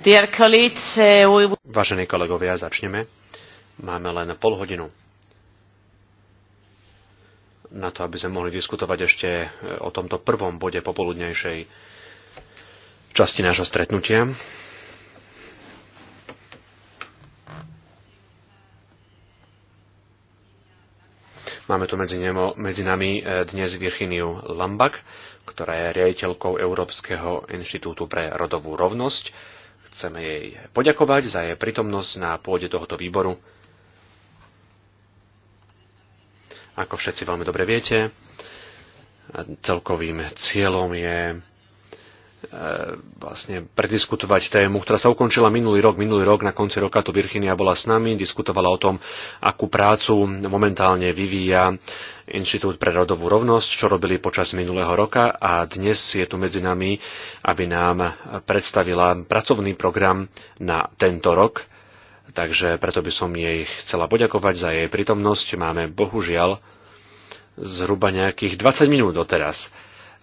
Uh, Vážení kolegovia, začneme. Máme len pol hodinu na to, aby sme mohli diskutovať ešte eh, o tomto prvom bode popoludnejšej časti nášho stretnutia. Máme tu medzi, nemo, medzi nami eh, dnes Virginiu Lambak, ktorá je riaditeľkou Európskeho inštitútu pre rodovú rovnosť Chceme jej poďakovať za jej prítomnosť na pôde tohoto výboru. Ako všetci veľmi dobre viete, celkovým cieľom je E, vlastne prediskutovať tému, ktorá sa ukončila minulý rok. Minulý rok na konci roka tu Virginia bola s nami, diskutovala o tom, akú prácu momentálne vyvíja Inštitút pre rodovú rovnosť, čo robili počas minulého roka a dnes je tu medzi nami, aby nám predstavila pracovný program na tento rok. Takže preto by som jej chcela poďakovať za jej prítomnosť. Máme bohužiaľ zhruba nejakých 20 minút doteraz,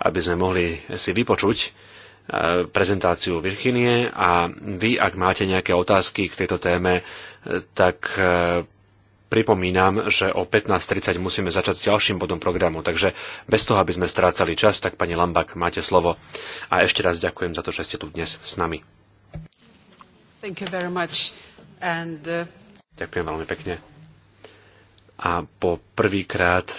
aby sme mohli si vypočuť E, prezentáciu Virginie a vy, ak máte nejaké otázky k tejto téme, e, tak e, pripomínam, že o 15.30 musíme začať s ďalším bodom programu, takže bez toho, aby sme strácali čas, tak pani Lambak, máte slovo. A ešte raz ďakujem za to, že ste tu dnes s nami. Thank you very much. And, uh... Ďakujem veľmi pekne a po prvýkrát e,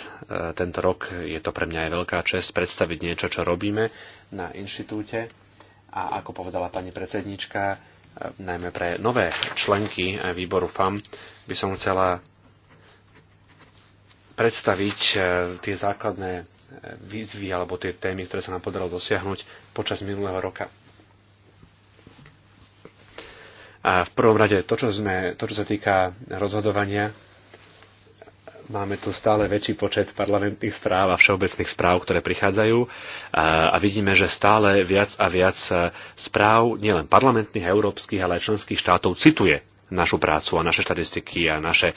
tento rok je to pre mňa aj veľká čest predstaviť niečo, čo robíme na inštitúte. A ako povedala pani predsednička, e, najmä pre nové členky e, výboru FAM by som chcela predstaviť tie základné výzvy alebo tie témy, ktoré sa nám podarilo dosiahnuť počas minulého roka. A v prvom rade to, čo, sme, to, čo sa týka rozhodovania Máme tu stále väčší počet parlamentných správ a všeobecných správ, ktoré prichádzajú a vidíme, že stále viac a viac správ, nielen parlamentných, európskych, ale aj členských štátov cituje našu prácu a naše štatistiky a naše e,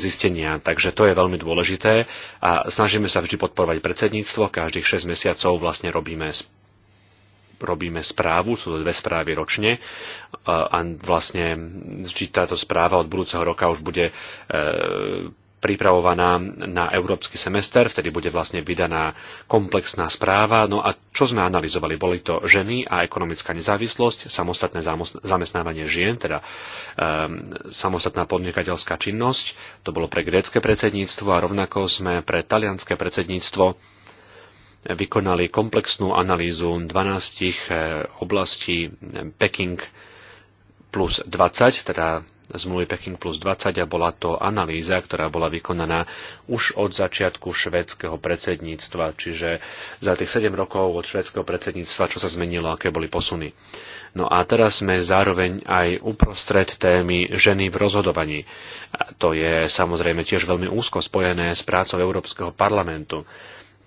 zistenia. Takže to je veľmi dôležité a snažíme sa vždy podporovať predsedníctvo. Každých 6 mesiacov vlastne robíme robíme správu, sú to dve správy ročne a vlastne či táto správa od budúceho roka už bude e, pripravovaná na európsky semester, vtedy bude vlastne vydaná komplexná správa. No a čo sme analyzovali? Boli to ženy a ekonomická nezávislosť, samostatné zamestnávanie žien, teda um, samostatná podnikateľská činnosť. To bolo pre grécke predsedníctvo a rovnako sme pre talianské predsedníctvo vykonali komplexnú analýzu 12 eh, oblastí eh, Peking plus 20, teda zmluvy Peking plus 20 a bola to analýza, ktorá bola vykonaná už od začiatku švedského predsedníctva, čiže za tých 7 rokov od švedského predsedníctva, čo sa zmenilo, aké boli posuny. No a teraz sme zároveň aj uprostred témy ženy v rozhodovaní. To je samozrejme tiež veľmi úzko spojené s prácou Európskeho parlamentu.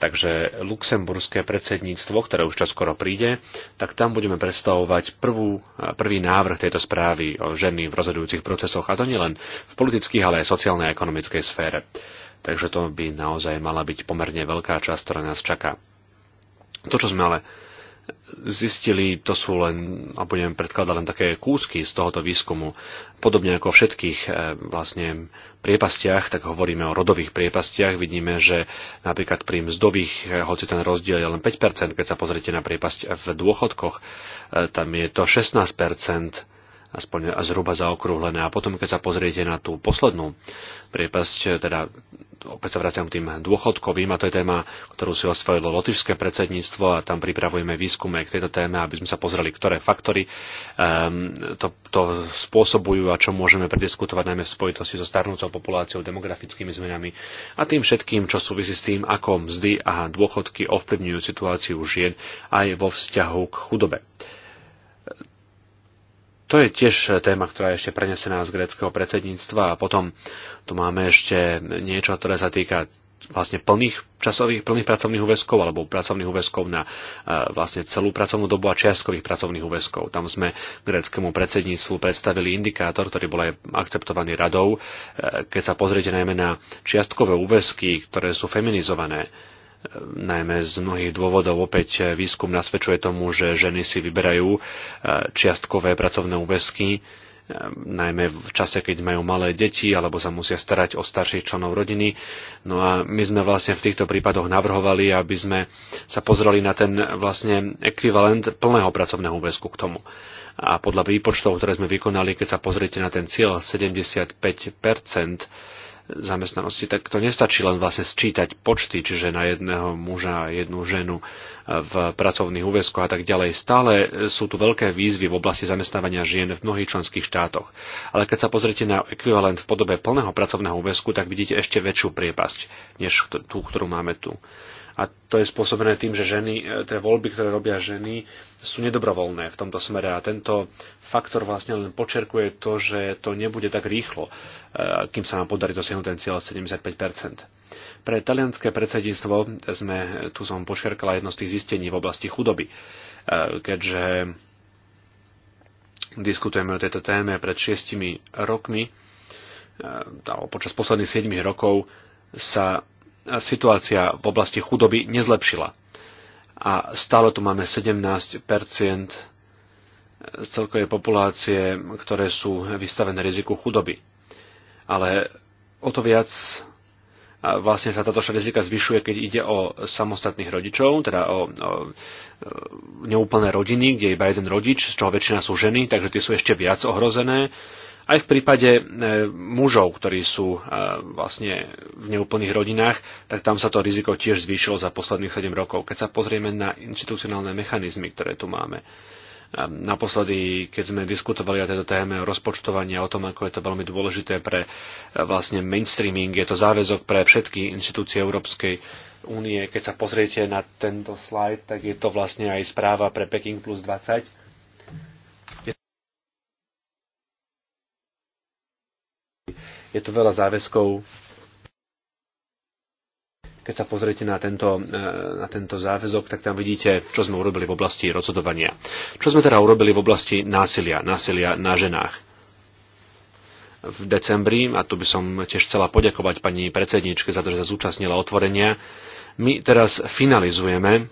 Takže luxemburské predsedníctvo, ktoré už čoskoro príde, tak tam budeme predstavovať prvú, prvý návrh tejto správy o ženy v rozhodujúcich procesoch, a to nielen v politických, ale aj sociálnej a ekonomickej sfére. Takže to by naozaj mala byť pomerne veľká časť, ktorá nás čaká. To, čo sme ale zistili, to sú len, a budem predkladať len také kúsky z tohoto výskumu, podobne ako o všetkých eh, vlastne priepastiach, tak hovoríme o rodových priepastiach, vidíme, že napríklad pri mzdových, eh, hoci ten rozdiel je len 5%, keď sa pozrite na priepasť v dôchodkoch, eh, tam je to 16% aspoň zhruba zaokrúhlené. A potom, keď sa pozriete na tú poslednú priepasť, teda opäť sa vraciam tým dôchodkovým, a to je téma, ktorú si osvojilo lotišské predsedníctvo a tam pripravujeme výskume k tejto téme, aby sme sa pozreli, ktoré faktory um, to, to spôsobujú a čo môžeme prediskutovať najmä v spojitosti so starnúcou populáciou, demografickými zmenami a tým všetkým, čo súvisí s tým, ako mzdy a dôchodky ovplyvňujú situáciu žien aj vo vzťahu k chudobe. To je tiež eh, téma, ktorá je ešte prenesená z gréckého predsedníctva a potom tu máme ešte niečo, ktoré sa týka vlastne plných časových, plných pracovných úväzkov alebo pracovných úväzkov na eh, vlastne celú pracovnú dobu a čiastkových pracovných úväzkov. Tam sme greckému predsedníctvu predstavili indikátor, ktorý bol aj akceptovaný radou. Eh, keď sa pozriete najmä na čiastkové úväzky, ktoré sú feminizované, najmä z mnohých dôvodov. Opäť výskum nasvedčuje tomu, že ženy si vyberajú e, čiastkové pracovné úväzky, e, najmä v čase, keď majú malé deti alebo sa musia starať o starších členov rodiny. No a my sme vlastne v týchto prípadoch navrhovali, aby sme sa pozreli na ten vlastne ekvivalent plného pracovného úväzku k tomu. A podľa výpočtov, ktoré sme vykonali, keď sa pozriete na ten cieľ 75 zamestnanosti, tak to nestačí len vlastne sčítať počty, čiže na jedného muža, jednu ženu e, v pracovných úväzkoch a tak ďalej. Stále sú tu veľké výzvy v oblasti zamestnávania žien v mnohých členských štátoch. Ale keď sa pozrite na ekvivalent v podobe plného pracovného úväzku, tak vidíte ešte väčšiu priepasť, než tú, ktorú máme tu. A to je spôsobené tým, že ženy, e, tie voľby, ktoré robia ženy, sú nedobrovoľné v tomto smere. A tento faktor vlastne len počerkuje to, že to nebude tak rýchlo, e, kým sa nám podarí dosiahnuť ten cieľ 75 Pre talianské predsedníctvo sme, tu som počerkala jedno z tých zistení v oblasti chudoby, e, keďže diskutujeme o tejto téme pred šiestimi rokmi, počas posledných 7 rokov sa situácia v oblasti chudoby nezlepšila. A stále tu máme 17 z celkovej populácie, ktoré sú vystavené riziku chudoby. Ale o to viac vlastne sa táto rizika zvyšuje, keď ide o samostatných rodičov, teda o, o e, neúplné rodiny, kde je iba jeden rodič, z čoho väčšina sú ženy, takže tie sú ešte viac ohrozené. Aj v prípade e, mužov, ktorí sú e, vlastne v neúplných rodinách, tak tam sa to riziko tiež zvýšilo za posledných 7 rokov. Keď sa pozrieme na inštitucionálne mechanizmy, ktoré tu máme, e, Naposledy, keď sme diskutovali o tejto téme o rozpočtovaní a o tom, ako je to veľmi dôležité pre vlastne mainstreaming, je to záväzok pre všetky inštitúcie Európskej únie. Keď sa pozriete na tento slajd, tak je to vlastne aj správa pre Peking plus 20 Je to veľa záväzkov. Keď sa pozriete na tento, eh, na tento záväzok, tak tam vidíte, čo sme urobili v oblasti rozhodovania. Čo sme teda urobili v oblasti násilia, násilia na ženách v decembri, a tu by som tiež chcela poďakovať pani predsedničke za to, že sa zúčastnila otvorenia. My teraz finalizujeme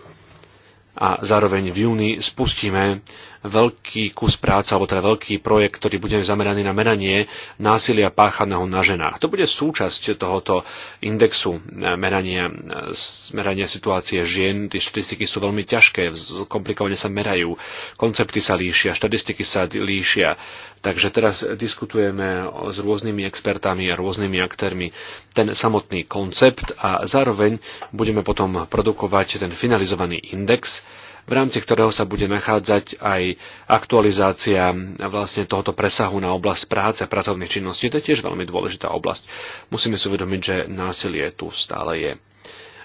a zároveň v júni spustíme veľký kus práce, alebo teda veľký projekt, ktorý bude zameraný na meranie násilia páchaného na ženách. To bude súčasť tohoto indexu eh, merania, eh, merania situácie žien. Tie štatistiky sú veľmi ťažké, komplikovane sa merajú, koncepty sa líšia, štatistiky sa líšia. Takže teraz diskutujeme s rôznymi expertami a rôznymi aktérmi ten samotný koncept a zároveň budeme potom produkovať ten finalizovaný index, v rámci ktorého sa bude nachádzať aj aktualizácia vlastne tohoto presahu na oblasť práce, pracovných činností. To je tiež veľmi dôležitá oblasť. Musíme si uvedomiť, že násilie tu stále je.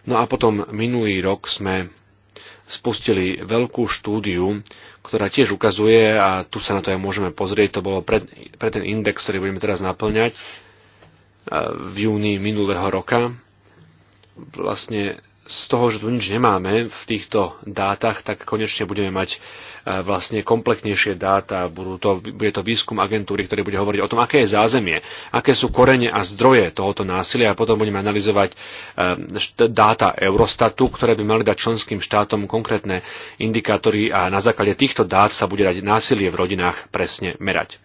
No a potom minulý rok sme spustili veľkú štúdiu, ktorá tiež ukazuje, a tu sa na to aj môžeme pozrieť, to bolo pre, pre ten index, ktorý budeme teraz naplňať v júni minulého roka, vlastne z toho, že tu nič nemáme v týchto dátach, tak konečne budeme mať vlastne kompletnejšie dáta, budú to, bude to výskum agentúry, ktorý bude hovoriť o tom, aké je zázemie, aké sú korene a zdroje tohoto násilia a potom budeme analyzovať e, dáta Eurostatu, ktoré by mali dať členským štátom konkrétne indikátory a na základe týchto dát sa bude dať násilie v rodinách presne merať.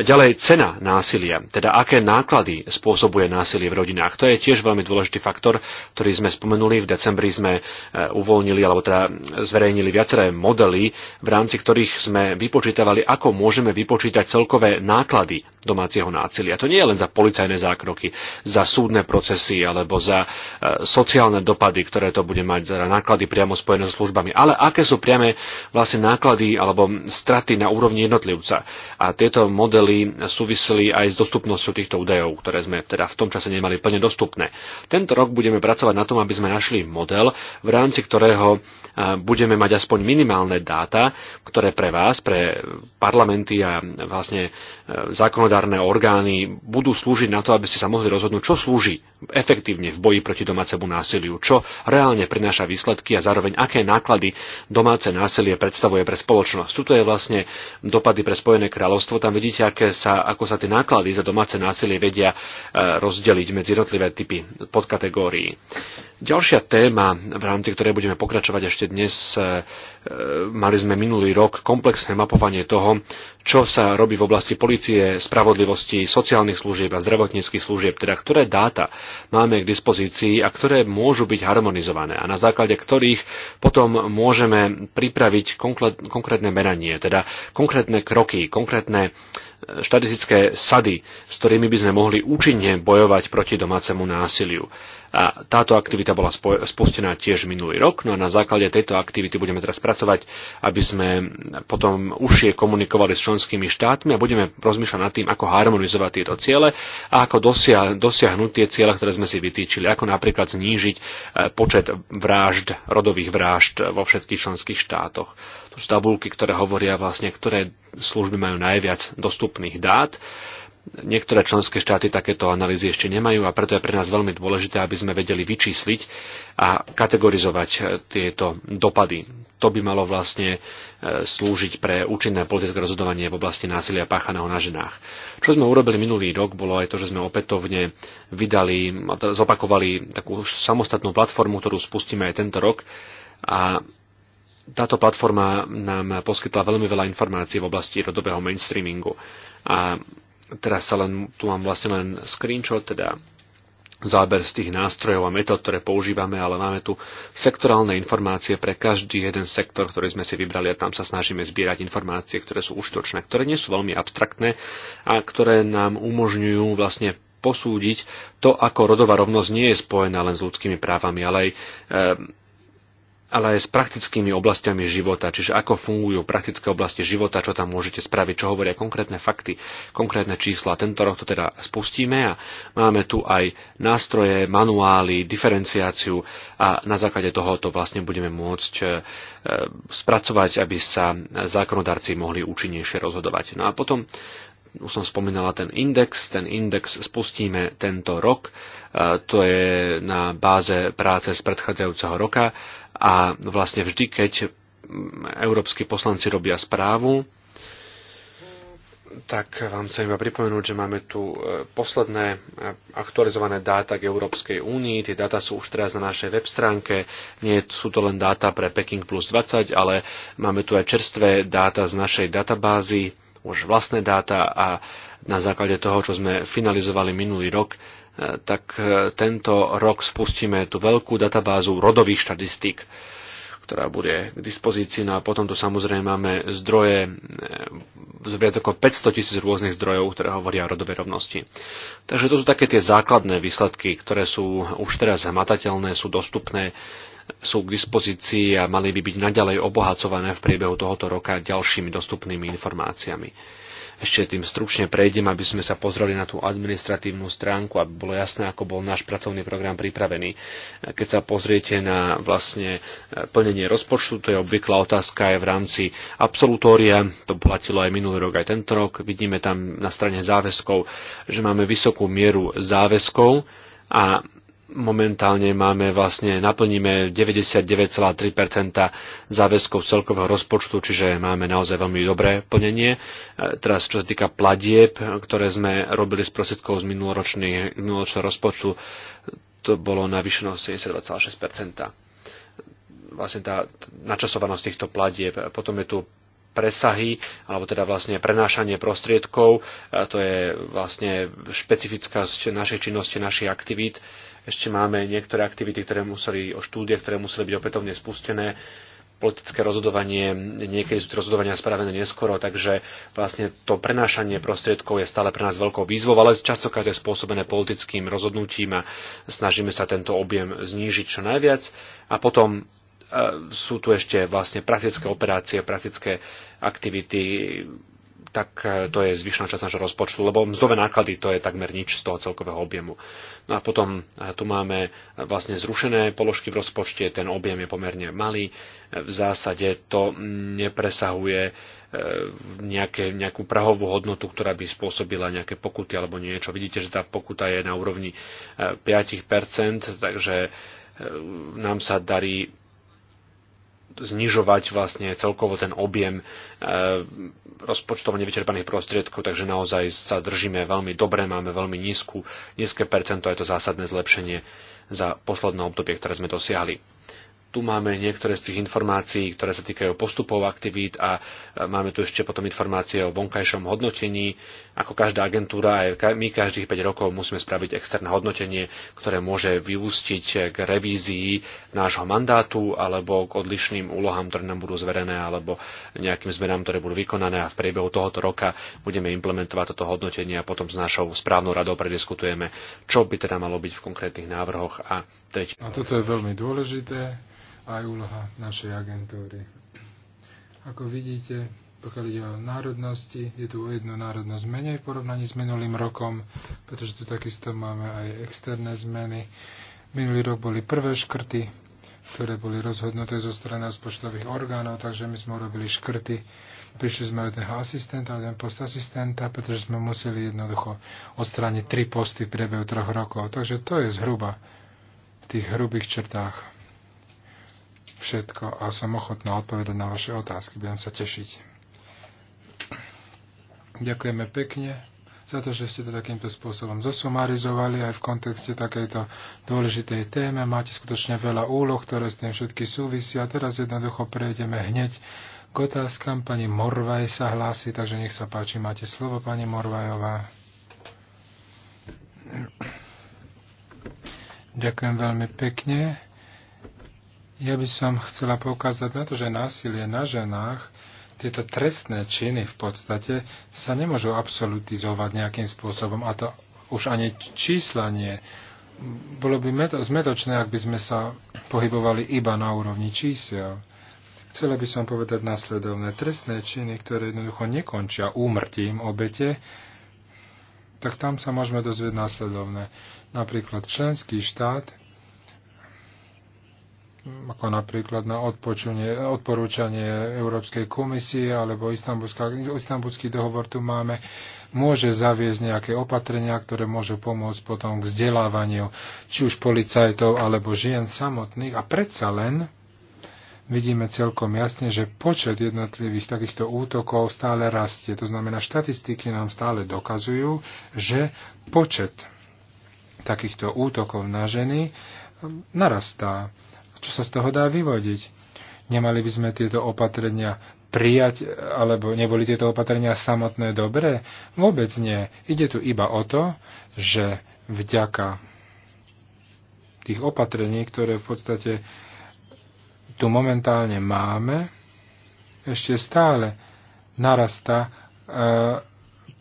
Ďalej cena násilia, teda aké náklady spôsobuje násilie v rodinách. To je tiež veľmi dôležitý faktor, ktorý sme spomenuli. V decembri sme e, uvoľnili alebo teda zverejnili viaceré modely v rámci ktorých sme vypočítavali, ako môžeme vypočítať celkové náklady domáceho násilia. To nie je len za policajné zákroky, za súdne procesy alebo za e, sociálne dopady, ktoré to bude mať, za náklady priamo spojené s službami, ale aké sú priame vlastne náklady alebo straty na úrovni jednotlivca. A tieto modely súvisli aj s dostupnosťou týchto údajov, ktoré sme teda v tom čase nemali plne dostupné. Tento rok budeme pracovať na tom, aby sme našli model, v rámci ktorého e, budeme mať aspoň minimálne dáta, ktoré pre vás, pre parlamenty a vlastne zákonodárne orgány budú slúžiť na to, aby ste sa mohli rozhodnúť, čo slúži efektívne v boji proti domácemu násiliu, čo reálne prináša výsledky a zároveň aké náklady domáce násilie predstavuje pre spoločnosť. Tuto je vlastne dopady pre Spojené kráľovstvo. Tam vidíte, aké sa, ako sa tie náklady za domáce násilie vedia e, rozdeliť medzi jednotlivé typy podkategórií. Ďalšia téma, v rámci ktorej budeme pokračovať ešte dnes, e, e, mali sme minulý rok komplexné mapovanie toho, čo sa robí v oblasti policie, spravodlivosti, sociálnych služieb a zdravotníckých služieb, teda ktoré dáta máme k dispozícii a ktoré môžu byť harmonizované a na základe ktorých potom môžeme pripraviť konkrétne meranie, teda konkrétne kroky, konkrétne e, štatistické sady, s ktorými by sme mohli účinne bojovať proti domácemu násiliu. A táto aktivita bola spustená tiež minulý rok, no a na základe tejto aktivity budeme teraz pracovať, aby sme potom užšie komunikovali s členskými štátmi a budeme rozmýšľať nad tým, ako harmonizovať tieto ciele a ako dosia, dosiahnuť tie ciele, ktoré sme si vytýčili, ako napríklad znížiť e, počet vražd, rodových vražd vo všetkých členských štátoch. To sú tabulky, ktoré hovoria vlastne, ktoré služby majú najviac dostupných dát Niektoré členské štáty takéto analýzy ešte nemajú a preto je pre nás veľmi dôležité, aby sme vedeli vyčísliť a kategorizovať e, tieto dopady. To by malo vlastne e, slúžiť pre účinné politické rozhodovanie v oblasti násilia páchaného na ženách. Čo sme urobili minulý rok, bolo aj to, že sme opätovne vydali, zopakovali takú samostatnú platformu, ktorú spustíme aj tento rok a táto platforma nám poskytla veľmi veľa informácií v oblasti rodového mainstreamingu. A Teraz sa len, tu mám vlastne len screenshot, teda záber z tých nástrojov a metód, ktoré používame, ale máme tu sektorálne informácie pre každý jeden sektor, ktorý sme si vybrali a tam sa snažíme zbierať informácie, ktoré sú užtočné, ktoré nie sú veľmi abstraktné a ktoré nám umožňujú vlastne posúdiť to, ako rodová rovnosť nie je spojená len s ľudskými právami, ale aj e, ale aj s praktickými oblastiami života, čiže ako fungujú praktické oblasti života, čo tam môžete spraviť, čo hovoria konkrétne fakty, konkrétne čísla. Tento rok to teda spustíme a máme tu aj nástroje, manuály, diferenciáciu a na základe toho to vlastne budeme môcť e, e, spracovať, aby sa zákonodarci mohli účinnejšie rozhodovať. No a potom už som spomínala ten index, ten index spustíme tento rok, e, to je na báze práce z predchádzajúceho roka a vlastne vždy, keď mm, európsky poslanci robia správu, tak vám chcem iba pripomenúť, že máme tu e, posledné e, aktualizované dáta k Európskej únii. Tie dáta sú už teraz na našej web stránke. Nie sú to len dáta pre Peking plus 20, ale máme tu aj čerstvé dáta z našej databázy už vlastné dáta a na základe toho, čo sme finalizovali minulý rok, e, tak e, tento rok spustíme tú veľkú databázu rodových štatistík ktorá bude k dispozícii. No a potom tu samozrejme máme zdroje e, z viac ako 500 tisíc rôznych zdrojov, ktoré hovoria o rodovej rovnosti. Takže to sú také tie základné výsledky, ktoré sú už teraz hmatateľné, sú dostupné sú k dispozícii a mali by byť naďalej obohacované v priebehu tohoto roka ďalšími dostupnými informáciami. Ešte tým stručne prejdem, aby sme sa pozreli na tú administratívnu stránku, aby bolo jasné, ako bol náš pracovný program pripravený. Keď sa pozriete na vlastne plnenie rozpočtu, to je obvyklá otázka aj v rámci absolutória, to platilo aj minulý rok, aj tento rok. Vidíme tam na strane záväzkov, že máme vysokú mieru záväzkov a momentálne máme vlastne, naplníme 99,3% záväzkov celkového rozpočtu, čiže máme naozaj veľmi dobré plnenie. E, teraz, čo sa týka platieb, ktoré sme robili z prostriedkov z minuloročného rozpočtu, to bolo navýšeno 72,6%. Vlastne tá načasovanosť týchto platieb. Potom je tu presahy, alebo teda vlastne prenášanie prostriedkov, e, to je vlastne špecifická našej činnosti, našich aktivít ešte máme niektoré aktivity, ktoré museli, o štúdie, ktoré museli byť opätovne spustené politické rozhodovanie, niekedy sú rozhodovania spravené neskoro, takže vlastne to prenášanie prostriedkov je stále pre nás veľkou výzvou, ale častokrát je spôsobené politickým rozhodnutím a snažíme sa tento objem znížiť čo najviac. A potom e, sú tu ešte vlastne praktické operácie, praktické aktivity, tak e, to je zvyšná časť nášho rozpočtu, lebo mzdové náklady to je takmer nič z toho celkového objemu. No a potom e, tu máme e, vlastne zrušené položky v rozpočte, ten objem je pomerne malý, v zásade to nepresahuje nejaké, nejakú prahovú hodnotu, ktorá by spôsobila nejaké pokuty alebo niečo. Vidíte, že tá pokuta je na úrovni 5%, takže nám sa darí znižovať vlastne celkovo ten objem e, rozpočtovo nevyčerpaných prostriedkov, takže naozaj sa držíme veľmi dobre, máme veľmi nízku, nízke percento, je to zásadné zlepšenie za posledné obdobie, ktoré sme dosiahli. Tu máme niektoré z tých informácií, ktoré sa týkajú postupov aktivít a e, máme tu ešte potom informácie o vonkajšom hodnotení, ako každá agentúra, aj my každých 5 rokov musíme spraviť externé hodnotenie, ktoré môže vyústiť k revízii nášho mandátu alebo k odlišným úlohám, ktoré nám budú zverené alebo nejakým zmenám, ktoré budú vykonané a v priebehu tohoto roka budeme implementovať toto hodnotenie a potom s našou správnou radou prediskutujeme, čo by teda malo byť v konkrétnych návrhoch. A, teď... a toto je veľmi dôležité aj úloha našej agentúry. Ako vidíte, pokiaľ ide o národnosti, je tu o jednu národnosť menej v porovnaní s minulým rokom, pretože tu takisto máme aj externé zmeny. Minulý rok boli prvé škrty, ktoré boli rozhodnuté zo strany rozpočtových orgánov, takže my sme urobili škrty. Prišli sme od jedného asistenta, od jedného post asistenta, pretože sme museli jednoducho odstrániť tri posty v priebehu troch rokov. Takže to je zhruba v tých hrubých črtách všetko a som ochotná odpovedať na vaše otázky. Budem sa tešiť. Ďakujeme pekne za to, že ste to takýmto spôsobom zosumarizovali aj v kontexte takejto dôležitej téme. Máte skutočne veľa úloh, ktoré s tým všetky súvisia. Teraz jednoducho prejdeme hneď k otázkam. Pani Morvaj sa hlási, takže nech sa páči, máte slovo, pani Morvajová. Ďakujem veľmi pekne. Ja by som chcela poukázať na to, že násilie na ženách tieto trestné činy v podstate sa nemôžu absolutizovať nejakým spôsobom a to už ani čísla nie. Bolo by zmetočné, ak by sme sa pohybovali iba na úrovni čísel. Chcela by som povedať následovné. Trestné činy, ktoré jednoducho nekončia úmrtím obete, tak tam sa môžeme dozvieť následovné. Napríklad členský štát ako napríklad na odporúčanie Európskej komisie alebo istambulský dohovor tu máme, môže zaviesť nejaké opatrenia, ktoré môžu pomôcť potom k vzdelávaniu či už policajtov alebo žien samotných. A predsa len vidíme celkom jasne, že počet jednotlivých takýchto útokov stále rastie. To znamená, štatistiky nám stále dokazujú, že počet takýchto útokov na ženy narastá čo sa z toho dá vyvodiť. Nemali by sme tieto opatrenia prijať, alebo neboli tieto opatrenia samotné dobré? Vôbec nie. Ide tu iba o to, že vďaka tých opatrení, ktoré v podstate tu momentálne máme, ešte stále narasta e,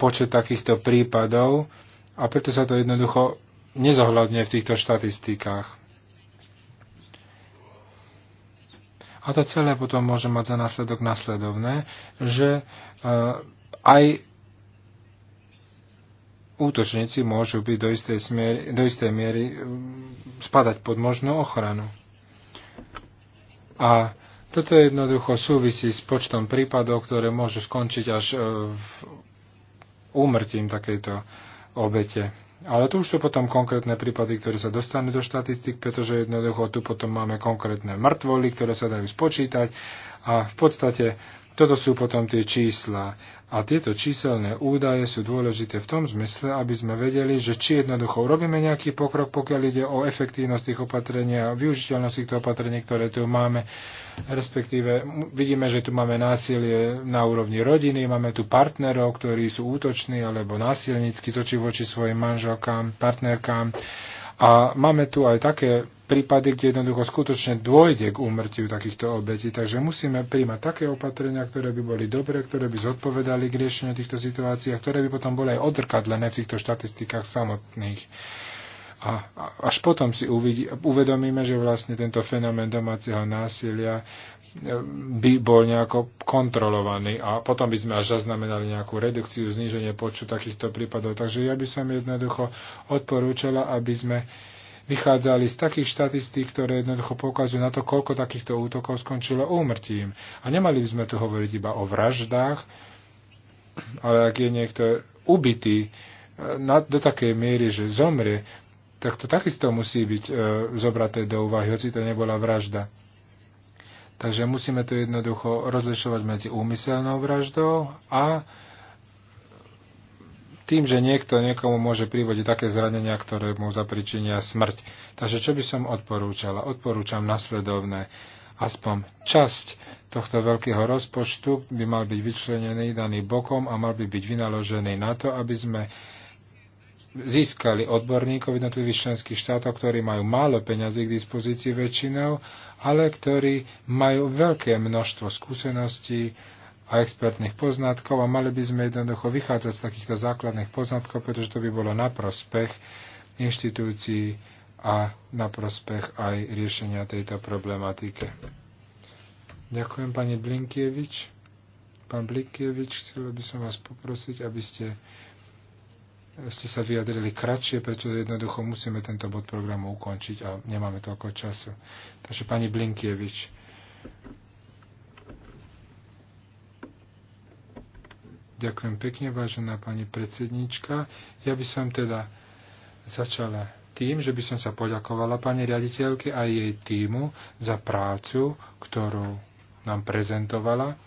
počet takýchto prípadov a preto sa to jednoducho nezohľadňuje v týchto štatistikách. A to celé potom môže mať za následok nasledovné, že eh, aj útočníci môžu byť do istej, smiery, do istej miery mm, spadať pod možnú ochranu. A toto jednoducho súvisí s počtom prípadov, ktoré môžu skončiť až eh, v úmrtím takejto obete. Ale tu už sú potom konkrétne prípady, ktoré sa dostanú do štatistik, pretože jednoducho tu potom máme konkrétne mŕtvoly, ktoré sa dajú spočítať a v podstate toto sú potom tie čísla. A tieto číselné údaje sú dôležité v tom zmysle, aby sme vedeli, že či jednoducho robíme nejaký pokrok, pokiaľ ide o efektívnosť tých opatrení a využiteľnosť týchto opatrení, ktoré tu máme, respektíve vidíme, že tu máme násilie na úrovni rodiny, máme tu partnerov, ktorí sú útoční alebo násilnícky oči voči svojim manželkám, partnerkám a máme tu aj také prípady, kde jednoducho skutočne dôjde k úmrtiu takýchto obetí. Takže musíme príjmať také opatrenia, ktoré by boli dobré, ktoré by zodpovedali k riešeniu týchto situácií a ktoré by potom boli aj odrkadlené v týchto štatistikách samotných. A až potom si uvidí, uvedomíme, že vlastne tento fenomén domáceho násilia e, by bol nejako kontrolovaný a potom by sme až zaznamenali nejakú redukciu, zníženie počtu takýchto prípadov. Takže ja by som jednoducho odporúčala, aby sme vychádzali z takých štatistík, ktoré jednoducho poukazujú na to, koľko takýchto útokov skončilo úmrtím. A nemali by sme tu hovoriť iba o vraždách, ale ak je niekto ubitý e, na, do takej miery, že zomrie, tak to takisto musí byť e, zobraté do úvahy, hoci to nebola vražda. Takže musíme to jednoducho rozlišovať medzi úmyselnou vraždou a tým, že niekto niekomu môže privodiť také zranenia, ktoré mu zapričinia smrť. Takže čo by som odporúčala? Odporúčam nasledovné. Aspoň časť tohto veľkého rozpočtu by mal byť vyčlenený daný bokom a mal by byť vynaložený na to, aby sme získali odborníkov jednotlivých členských štátov, ktorí majú málo peňazí k dispozícii väčšinou, ale ktorí majú veľké množstvo skúseností a expertných poznatkov a mali by sme jednoducho vychádzať z takýchto základných poznatkov, pretože to by bolo na prospech inštitúcií a na prospech aj riešenia tejto problematike. Ďakujem pani Blinkievič. Pán Blinkievič, chcel by som vás poprosiť, aby ste ste sa vyjadrili kratšie, preto jednoducho musíme tento bod programu ukončiť a nemáme toľko času. Takže pani Blinkievič. Ďakujem pekne, vážená pani predsednička. Ja by som teda začala tým, že by som sa poďakovala pani riaditeľke a jej týmu za prácu, ktorú nám prezentovala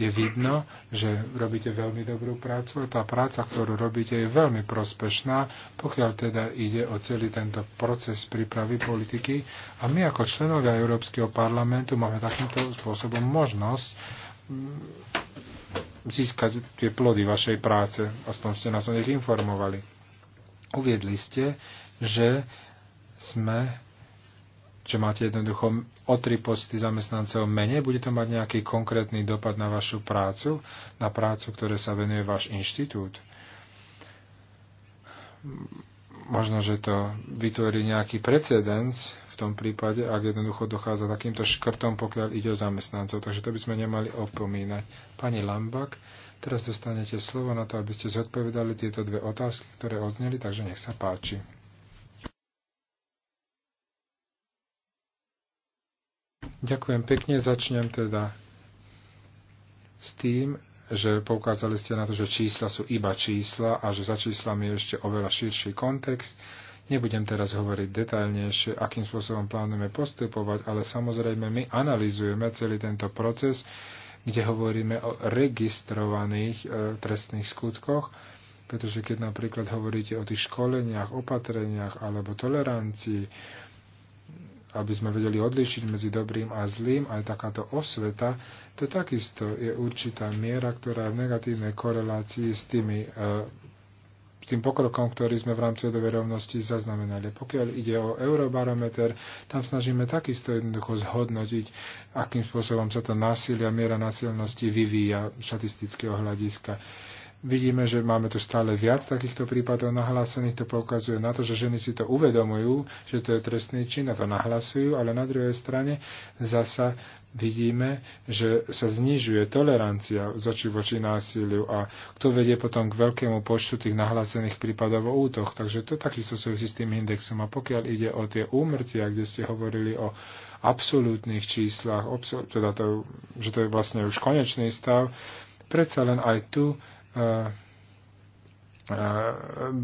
je vidno, že robíte veľmi dobrú prácu a tá práca, ktorú robíte, je veľmi prospešná, pokiaľ teda ide o celý tento proces prípravy politiky. A my ako členovia Európskeho parlamentu máme takýmto spôsobom možnosť mm, získať tie plody vašej práce. Aspoň ste nás o nich informovali. Uviedli ste, že sme že máte jednoducho o tri posty zamestnancov menej, bude to mať nejaký konkrétny dopad na vašu prácu, na prácu, ktoré sa venuje váš inštitút. Možno, že to vytvorí nejaký precedens v tom prípade, ak jednoducho dochádza takýmto škrtom, pokiaľ ide o zamestnancov. Takže to by sme nemali opomínať. Pani Lambak, teraz dostanete slovo na to, aby ste zodpovedali tieto dve otázky, ktoré odzneli, takže nech sa páči. Ďakujem pekne, začnem teda s tým, že poukázali ste na to, že čísla sú iba čísla a že za číslami je ešte oveľa širší kontext. Nebudem teraz hovoriť detailnejšie, akým spôsobom plánujeme postupovať, ale samozrejme my analizujeme celý tento proces, kde hovoríme o registrovaných e, trestných skutkoch, pretože keď napríklad hovoríte o tých školeniach, opatreniach alebo tolerancii, aby sme vedeli odlišiť medzi dobrým a zlým, aj takáto osveta, to takisto je určitá miera, ktorá v negatívnej korelácii s, tými, eh, s tým pokrokom, ktorý sme v rámci rodovej rovnosti zaznamenali. Pokiaľ ide o eurobarometer, tam snažíme takisto jednoducho zhodnotiť, akým spôsobom sa to násilia, miera násilnosti vyvíja štatistického hľadiska Vidíme, že máme tu stále viac takýchto prípadov nahlásených, to poukazuje na to, že ženy si to uvedomujú, že to je trestný čin a to nahlasujú, ale na druhej strane zasa vidíme, že sa znižuje tolerancia z oči voči násiliu a to vedie potom k veľkému počtu tých nahlásených prípadov o útoch. Takže to takisto súvisí s tým indexom. A pokiaľ ide o tie úmrtia, kde ste hovorili o absolútnych číslach, teda to, že to je vlastne už konečný stav, predsa len aj tu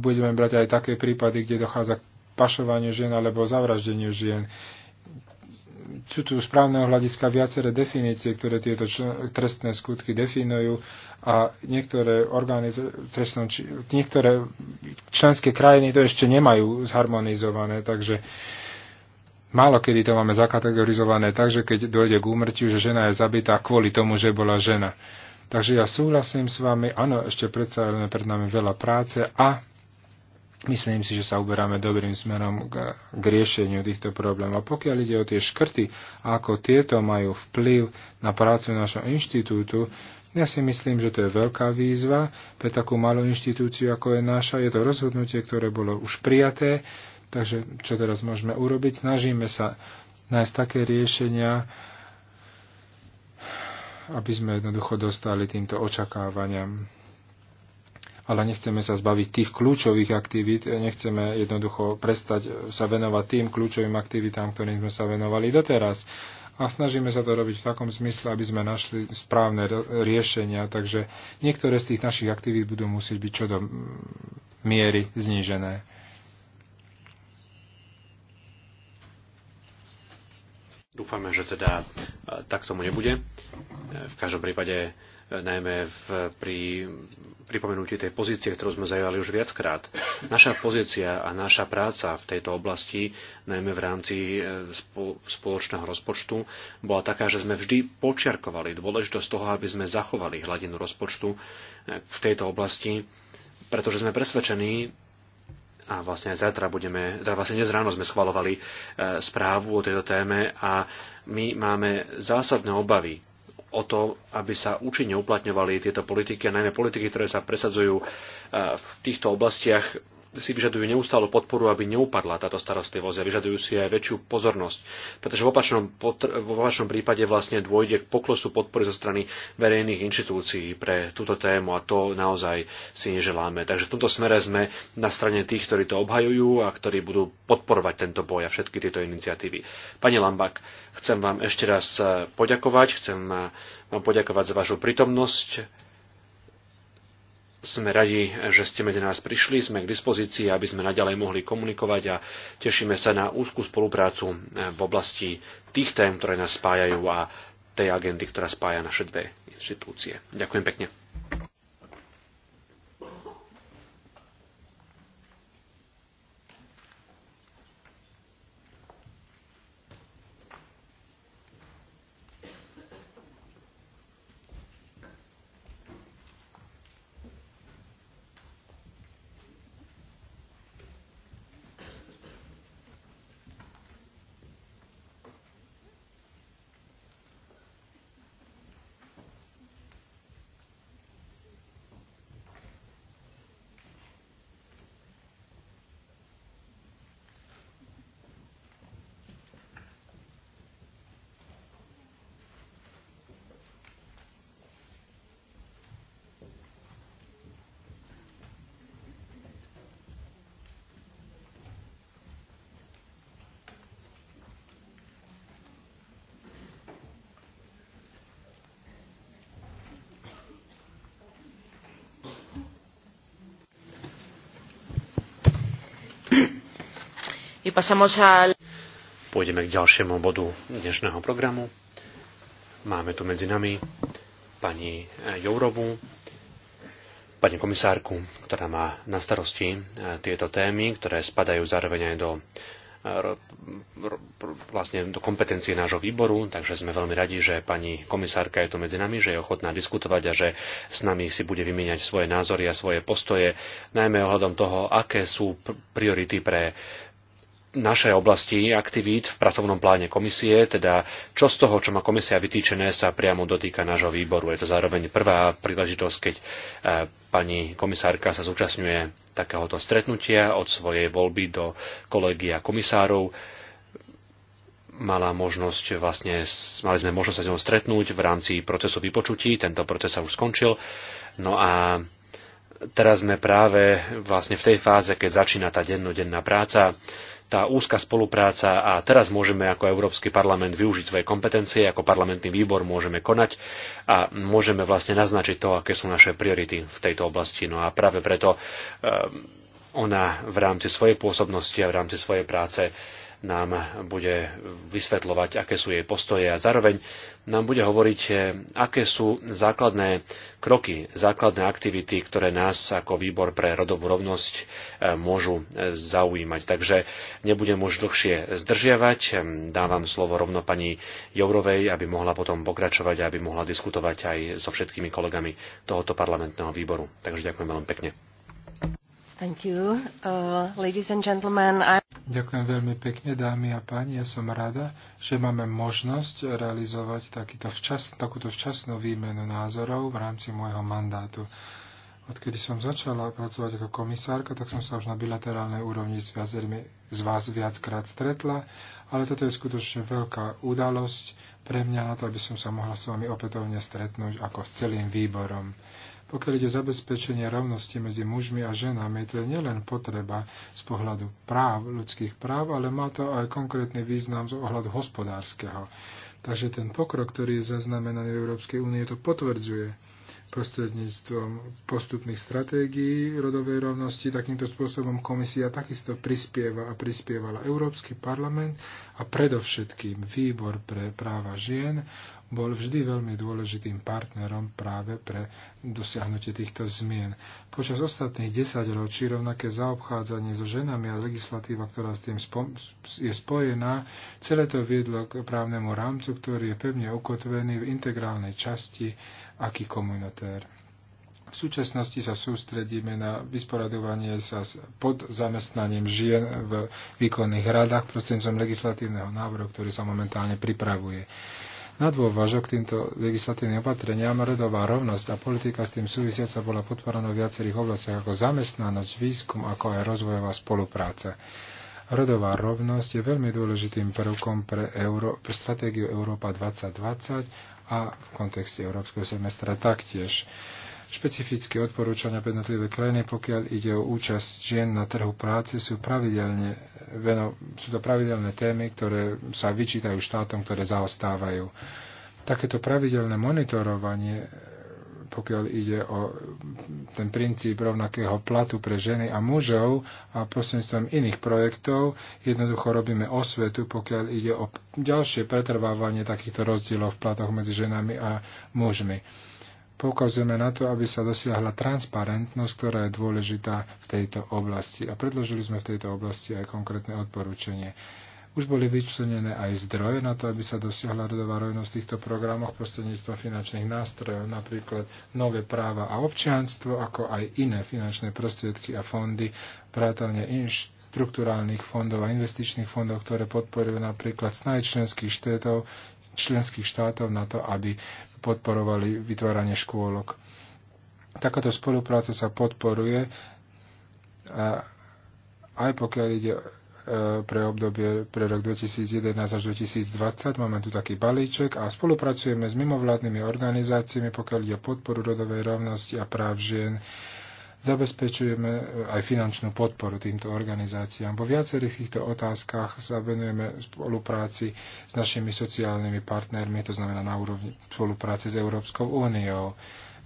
budeme brať aj také prípady, kde dochádza k pašovaniu žien alebo zavraždeniu žien. Sú tu správneho hľadiska viaceré definície, ktoré tieto trestné skutky definujú a niektoré orgány trestnú, niektoré členské krajiny to ešte nemajú zharmonizované, takže málo kedy to máme zakategorizované, takže keď dojde k úmrtiu, že žena je zabitá kvôli tomu, že bola žena. Uh, Takže ja súhlasím s vami, áno, ešte predsa len pred nami veľa práce a myslím si, že sa uberáme dobrým smerom k, k riešeniu týchto problémov. A pokiaľ ide o tie škrty, ako tieto majú vplyv na prácu našho inštitútu, ja si myslím, že to je veľká výzva pre takú malú inštitúciu, ako je naša. Je to rozhodnutie, ktoré bolo už prijaté, takže čo teraz môžeme urobiť? Snažíme sa nájsť také riešenia, aby sme jednoducho dostali týmto očakávaniam. Ale nechceme sa zbaviť tých kľúčových aktivít, nechceme jednoducho prestať sa venovať tým kľúčovým aktivitám, ktorým sme sa venovali doteraz. A snažíme sa to robiť v takom zmysle, aby sme našli správne riešenia, takže niektoré z tých našich aktivít budú musieť byť čo do miery znížené. Dúfame, že teda e, tak tomu nebude. V každom prípade eh, najmä v, pri pripomenutí tej pozície, ktorú sme zajali už viackrát. Naša pozícia a naša práca v tejto oblasti, najmä v rámci eh, spoločného rozpočtu, bola taká, že sme vždy počiarkovali dôležitosť toho, aby sme zachovali hladinu rozpočtu eh, v tejto oblasti, pretože sme presvedčení, a vlastne aj zajtra budeme, teda vlastne dnes ráno sme schvalovali správu o tejto téme a my máme zásadné obavy o to, aby sa účinne uplatňovali tieto politiky, a najmä politiky, ktoré sa presadzujú eh, v týchto oblastiach si vyžadujú neustálu podporu, aby neupadla táto starostlivosť a vyžadujú si aj väčšiu pozornosť, pretože v opačnom, v opačnom prípade vlastne dôjde k poklesu podpory zo strany verejných inštitúcií pre túto tému a to naozaj si neželáme. Takže v tomto smere sme na strane tých, ktorí to obhajujú a ktorí budú podporovať tento boj a všetky tieto iniciatívy. Pani Lambak, chcem vám ešte raz poďakovať, chcem vám poďakovať za vašu prítomnosť sme radi, že ste medzi nás prišli, sme k dispozícii, aby sme naďalej mohli komunikovať a tešíme sa na úzkú spoluprácu eh, v oblasti tých tém, ktoré nás spájajú a tej agendy, ktorá spája naše dve inštitúcie. Ďakujem pekne. Pasamos al... Pôjdeme k ďalšiemu bodu dnešného programu. Máme tu medzi nami pani Jourovu, pani komisárku, ktorá má na starosti e, tieto témy, ktoré spadajú zároveň aj do e, vlastne do kompetencie nášho výboru, takže sme veľmi radi, že pani komisárka je tu medzi nami, že je ochotná diskutovať a že s nami si bude vymieňať svoje názory a svoje postoje, najmä ohľadom toho, aké sú priority pre našej oblasti aktivít v pracovnom pláne komisie, teda čo z toho, čo má komisia vytýčené, sa priamo dotýka nášho výboru. Je to zároveň prvá príležitosť, keď eh, pani komisárka sa zúčastňuje takéhoto stretnutia od svojej voľby do kolegia komisárov mala možnosť, vlastne, mali sme možnosť sa s ňou stretnúť v rámci procesu vypočutí, tento proces sa už skončil. No a teraz sme práve vlastne v tej fáze, keď začína tá dennodenná práca, tá úzka spolupráca a teraz môžeme ako Európsky parlament využiť svoje kompetencie, ako parlamentný výbor môžeme konať a môžeme vlastne naznačiť to, aké sú naše priority v tejto oblasti. No a práve preto ehm, ona v rámci svojej pôsobnosti a v rámci svojej práce nám bude vysvetľovať, aké sú jej postoje a zároveň nám bude hovoriť, eh, aké sú základné kroky, základné aktivity, ktoré nás ako výbor pre rodovú rovnosť eh, môžu eh, zaujímať. Takže nebudem už dlhšie zdržiavať, dávam slovo rovno pani Jourovej, aby mohla potom pokračovať a aby mohla diskutovať aj so všetkými kolegami tohoto parlamentného výboru. Takže ďakujem veľmi pekne. Thank you. Uh, ladies and gentlemen, I... Ďakujem veľmi pekne, dámy a páni. Ja som rada, že máme možnosť realizovať takýto včas, takúto včasnú výmenu názorov v rámci môjho mandátu. Odkedy som začala pracovať ako komisárka, tak som sa už na bilaterálnej úrovni s viacerými z vás viackrát stretla, ale toto je skutočne veľká udalosť pre mňa na to, aby som sa mohla s vami opätovne stretnúť ako s celým výborom. Pokiaľ ide o zabezpečenie rovnosti medzi mužmi a ženami, to je nielen potreba z pohľadu práv, ľudských práv, ale má to aj konkrétny význam z ohľadu hospodárskeho. Takže ten pokrok, ktorý je zaznamenaný v Európskej únie, to potvrdzuje prostredníctvom postupných stratégií rodovej rovnosti. Takýmto spôsobom komisia takisto prispieva a prispievala Európsky parlament a predovšetkým Výbor pre práva žien bol vždy veľmi dôležitým partnerom práve pre dosiahnutie týchto zmien. Počas ostatných 10 ročí rovnaké zaobchádzanie so ženami a legislatíva, ktorá s tým spo- je spojená, celé to viedlo k právnemu rámcu, ktorý je pevne ukotvený v integrálnej časti aký komunitér. V súčasnosti sa sústredíme na vysporadovanie sa s pod zamestnaním žien v výkonných radách prostredníctvom legislatívneho návrhu, ktorý sa momentálne pripravuje. Na dôvažok týmto legislatívnym opatreniam rodová rovnosť a politika s tým súvisiaca bola podporená v viacerých oblastiach ako zamestnanosť, výskum, ako aj rozvojová spolupráca. Rodová rovnosť je veľmi dôležitým prvkom pre, Euró- pre stratégiu Európa 2020 a v kontexte Európskeho semestra taktiež. Špecifické odporúčania pre jednotlivé krajiny, pokiaľ ide o účasť žien na trhu práce, sú, pravidelne, sú to pravidelné témy, ktoré sa vyčítajú štátom, ktoré zaostávajú. Takéto pravidelné monitorovanie pokiaľ ide o ten princíp rovnakého platu pre ženy a mužov a prostredníctvom iných projektov. Jednoducho robíme osvetu, pokiaľ ide o ďalšie pretrvávanie takýchto rozdielov v platoch medzi ženami a mužmi poukazujeme na to, aby sa dosiahla transparentnosť, ktorá je dôležitá v tejto oblasti. A predložili sme v tejto oblasti aj konkrétne odporúčanie. Už boli vyčlenené aj zdroje na to, aby sa dosiahla rodová rovnosť v týchto programoch prostredníctva finančných nástrojov, napríklad nové práva a občianstvo, ako aj iné finančné prostriedky a fondy, prátane inš štruktúrálnych fondov a investičných fondov, ktoré podporujú napríklad snahy členských štátov, členských štátov na to, aby podporovali vytváranie škôlok. Takáto spolupráca sa podporuje aj pokiaľ ide e, pre obdobie pre rok 2011 až 2020. Máme tu taký balíček a spolupracujeme s mimovládnymi organizáciami, pokiaľ ide o podporu rodovej rovnosti a práv žien zabezpečujeme eh, aj finančnú podporu týmto organizáciám. Vo viacerých týchto otázkach sa venujeme spolupráci s našimi sociálnymi partnermi, to znamená na úrovni spolupráce s Európskou úniou.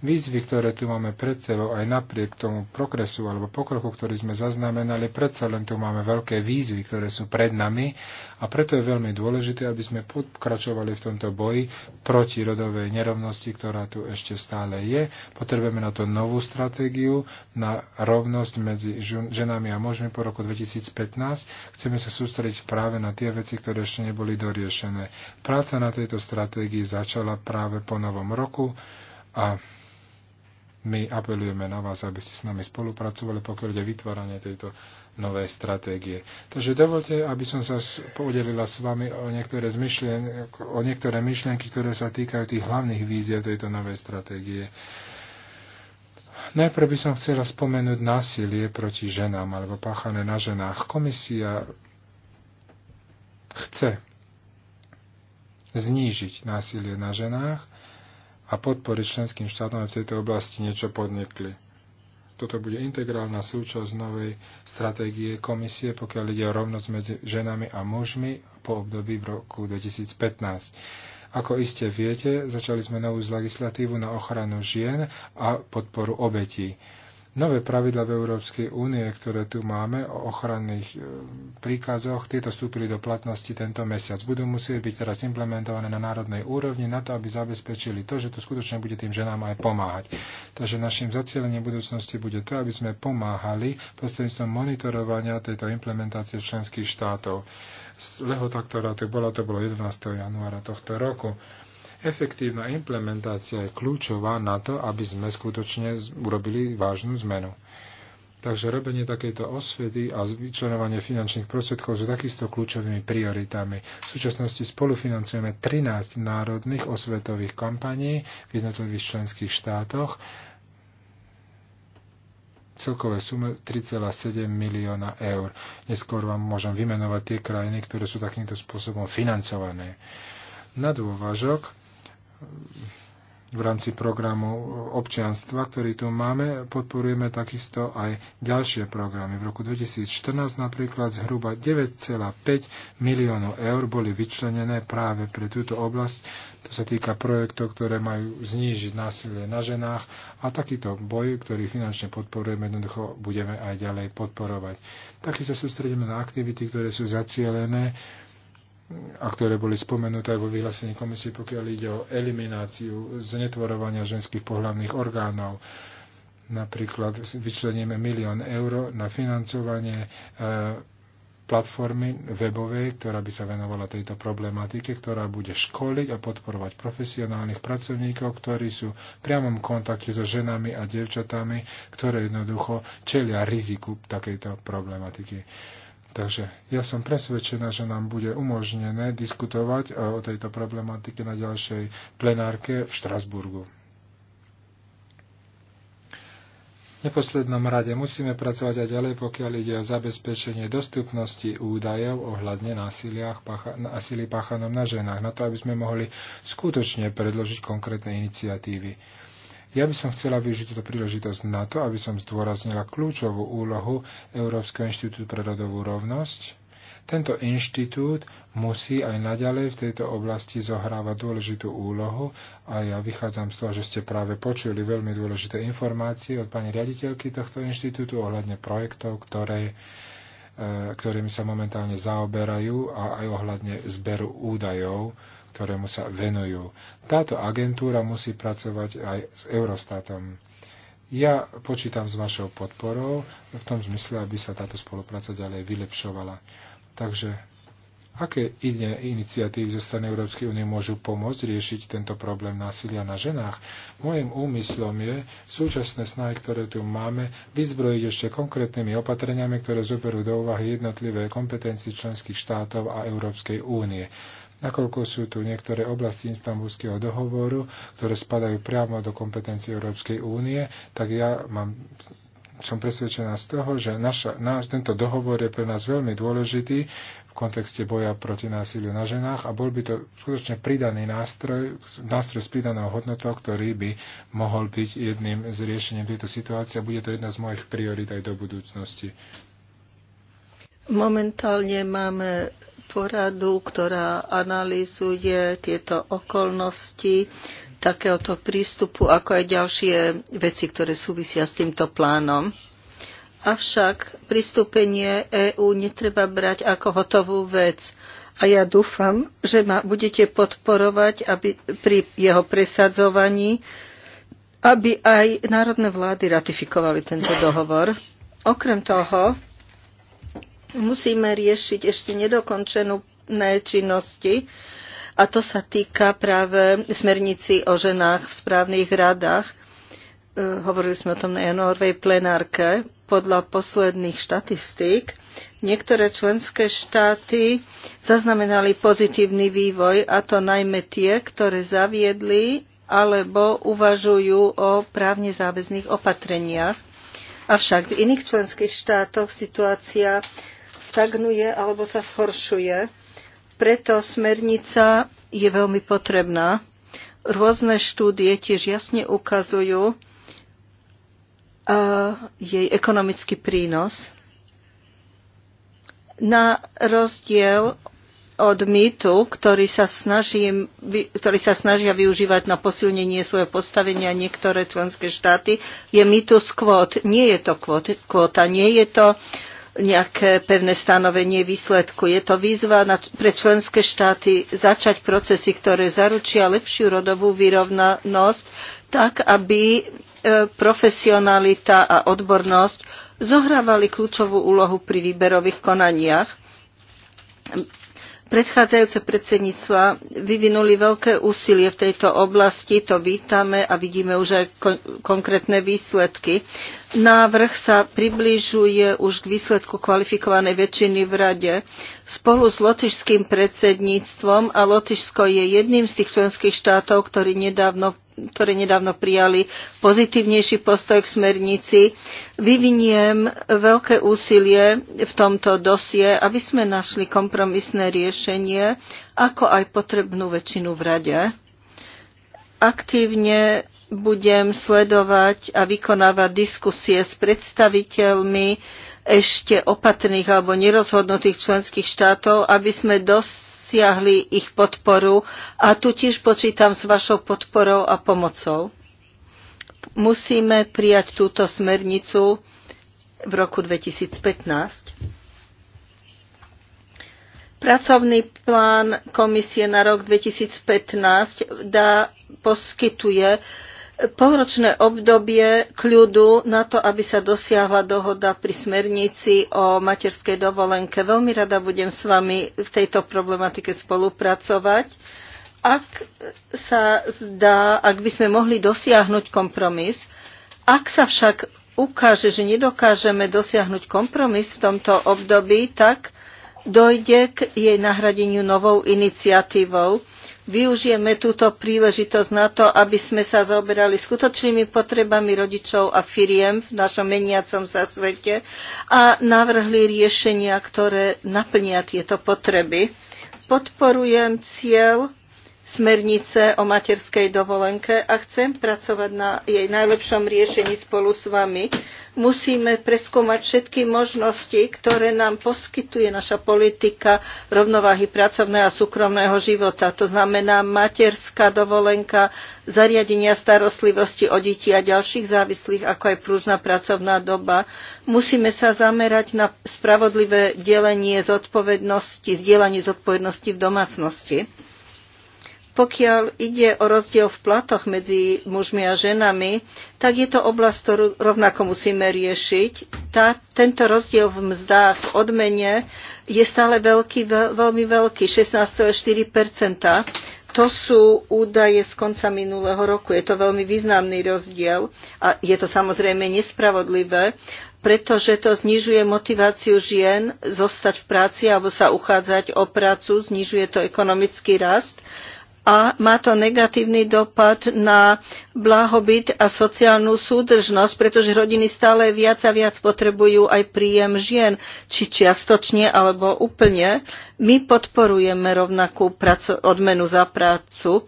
Výzvy, ktoré tu máme pred sebou, aj napriek tomu progresu alebo pokroku, ktorý sme zaznamenali, predsa len tu máme veľké výzvy, ktoré sú pred nami a preto je veľmi dôležité, aby sme pokračovali v tomto boji proti rodovej nerovnosti, ktorá tu ešte stále je. Potrebujeme na to novú stratégiu, na rovnosť medzi ženami a mužmi po roku 2015. Chceme sa sústrediť práve na tie veci, ktoré ešte neboli doriešené. Práca na tejto stratégii začala práve po novom roku a my apelujeme na vás, aby ste s nami spolupracovali, pokiaľ ide vytváranie tejto novej stratégie. Takže dovolte, aby som sa podelila s vami o niektoré, myšlien- o niektoré myšlienky, ktoré sa týkajú tých hlavných víziev tejto novej stratégie. Najprv by som chcela spomenúť násilie proti ženám alebo páchané na ženách. Komisia chce znížiť násilie na ženách a podpory členským štátom v tejto oblasti niečo podnikli. Toto bude integrálna súčasť novej stratégie komisie, pokiaľ ide o rovnosť medzi ženami a mužmi po období v roku 2015. Ako iste viete, začali sme novú legislatívu na ochranu žien a podporu obetí. Nové pravidla v Európskej únie, ktoré tu máme o ochranných e, príkazoch, tieto vstúpili do platnosti tento mesiac. Budú musieť byť teraz implementované na národnej úrovni na to, aby zabezpečili to, že to skutočne bude tým ženám aj pomáhať. Takže našim zacielením budúcnosti bude to, aby sme pomáhali prostredníctvom monitorovania tejto implementácie členských štátov. Lehota, ktorá tu bola, to bolo 11. januára tohto roku. Efektívna implementácia je kľúčová na to, aby sme skutočne urobili vážnu zmenu. Takže robenie takejto osvedy a vyčlenovanie finančných prostriedkov sú takisto kľúčovými prioritami. V súčasnosti spolufinancujeme 13 národných osvetových kampaní v jednotlivých členských štátoch celkové sume 3,7 milióna eur. Neskôr vám môžem vymenovať tie krajiny, ktoré sú takýmto spôsobom financované. Na dôvažok v rámci programu občianstva, ktorý tu máme, podporujeme takisto aj ďalšie programy. V roku 2014 napríklad zhruba 9,5 miliónov eur boli vyčlenené práve pre túto oblasť. To sa týka projektov, ktoré majú znížiť násilie na ženách a takýto boj, ktorý finančne podporujeme, jednoducho budeme aj ďalej podporovať. Takisto sústredíme na aktivity, ktoré sú zacielené a ktoré boli spomenuté aj vo vyhlásení komisie, pokiaľ ide o elimináciu znetvorovania ženských pohľavných orgánov. Napríklad vyčleníme milión eur na financovanie e, platformy webovej, ktorá by sa venovala tejto problematike, ktorá bude školiť a podporovať profesionálnych pracovníkov, ktorí sú v priamom kontakte so ženami a dievčatami, ktoré jednoducho čelia riziku takejto problematiky. Takže ja som presvedčená, že nám bude umožnené diskutovať eh, o tejto problematike na ďalšej plenárke v Štrasburgu. V neposlednom rade musíme pracovať aj ďalej, pokiaľ ide o zabezpečenie dostupnosti údajov ohľadne násilí páchanom na ženách, na to, aby sme mohli skutočne predložiť konkrétne iniciatívy. Ja by som chcela využiť túto príležitosť na to, aby som zdôraznila kľúčovú úlohu Európskeho inštitútu pre rodovú rovnosť. Tento inštitút musí aj naďalej v tejto oblasti zohrávať dôležitú úlohu a ja vychádzam z toho, že ste práve počuli veľmi dôležité informácie od pani riaditeľky tohto inštitútu ohľadne projektov, ktoré, e, ktorými sa momentálne zaoberajú a aj ohľadne zberu údajov ktorému sa venujú. Táto agentúra musí pracovať aj s Eurostatom. Ja počítam s vašou podporou v tom zmysle, aby sa táto spolupráca ďalej vylepšovala. Takže aké iné iniciatívy zo strany Európskej únie môžu pomôcť riešiť tento problém násilia na ženách? Mojím úmyslom je súčasné snahy, ktoré tu máme, vyzbrojiť ešte konkrétnymi opatreniami, ktoré zoberú do úvahy jednotlivé kompetencie členských štátov a Európskej únie nakoľko sú tu niektoré oblasti Istanbulského dohovoru, ktoré spadajú priamo do kompetencie Európskej únie, tak ja mám som presvedčená z toho, že naša, náš, tento dohovor je pre nás veľmi dôležitý v kontexte boja proti násiliu na ženách a bol by to skutočne pridaný nástroj, nástroj s pridanou hodnotou, ktorý by mohol byť jedným z riešením tejto situácie a bude to jedna z mojich priorít aj do budúcnosti. Momentálne máme poradu, ktorá analýzuje tieto okolnosti takéhoto prístupu, ako aj ďalšie veci, ktoré súvisia s týmto plánom. Avšak pristúpenie EÚ netreba brať ako hotovú vec a ja dúfam, že ma budete podporovať aby, pri jeho presadzovaní, aby aj národné vlády ratifikovali tento dohovor. Okrem toho, musíme riešiť ešte nedokončenú činnosti a to sa týka práve smernici o ženách v správnych radách. E, hovorili sme o tom na januárovej plenárke. Podľa posledných štatistík niektoré členské štáty zaznamenali pozitívny vývoj, a to najmä tie, ktoré zaviedli alebo uvažujú o právne záväzných opatreniach. Avšak v iných členských štátoch situácia stagnuje alebo sa zhoršuje. Preto smernica je veľmi potrebná. Rôzne štúdie tiež jasne ukazujú e, jej ekonomický prínos. Na rozdiel od mýtu, ktorý sa, snažím, ktorý sa snažia využívať na posilnenie svojho postavenia niektoré členské štáty, je mýtus kvót. Nie je to kvót, kvóta, nie je to uh, nejaké pevné stanovenie výsledku. Je to výzva na, pre členské štáty začať procesy, ktoré zaručia lepšiu rodovú vyrovnanosť, tak aby e, profesionalita a odbornosť zohrávali kľúčovú úlohu pri výberových konaniach. Predchádzajúce predsedníctva vyvinuli veľké úsilie v tejto oblasti, to vítame a vidíme už aj kon- konkrétne výsledky. Návrh sa približuje už k výsledku kvalifikovanej väčšiny v Rade. Spolu s lotišským predsedníctvom a Lotyšsko je jedným z tých členských štátov, ktorí nedávno, ktoré nedávno prijali pozitívnejší postoj k smernici, vyviniem veľké úsilie v tomto dosie, aby sme našli kompromisné riešenie, ako aj potrebnú väčšinu v Rade. Aktívne budem sledovať a vykonávať diskusie s predstaviteľmi ešte opatrných alebo nerozhodnutých členských štátov, aby sme dosiahli ich podporu a tu tiež počítam s vašou podporou a pomocou. Musíme prijať túto smernicu v roku 2015. Pracovný plán komisie na rok 2015 dá, poskytuje polročné obdobie kľudu na to, aby sa dosiahla dohoda pri smernici o materskej dovolenke. Veľmi rada budem s vami v tejto problematike spolupracovať. Ak sa zdá, ak by sme mohli dosiahnuť kompromis, ak sa však ukáže, že nedokážeme dosiahnuť kompromis v tomto období, tak dojde k jej nahradeniu novou iniciatívou využijeme túto príležitosť na to, aby sme sa zaoberali skutočnými potrebami rodičov a firiem v našom meniacom sa svete a navrhli riešenia, ktoré naplnia tieto potreby. Podporujem cieľ smernice o materskej dovolenke a chcem pracovať na jej najlepšom riešení spolu s vami. Musíme preskúmať všetky možnosti, ktoré nám poskytuje naša politika rovnováhy pracovného a súkromného života. To znamená materská dovolenka, zariadenia starostlivosti o deti a ďalších závislých, ako aj pružná pracovná doba. Musíme sa zamerať na spravodlivé delenie zodpovednosti, zdieľanie zodpovednosti v domácnosti. Pokiaľ ide o rozdiel v platoch medzi mužmi a ženami, tak je to oblasť, ktorú rovnako musíme riešiť. Tá, tento rozdiel v mzdách, v odmene je stále veľký, veľ, veľmi veľký, 16,4 to sú údaje z konca minulého roku. Je to veľmi významný rozdiel a je to samozrejme nespravodlivé, pretože to znižuje motiváciu žien zostať v práci alebo sa uchádzať o prácu, znižuje to ekonomický rast a má to negatívny dopad na blahobyt a sociálnu súdržnosť, pretože rodiny stále viac a viac potrebujú aj príjem žien, či čiastočne alebo úplne. My podporujeme rovnakú odmenu za prácu.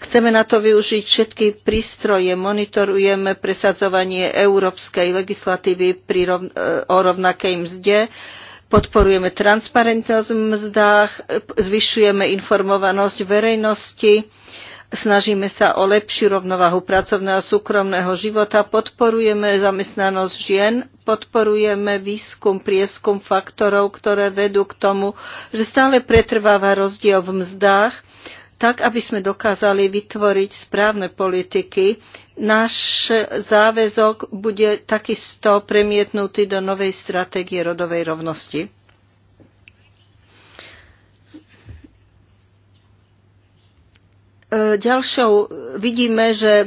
Chceme na to využiť všetky prístroje, monitorujeme presadzovanie európskej legislatívy pri rov- e, o rovnakej mzde Podporujeme transparentnosť v mzdách, zvyšujeme informovanosť verejnosti, snažíme sa o lepšiu rovnovahu pracovného a súkromného života, podporujeme zamestnanosť žien, podporujeme výskum, prieskum faktorov, ktoré vedú k tomu, že stále pretrváva rozdiel v mzdách, tak aby sme dokázali vytvoriť správne politiky, Náš záväzok bude takisto premietnutý do novej stratégie rodovej rovnosti. E, ďalšou vidíme, že e,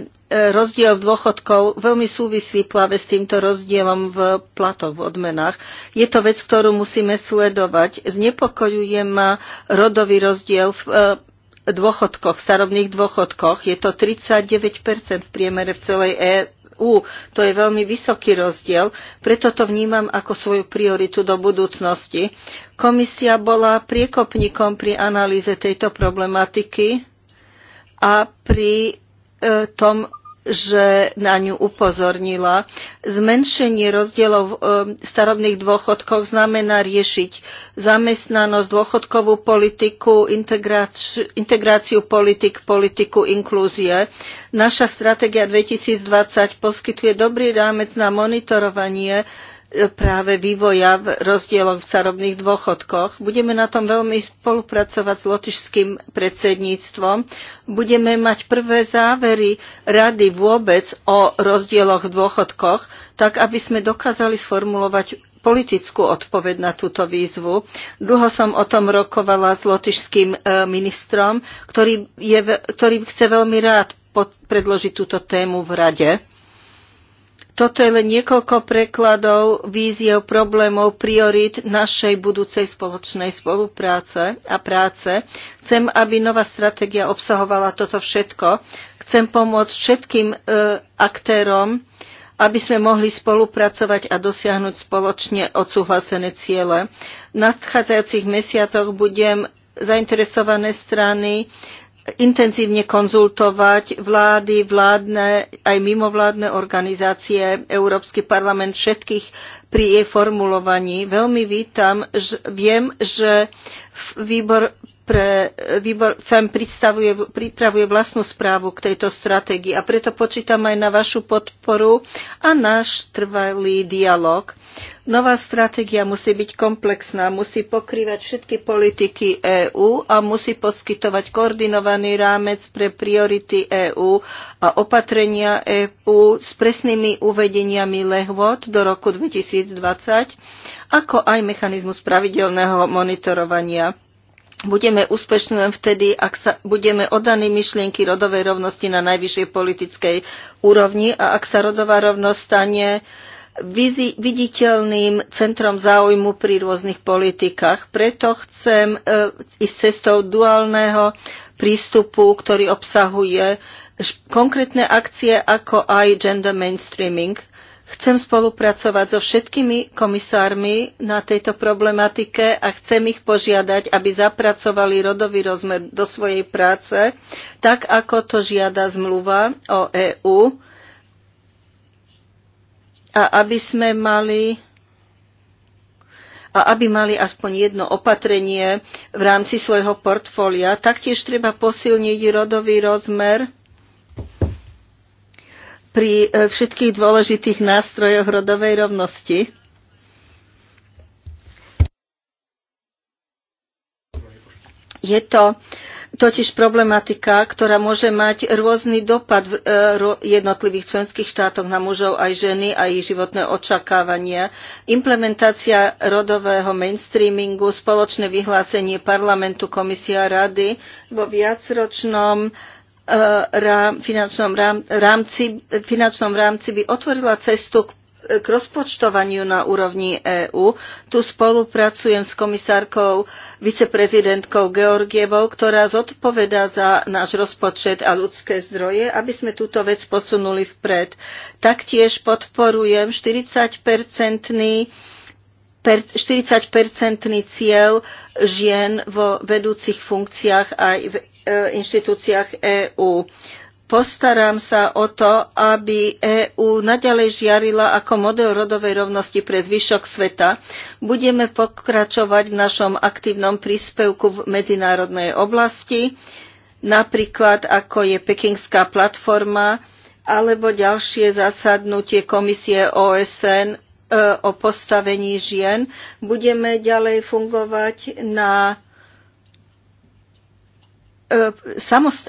rozdiel v dôchodkov veľmi súvisí plave s týmto rozdielom v platoch, v odmenách. Je to vec, ktorú musíme sledovať. Znepokojuje ma rodový rozdiel v e, dôchodkoch, starobných dôchodkoch. Je to 39% v priemere v celej EÚ. To je veľmi vysoký rozdiel, preto to vnímam ako svoju prioritu do budúcnosti. Komisia bola priekopníkom pri analýze tejto problematiky a pri e, tom že na ňu upozornila. Zmenšenie rozdielov v e, starobných dôchodkoch znamená riešiť zamestnanosť, dôchodkovú politiku, integráciu, integráciu politik, politiku inklúzie. Naša stratégia 2020 poskytuje dobrý rámec na monitorovanie práve vývoja v rozdieloch v carobných dôchodkoch. Budeme na tom veľmi spolupracovať s lotišským predsedníctvom. Budeme mať prvé závery rady vôbec o rozdieloch v dôchodkoch, tak aby sme dokázali sformulovať politickú odpoveď na túto výzvu. Dlho som o tom rokovala s lotišským e, ministrom, ktorý, je, ktorý chce veľmi rád predložiť túto tému v rade. Toto je len niekoľko prekladov víziev, problémov, priorít našej budúcej spoločnej spolupráce a práce. Chcem, aby nová stratégia obsahovala toto všetko. Chcem pomôcť všetkým e, aktérom, aby sme mohli spolupracovať a dosiahnuť spoločne odsúhlasené ciele. V nadchádzajúcich mesiacoch budem zainteresované strany intenzívne konzultovať vlády, vládne, aj mimovládne organizácie, Európsky parlament, všetkých pri jej formulovaní. Veľmi vítam, že viem, že výbor pre e, výbor FEM pripravuje vlastnú správu k tejto stratégii a preto počítam aj na vašu podporu a náš trvalý dialog. Nová stratégia musí byť komplexná, musí pokrývať všetky politiky EÚ a musí poskytovať koordinovaný rámec pre priority EÚ a opatrenia EÚ s presnými uvedeniami lehvod do roku 2020, ako aj mechanizmus pravidelného monitorovania Budeme úspešní len vtedy, ak sa budeme oddaní myšlienky rodovej rovnosti na najvyššej politickej úrovni a ak sa rodová rovnosť stane viditeľným centrom záujmu pri rôznych politikách. Preto chcem e, ísť cestou duálneho prístupu, ktorý obsahuje konkrétne akcie ako aj gender mainstreaming Chcem spolupracovať so všetkými komisármi na tejto problematike a chcem ich požiadať, aby zapracovali rodový rozmer do svojej práce, tak ako to žiada zmluva o EÚ a aby sme mali a aby mali aspoň jedno opatrenie v rámci svojho portfólia. Taktiež treba posilniť rodový rozmer pri e, všetkých dôležitých nástrojoch rodovej rovnosti. Je to totiž problematika, ktorá môže mať rôzny dopad v e, jednotlivých členských štátoch na mužov aj ženy a ich životné očakávania. Implementácia rodového mainstreamingu, spoločné vyhlásenie parlamentu, komisia rady vo viacročnom Eh, finančnom, rám, rámci, finančnom rámci by otvorila cestu k, k rozpočtovaniu na úrovni EÚ. Tu spolupracujem s komisárkou, viceprezidentkou Georgievou, ktorá zodpoveda za náš rozpočet a ľudské zdroje, aby sme túto vec posunuli vpred. Taktiež podporujem 40-percentný 40-percentný cieľ žien vo vedúcich funkciách aj v E, inštitúciách EÚ. Postaram sa o to, aby EÚ nadalej žiarila ako model rodovej rovnosti pre zvyšok sveta. Budeme pokračovať v našom aktívnom príspevku v medzinárodnej oblasti, napríklad ako je Pekingská platforma alebo ďalšie zasadnutie Komisie OSN e, o postavení žien. Budeme ďalej fungovať na E,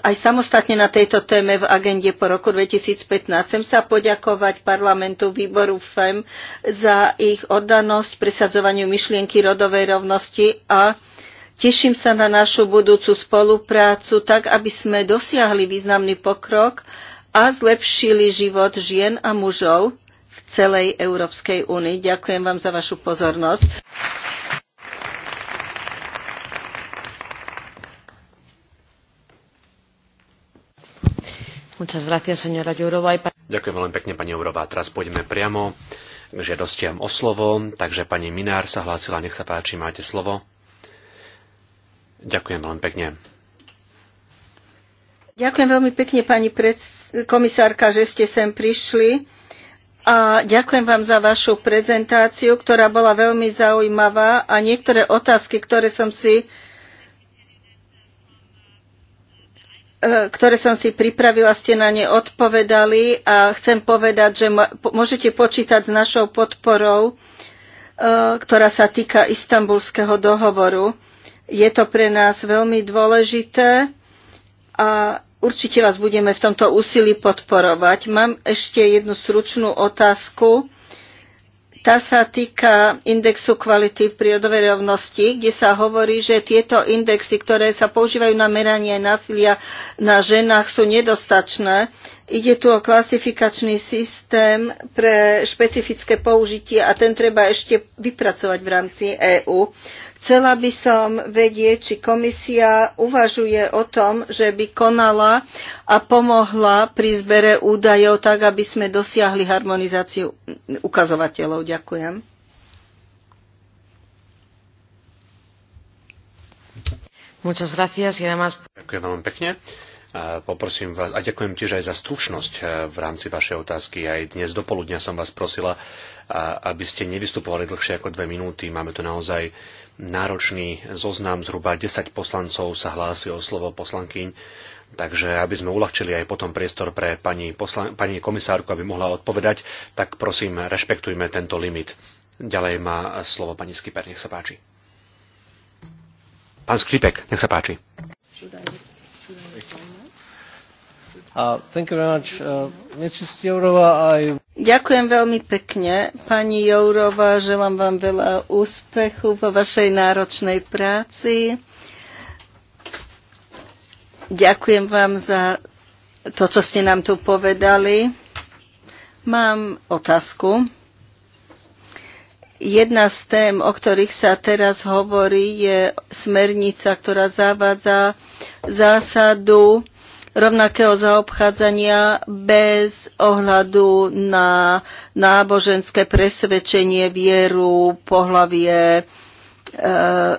aj samostatne na tejto téme v agende po roku 2015. Chcem sa poďakovať parlamentu výboru FEM za ich oddanosť presadzovaniu myšlienky rodovej rovnosti a teším sa na našu budúcu spoluprácu, tak aby sme dosiahli významný pokrok a zlepšili život žien a mužov v celej Európskej únii. Ďakujem vám za vašu pozornosť. Ďakujem veľmi pekne, pani Jourová. Teraz pôjdeme priamo k žiadostiam o slovo. Takže pani Minár sa hlásila, nech sa páči, máte slovo. Ďakujem veľmi pekne. Ďakujem veľmi pekne, pani komisárka, že ste sem prišli. A ďakujem vám za vašu prezentáciu, ktorá bola veľmi zaujímavá a niektoré otázky, ktoré som si E, ktoré som si pripravila, ste na ne odpovedali a chcem povedať, že môžete počítať s našou podporou, e, ktorá sa týka istambulského dohovoru. Je to pre nás veľmi dôležité a určite vás budeme v tomto úsilí podporovať. Mám ešte jednu stručnú otázku tá sa týka indexu kvality v prírodovej rovnosti, kde sa hovorí, že tieto indexy, ktoré sa používajú na meranie násilia na ženách, sú nedostačné. Ide tu o klasifikačný systém pre špecifické použitie a ten treba ešte vypracovať v rámci EÚ. Chcela by som vedieť, či komisia uvažuje o tom, že by konala a pomohla pri zbere údajov tak, aby sme dosiahli harmonizáciu ukazovateľov. Ďakujem. Ďakujem veľmi pekne. Poprosím vás, a ďakujem tiež aj za stručnosť e, v rámci vašej otázky. Aj dnes do poludnia som vás prosila, aby ste nevystupovali dlhšie ako dve minúty. Máme tu naozaj náročný zoznam, zhruba 10 poslancov sa hlási o slovo poslankyň, takže aby sme uľahčili aj potom priestor pre pani, poslan- pani komisárku, aby mohla odpovedať, tak prosím, rešpektujme tento limit. Ďalej má slovo pani Skiper, nech sa páči. Pán Skripek, nech sa páči. Uh, uh, Ďakujem veľmi pekne. Pani Jourova, želám vám veľa úspechu vo vašej náročnej práci. Ďakujem vám za to, čo ste nám tu povedali. Mám otázku. Jedna z tém, o ktorých sa teraz hovorí, je smernica, ktorá zavádza zásadu rovnakého zaobchádzania bez ohľadu na náboženské presvedčenie, vieru, pohlavie, e,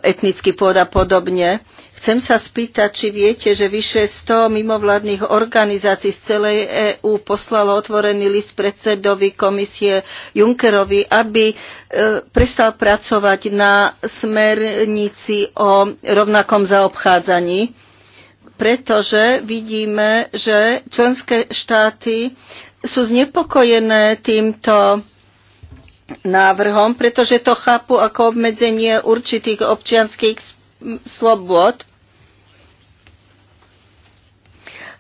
etnický pôd a podobne. Chcem sa spýtať, či viete, že vyše 100 mimovládnych organizácií z celej EÚ poslalo otvorený list predsedovi komisie Junckerovi, aby e, prestal pracovať na smernici o rovnakom zaobchádzaní pretože vidíme, že členské štáty sú znepokojené týmto návrhom, pretože to chápu ako obmedzenie určitých občianských slobod,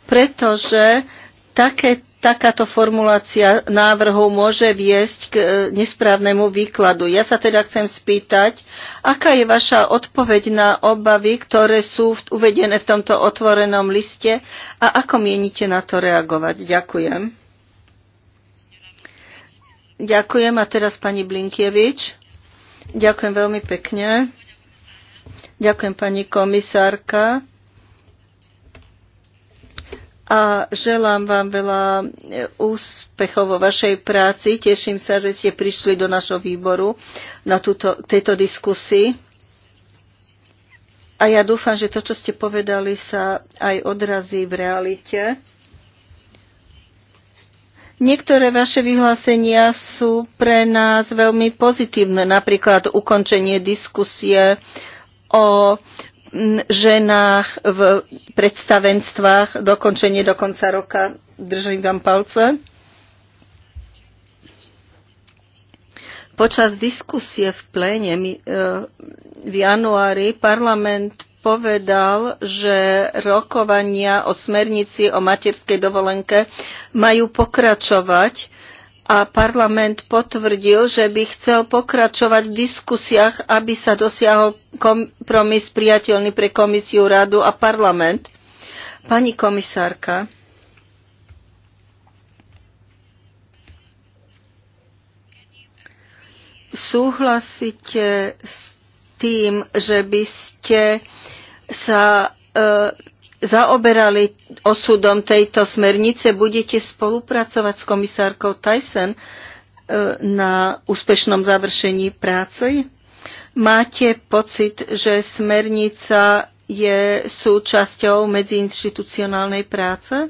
pretože takéto takáto formulácia návrhov môže viesť k e, nesprávnemu výkladu. Ja sa teda chcem spýtať, aká je vaša odpoveď na obavy, ktoré sú uvedené v tomto otvorenom liste a ako mienite na to reagovať? Ďakujem. Ďakujem a teraz pani Blinkievič. Ďakujem veľmi pekne. Ďakujem pani komisárka a želám vám veľa e, úspechov vo vašej práci. Teším sa, že ste prišli do našho výboru na túto, tejto diskusii. A ja dúfam, že to, čo ste povedali, sa aj odrazí v realite. Niektoré vaše vyhlásenia sú pre nás veľmi pozitívne, napríklad ukončenie diskusie o ženách v predstavenstvách, dokončenie do konca roka. Držím vám palce. Počas diskusie v pléne e, v januári parlament povedal, že rokovania o smernici o materskej dovolenke majú pokračovať a parlament potvrdil, že by chcel pokračovať v diskusiách, aby sa dosiahol kompromis priateľný pre komisiu, radu a parlament. Pani komisárka, súhlasíte s tým, že by ste sa e, zaoberali osudom tejto smernice, budete spolupracovať s komisárkou Tyson e, na úspešnom završení práce? Máte pocit, že smernica je súčasťou medziinstitucionálnej práce?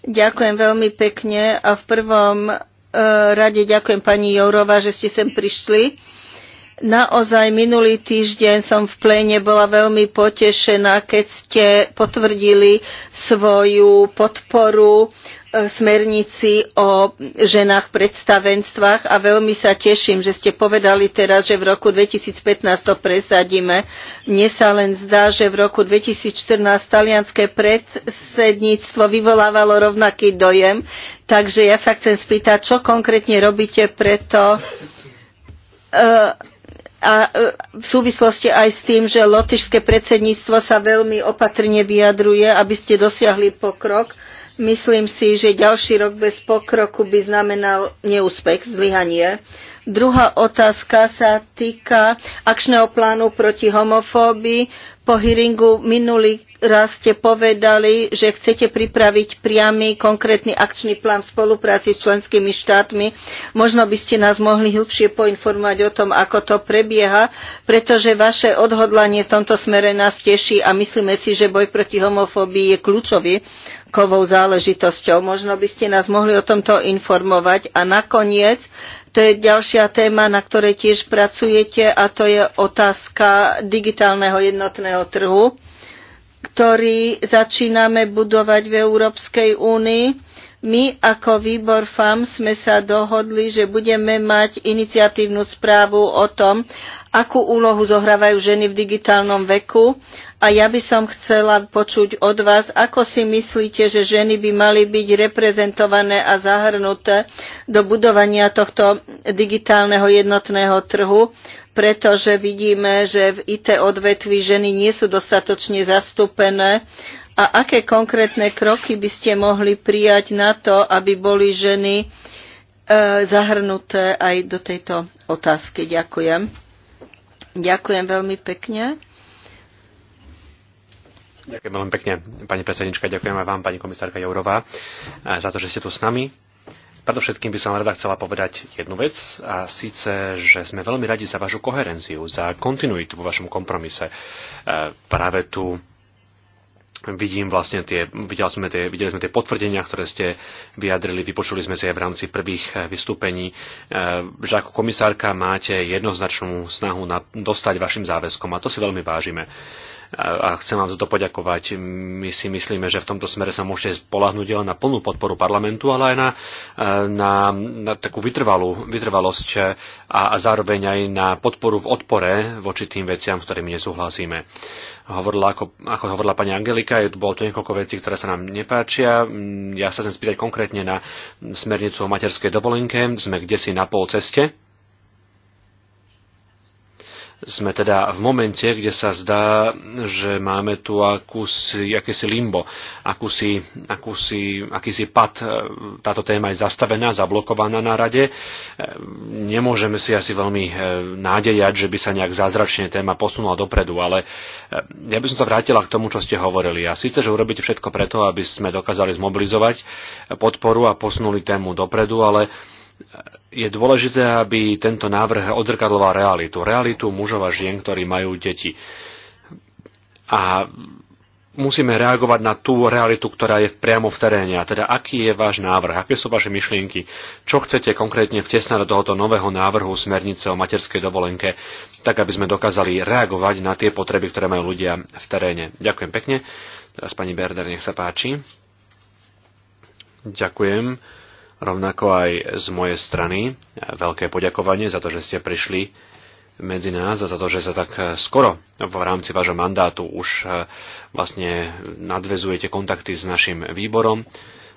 Ďakujem veľmi pekne a v prvom e, rade ďakujem pani Jourova, že ste sem prišli Naozaj minulý týždeň som v pléne bola veľmi potešená, keď ste potvrdili svoju podporu e, smernici o ženách v predstavenstvách a veľmi sa teším, že ste povedali teraz, že v roku 2015 to presadíme. Mne sa len zdá, že v roku 2014 talianské predsedníctvo vyvolávalo rovnaký dojem, takže ja sa chcem spýtať, čo konkrétne robíte preto, e, a e, v súvislosti aj s tým, že lotyšské predsedníctvo sa veľmi opatrne vyjadruje, aby ste dosiahli pokrok. Myslím si, že ďalší rok bez pokroku by znamenal neúspech, zlyhanie. Druhá otázka sa týka akčného plánu proti homofóbii. Po hearingu minulý raz ste povedali, že chcete pripraviť priamy konkrétny akčný plán v spolupráci s členskými štátmi. Možno by ste nás mohli hĺbšie poinformovať o tom, ako to prebieha, pretože vaše odhodlanie v tomto smere nás teší a myslíme si, že boj proti homofóbii je kľúčový kovou záležitosťou. Možno by ste nás mohli o tomto informovať. A nakoniec to je ďalšia téma, na ktorej tiež pracujete a to je otázka digitálneho jednotného trhu, ktorý začíname budovať v Európskej únii. My ako výbor FAM sme sa dohodli, že budeme mať iniciatívnu správu o tom, akú úlohu zohrávajú ženy v digitálnom veku. A ja by som chcela počuť od vás, ako si myslíte, že ženy by mali byť reprezentované a zahrnuté do budovania tohto digitálneho jednotného trhu, pretože vidíme, že v IT odvetví ženy nie sú dostatočne zastúpené. A aké konkrétne kroky by ste mohli prijať na to, aby boli ženy e, zahrnuté aj do tejto otázky? Ďakujem. Ďakujem veľmi pekne. Ďakujem veľmi pekne, pani predsednička, ďakujem aj vám, pani komisárka Jourová, e, za to, že ste tu s nami. všetkým by som rada chcela povedať jednu vec, a síce, že sme veľmi radi za vašu koherenciu, za kontinuitu vo vašom kompromise. E, práve tu vidím vlastne tie, videli sme tie, videli sme tie potvrdenia, ktoré ste vyjadrili, vypočuli sme si aj v rámci prvých eh, vystúpení, eh, že ako komisárka máte jednoznačnú snahu na, dostať vašim záväzkom a to si veľmi vážime a chcem vám za to poďakovať. My si myslíme, že v tomto smere sa môžete spolahnuť len na plnú podporu parlamentu, ale aj na, e, na, na takú vytrvalú, vytrvalosť a, a zároveň aj na podporu v odpore voči tým veciam, s ktorými nesúhlasíme hovorila, ako, ako hovorila pani Angelika, bolo tu niekoľko vecí, ktoré sa nám nepáčia. Mm, ja sa chcem spýtať konkrétne na smernicu o materskej dovolenke. Sme kde si na pol ceste sme teda v momente, kde sa zdá, že máme tu akúsi, akési limbo, akúsi, akúsi, akýsi pad. E, táto téma je zastavená, zablokovaná na rade. E, nemôžeme si asi veľmi e, nádejať, že by sa nejak zázračne téma posunula dopredu, ale ja by som sa vrátila k tomu, čo ste hovorili. A síce, že urobíte všetko preto, aby sme dokázali zmobilizovať podporu a posunuli tému dopredu, ale je dôležité, aby tento návrh odzrkadloval realitu. Realitu mužov a žien, ktorí majú deti. A musíme reagovať na tú realitu, ktorá je priamo v teréne. A teda, aký je váš návrh, aké sú vaše myšlienky, čo chcete konkrétne vtesnať do tohoto nového návrhu smernice o materskej dovolenke, tak aby sme dokázali reagovať na tie potreby, ktoré majú ľudia v teréne. Ďakujem pekne. Teraz pani Berder, nech sa páči. Ďakujem. Rovnako aj z mojej strany veľké poďakovanie za to, že ste prišli medzi nás a za to, že sa tak skoro v rámci vášho mandátu už e, vlastne nadvezujete kontakty s našim výborom.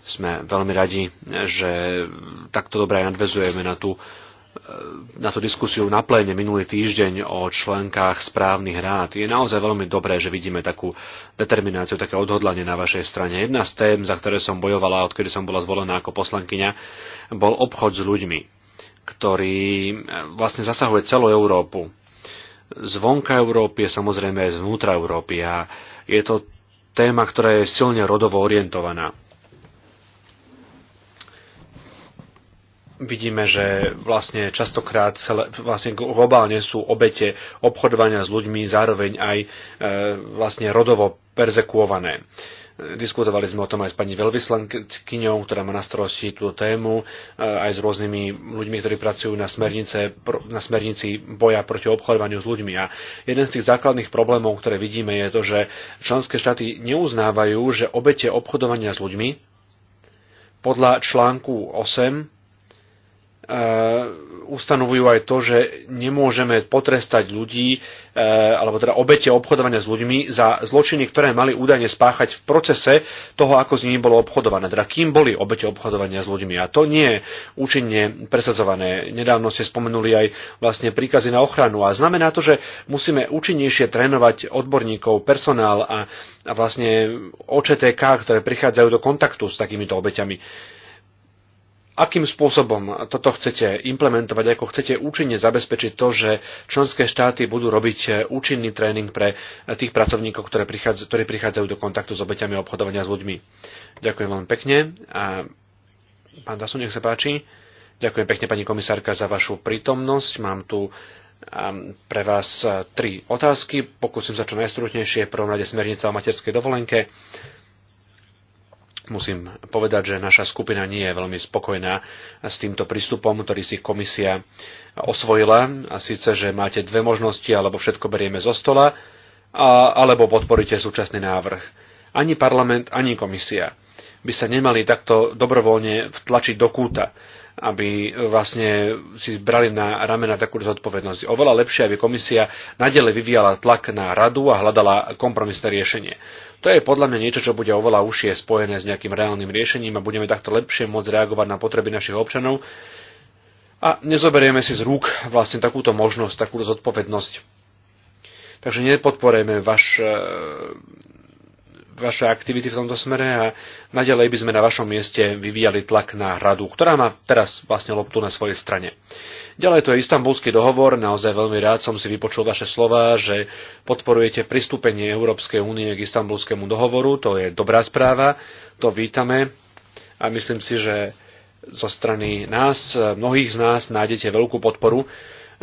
Sme veľmi radi, že takto dobre aj nadvezujeme na tú na tú diskusiu na pléne minulý týždeň o členkách správnych rád. Je naozaj veľmi dobré, že vidíme takú determináciu, také odhodlanie na vašej strane. Jedna z tém, za ktoré som bojovala, odkedy som bola zvolená ako poslankyňa, bol obchod s ľuďmi, ktorý e, vlastne zasahuje celú Európu. Zvonka Európy je samozrejme aj zvnútra Európy a je to téma, ktorá je silne rodovo orientovaná. vidíme, že vlastne častokrát celé, vlastne globálne sú obete obchodovania s ľuďmi zároveň aj e, vlastne rodovo perzekuované. Diskutovali sme o tom aj s pani veľvyslankyňou, ktorá má na starosti túto tému, e, aj s rôznymi ľuďmi, ktorí pracujú na, smernice, na smernici boja proti obchodovaniu s ľuďmi. A jeden z tých základných problémov, ktoré vidíme, je to, že členské štáty neuznávajú, že obete obchodovania s ľuďmi podľa článku 8 E, ustanovujú aj to, že nemôžeme potrestať ľudí, e, alebo teda obete obchodovania s ľuďmi za zločiny, ktoré mali údajne spáchať v procese toho, ako s nimi bolo obchodované. Teda kým boli obete obchodovania s ľuďmi. A to nie je účinne presadzované. Nedávno ste spomenuli aj vlastne príkazy na ochranu. A znamená to, že musíme účinnejšie trénovať odborníkov, personál a, a vlastne OČTK, ktoré prichádzajú do kontaktu s takýmito obeťami akým spôsobom toto chcete implementovať, ako chcete účinne zabezpečiť to, že členské štáty budú robiť eh, účinný tréning pre eh, tých pracovníkov, ktoré prichádzajú, ktorí prichádzajú do kontaktu s obeťami obchodovania s ľuďmi. Ďakujem veľmi pekne a pán Dasu, nech sa páči. Ďakujem pekne, pani komisárka, za vašu prítomnosť. Mám tu ehm, pre vás eh, tri otázky. Pokúsim sa čo najstručnejšie. Prvom rade smernica o materskej dovolenke. Musím povedať, že naša skupina nie je veľmi spokojná s týmto prístupom, ktorý si komisia osvojila. A síce, že máte dve možnosti, alebo všetko berieme zo stola, a, alebo podporíte súčasný návrh. Ani parlament, ani komisia by sa nemali takto dobrovoľne vtlačiť do kúta aby vlastne si brali na ramena takú zodpovednosť. Oveľa lepšie, aby komisia nadele vyvíjala tlak na radu a hľadala kompromisné riešenie. To je podľa mňa niečo, čo bude oveľa užšie spojené s nejakým reálnym riešením a budeme takto lepšie môcť reagovať na potreby našich občanov a nezoberieme si z rúk vlastne takúto možnosť, takúto zodpovednosť. Takže nepodporujeme váš vaše aktivity v tomto smere a naďalej by sme na vašom mieste vyvíjali tlak na radu, ktorá má teraz vlastne loptu na svojej strane. Ďalej to je istambulský dohovor, naozaj veľmi rád som si vypočul vaše slova, že podporujete pristúpenie Európskej únie k istambulskému dohovoru, to je dobrá správa, to vítame a myslím si, že zo strany nás, mnohých z nás nájdete veľkú podporu.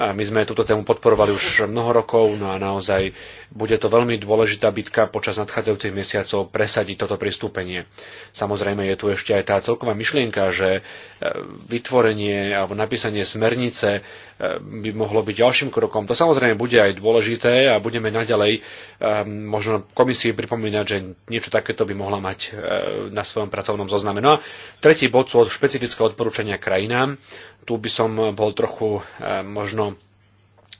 My sme túto tému podporovali už mnoho rokov, no a naozaj bude to veľmi dôležitá bitka počas nadchádzajúcich mesiacov presadiť toto pristúpenie. Samozrejme je tu ešte aj tá celková myšlienka, že e, vytvorenie alebo napísanie smernice e, by mohlo byť ďalším krokom. To samozrejme bude aj dôležité a budeme naďalej e, možno komisii pripomínať, že niečo takéto by mohla mať na svojom pracovnom zozname. No a tretí bod sú špecifické odporúčania krajinám. Tu by som bol trochu možno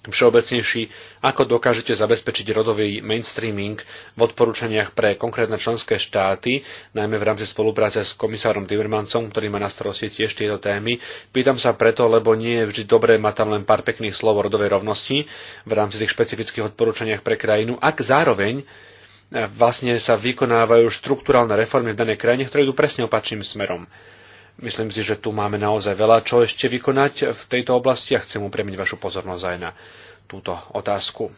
všeobecnejší, ako dokážete zabezpečiť rodový mainstreaming v odporúčaniach pre konkrétne členské štáty, najmä v rámci spolupráce s komisárom Timmermansom, ktorý má na starosti tiež tieto témy. Pýtam sa preto, lebo nie je vždy dobré mať tam len pár pekných slov o rodovej rovnosti v rámci tých špecifických odporúčaniach pre krajinu, ak zároveň e, vlastne sa vykonávajú štruktúralne reformy v danej krajine, ktoré idú presne opačným smerom. Myslím si, že tu máme naozaj veľa čo ešte vykonať v tejto oblasti a chcem upriamiť vašu pozornosť aj na túto otázku.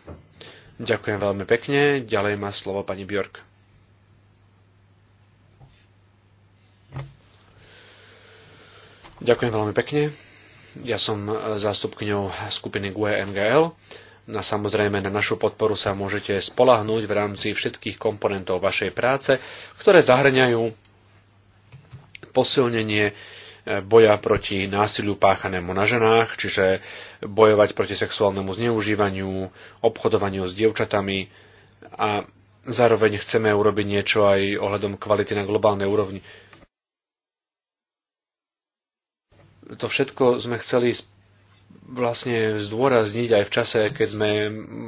Ďakujem veľmi pekne. Ďalej má slovo pani Bjork. Ďakujem veľmi pekne. Ja som zástupkňou skupiny GUE NGL. Na no samozrejme na našu podporu sa môžete spolahnúť v rámci všetkých komponentov vašej práce, ktoré zahrňajú posilnenie e, boja proti násiliu páchanému na ženách, čiže bojovať proti sexuálnemu zneužívaniu, obchodovaniu s dievčatami a zároveň chceme urobiť niečo aj ohľadom kvality na globálnej úrovni. To všetko sme chceli vlastne zdôrazniť aj v čase, keď sme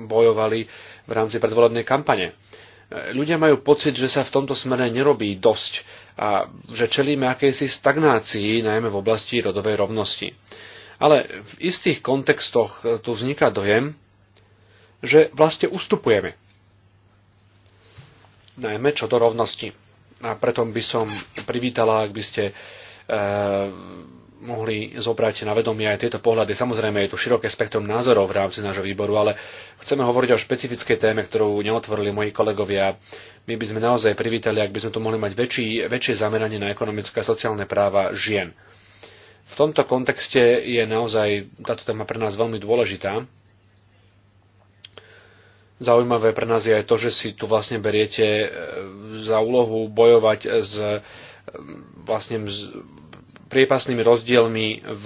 bojovali v rámci predvolebnej kampane ľudia majú pocit, že sa v tomto smere nerobí dosť a že čelíme akejsi stagnácii, najmä v oblasti rodovej rovnosti. Ale v istých kontextoch tu vzniká dojem, že vlastne ustupujeme. Najmä čo do rovnosti. A preto by som privítala, ak by ste e, mohli zobrať na vedomie aj tieto pohľady. Samozrejme, je tu široké spektrum názorov v rámci nášho výboru, ale chceme hovoriť o špecifickej téme, ktorú neotvorili moji kolegovia. My by sme naozaj privítali, ak by sme tu mohli mať väčší, väčšie zameranie na ekonomické a sociálne práva žien. V tomto kontexte je naozaj táto téma pre nás veľmi dôležitá. Zaujímavé pre nás je aj to, že si tu vlastne beriete e, za úlohu bojovať s e, vlastne priepasnými rozdielmi v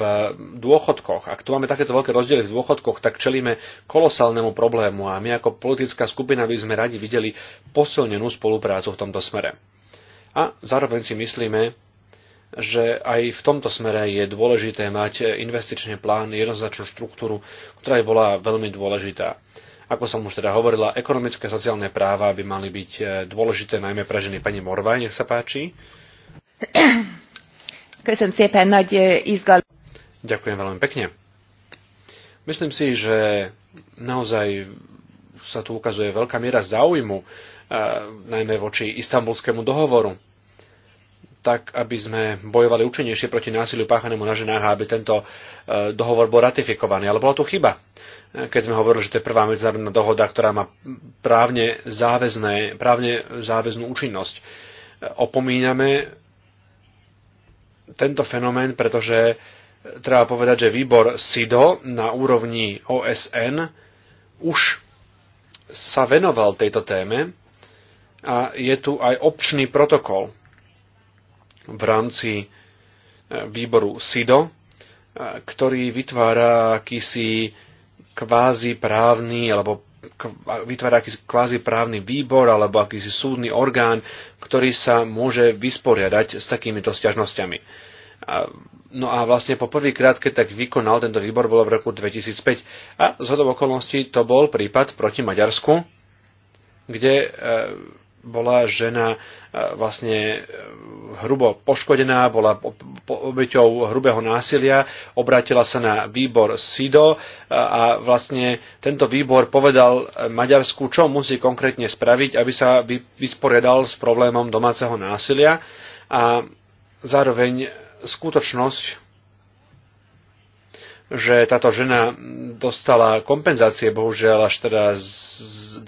dôchodkoch. Ak tu máme takéto veľké rozdiely v dôchodkoch, tak čelíme kolosálnemu problému a my ako politická skupina by sme radi videli posilnenú spoluprácu v tomto smere. A zároveň si myslíme, že aj v tomto smere je dôležité mať investičný plán, jednoznačnú štruktúru, ktorá je bola veľmi dôležitá. Ako som už teda hovorila, ekonomické a sociálne práva by mali byť dôležité najmä pre ženy. Pani Morvaj, nech sa páči. Köszönöm szépen nagy Ďakujem veľmi pekne. Myslím si, že naozaj sa tu ukazuje veľká miera záujmu, e, najmä voči istambulskému dohovoru tak, aby sme bojovali účinnejšie proti násiliu páchanému na ženách a aby tento e, dohovor bol ratifikovaný. Ale bola tu chyba, e, keď sme hovorili, že to je prvá medzinárodná dohoda, ktorá má právne, záväzné, právne záväznú účinnosť. Opomíname tento fenomén, pretože e, treba povedať, že výbor SIDO na úrovni OSN už sa venoval tejto téme a je tu aj občný protokol v rámci e, výboru SIDO, e, ktorý vytvára akýsi kvázi právny alebo vytvára akýsi kvázi právny výbor alebo akýsi súdny orgán, ktorý sa môže vysporiadať s takýmito sťažnosťami. No a vlastne po krát, keď tak vykonal tento výbor, bolo v roku 2005. A z hodov okolností to bol prípad proti Maďarsku, kde e, bola žena e, vlastne e, hrubo poškodená, bola obeťou hrubého násilia, obrátila sa na výbor SIDO e, a vlastne tento výbor povedal Maďarsku, čo musí konkrétne spraviť, aby sa vysporiadal s problémom domáceho násilia a zároveň skutočnosť, že táto žena dostala kompenzácie, bohužiaľ až teda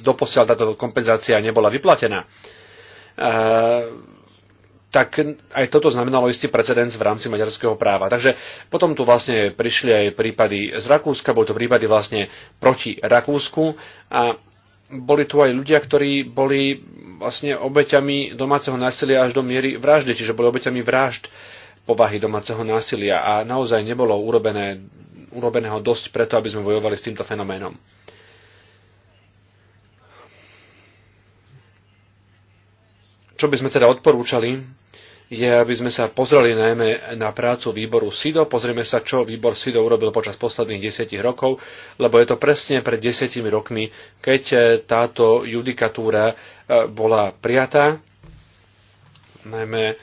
doposiaľ táto kompenzácia nebola vyplatená. E tak aj toto znamenalo istý precedens v rámci maďarského práva. Takže potom tu vlastne prišli aj prípady z Rakúska, boli to prípady vlastne proti Rakúsku a boli tu aj ľudia, ktorí boli vlastne obeťami domáceho násilia až do miery vraždy, čiže boli obeťami vražd povahy domáceho násilia a naozaj nebolo urobené urobeného dosť preto, aby sme bojovali s týmto fenoménom. Čo by sme teda odporúčali, je, aby sme sa pozreli najmä na prácu výboru SIDO. Pozrieme sa, čo výbor SIDO urobil počas posledných desiatich rokov, lebo je to presne pred desiatimi rokmi, keď eh, táto judikatúra eh, bola prijatá, najmä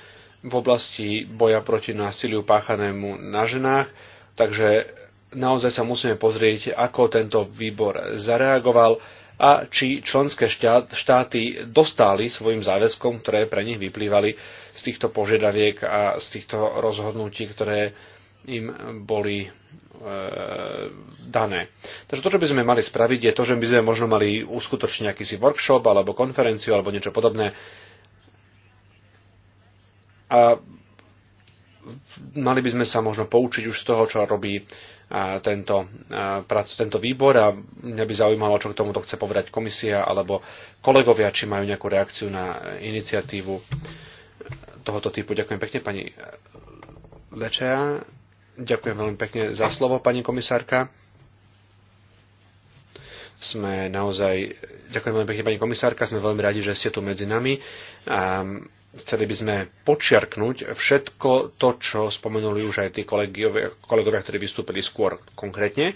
v oblasti boja proti násiliu páchanému na ženách. Takže naozaj sa musíme pozrieť, ako tento výbor zareagoval a či členské štáty dostali svojim záväzkom, ktoré pre nich vyplývali z týchto požiadaviek a z týchto rozhodnutí, ktoré im boli e, dané. Takže to, čo by sme mali spraviť, je to, že by sme možno mali uskutočniť akýsi workshop alebo konferenciu alebo niečo podobné. A mali by sme sa možno poučiť už z toho, čo robí tento, prac, tento výbor a mňa by zaujímalo, čo k tomuto chce povedať komisia alebo kolegovia, či majú nejakú reakciu na iniciatívu tohoto typu. Ďakujem pekne, pani Lečea. Ďakujem veľmi pekne za slovo, pani komisárka. Sme naozaj, ďakujem veľmi pekne, pani komisárka, sme veľmi radi, že ste tu medzi nami chceli by sme počiarknúť všetko to, čo spomenuli už aj tí kolegovia, ktorí vystúpili skôr konkrétne.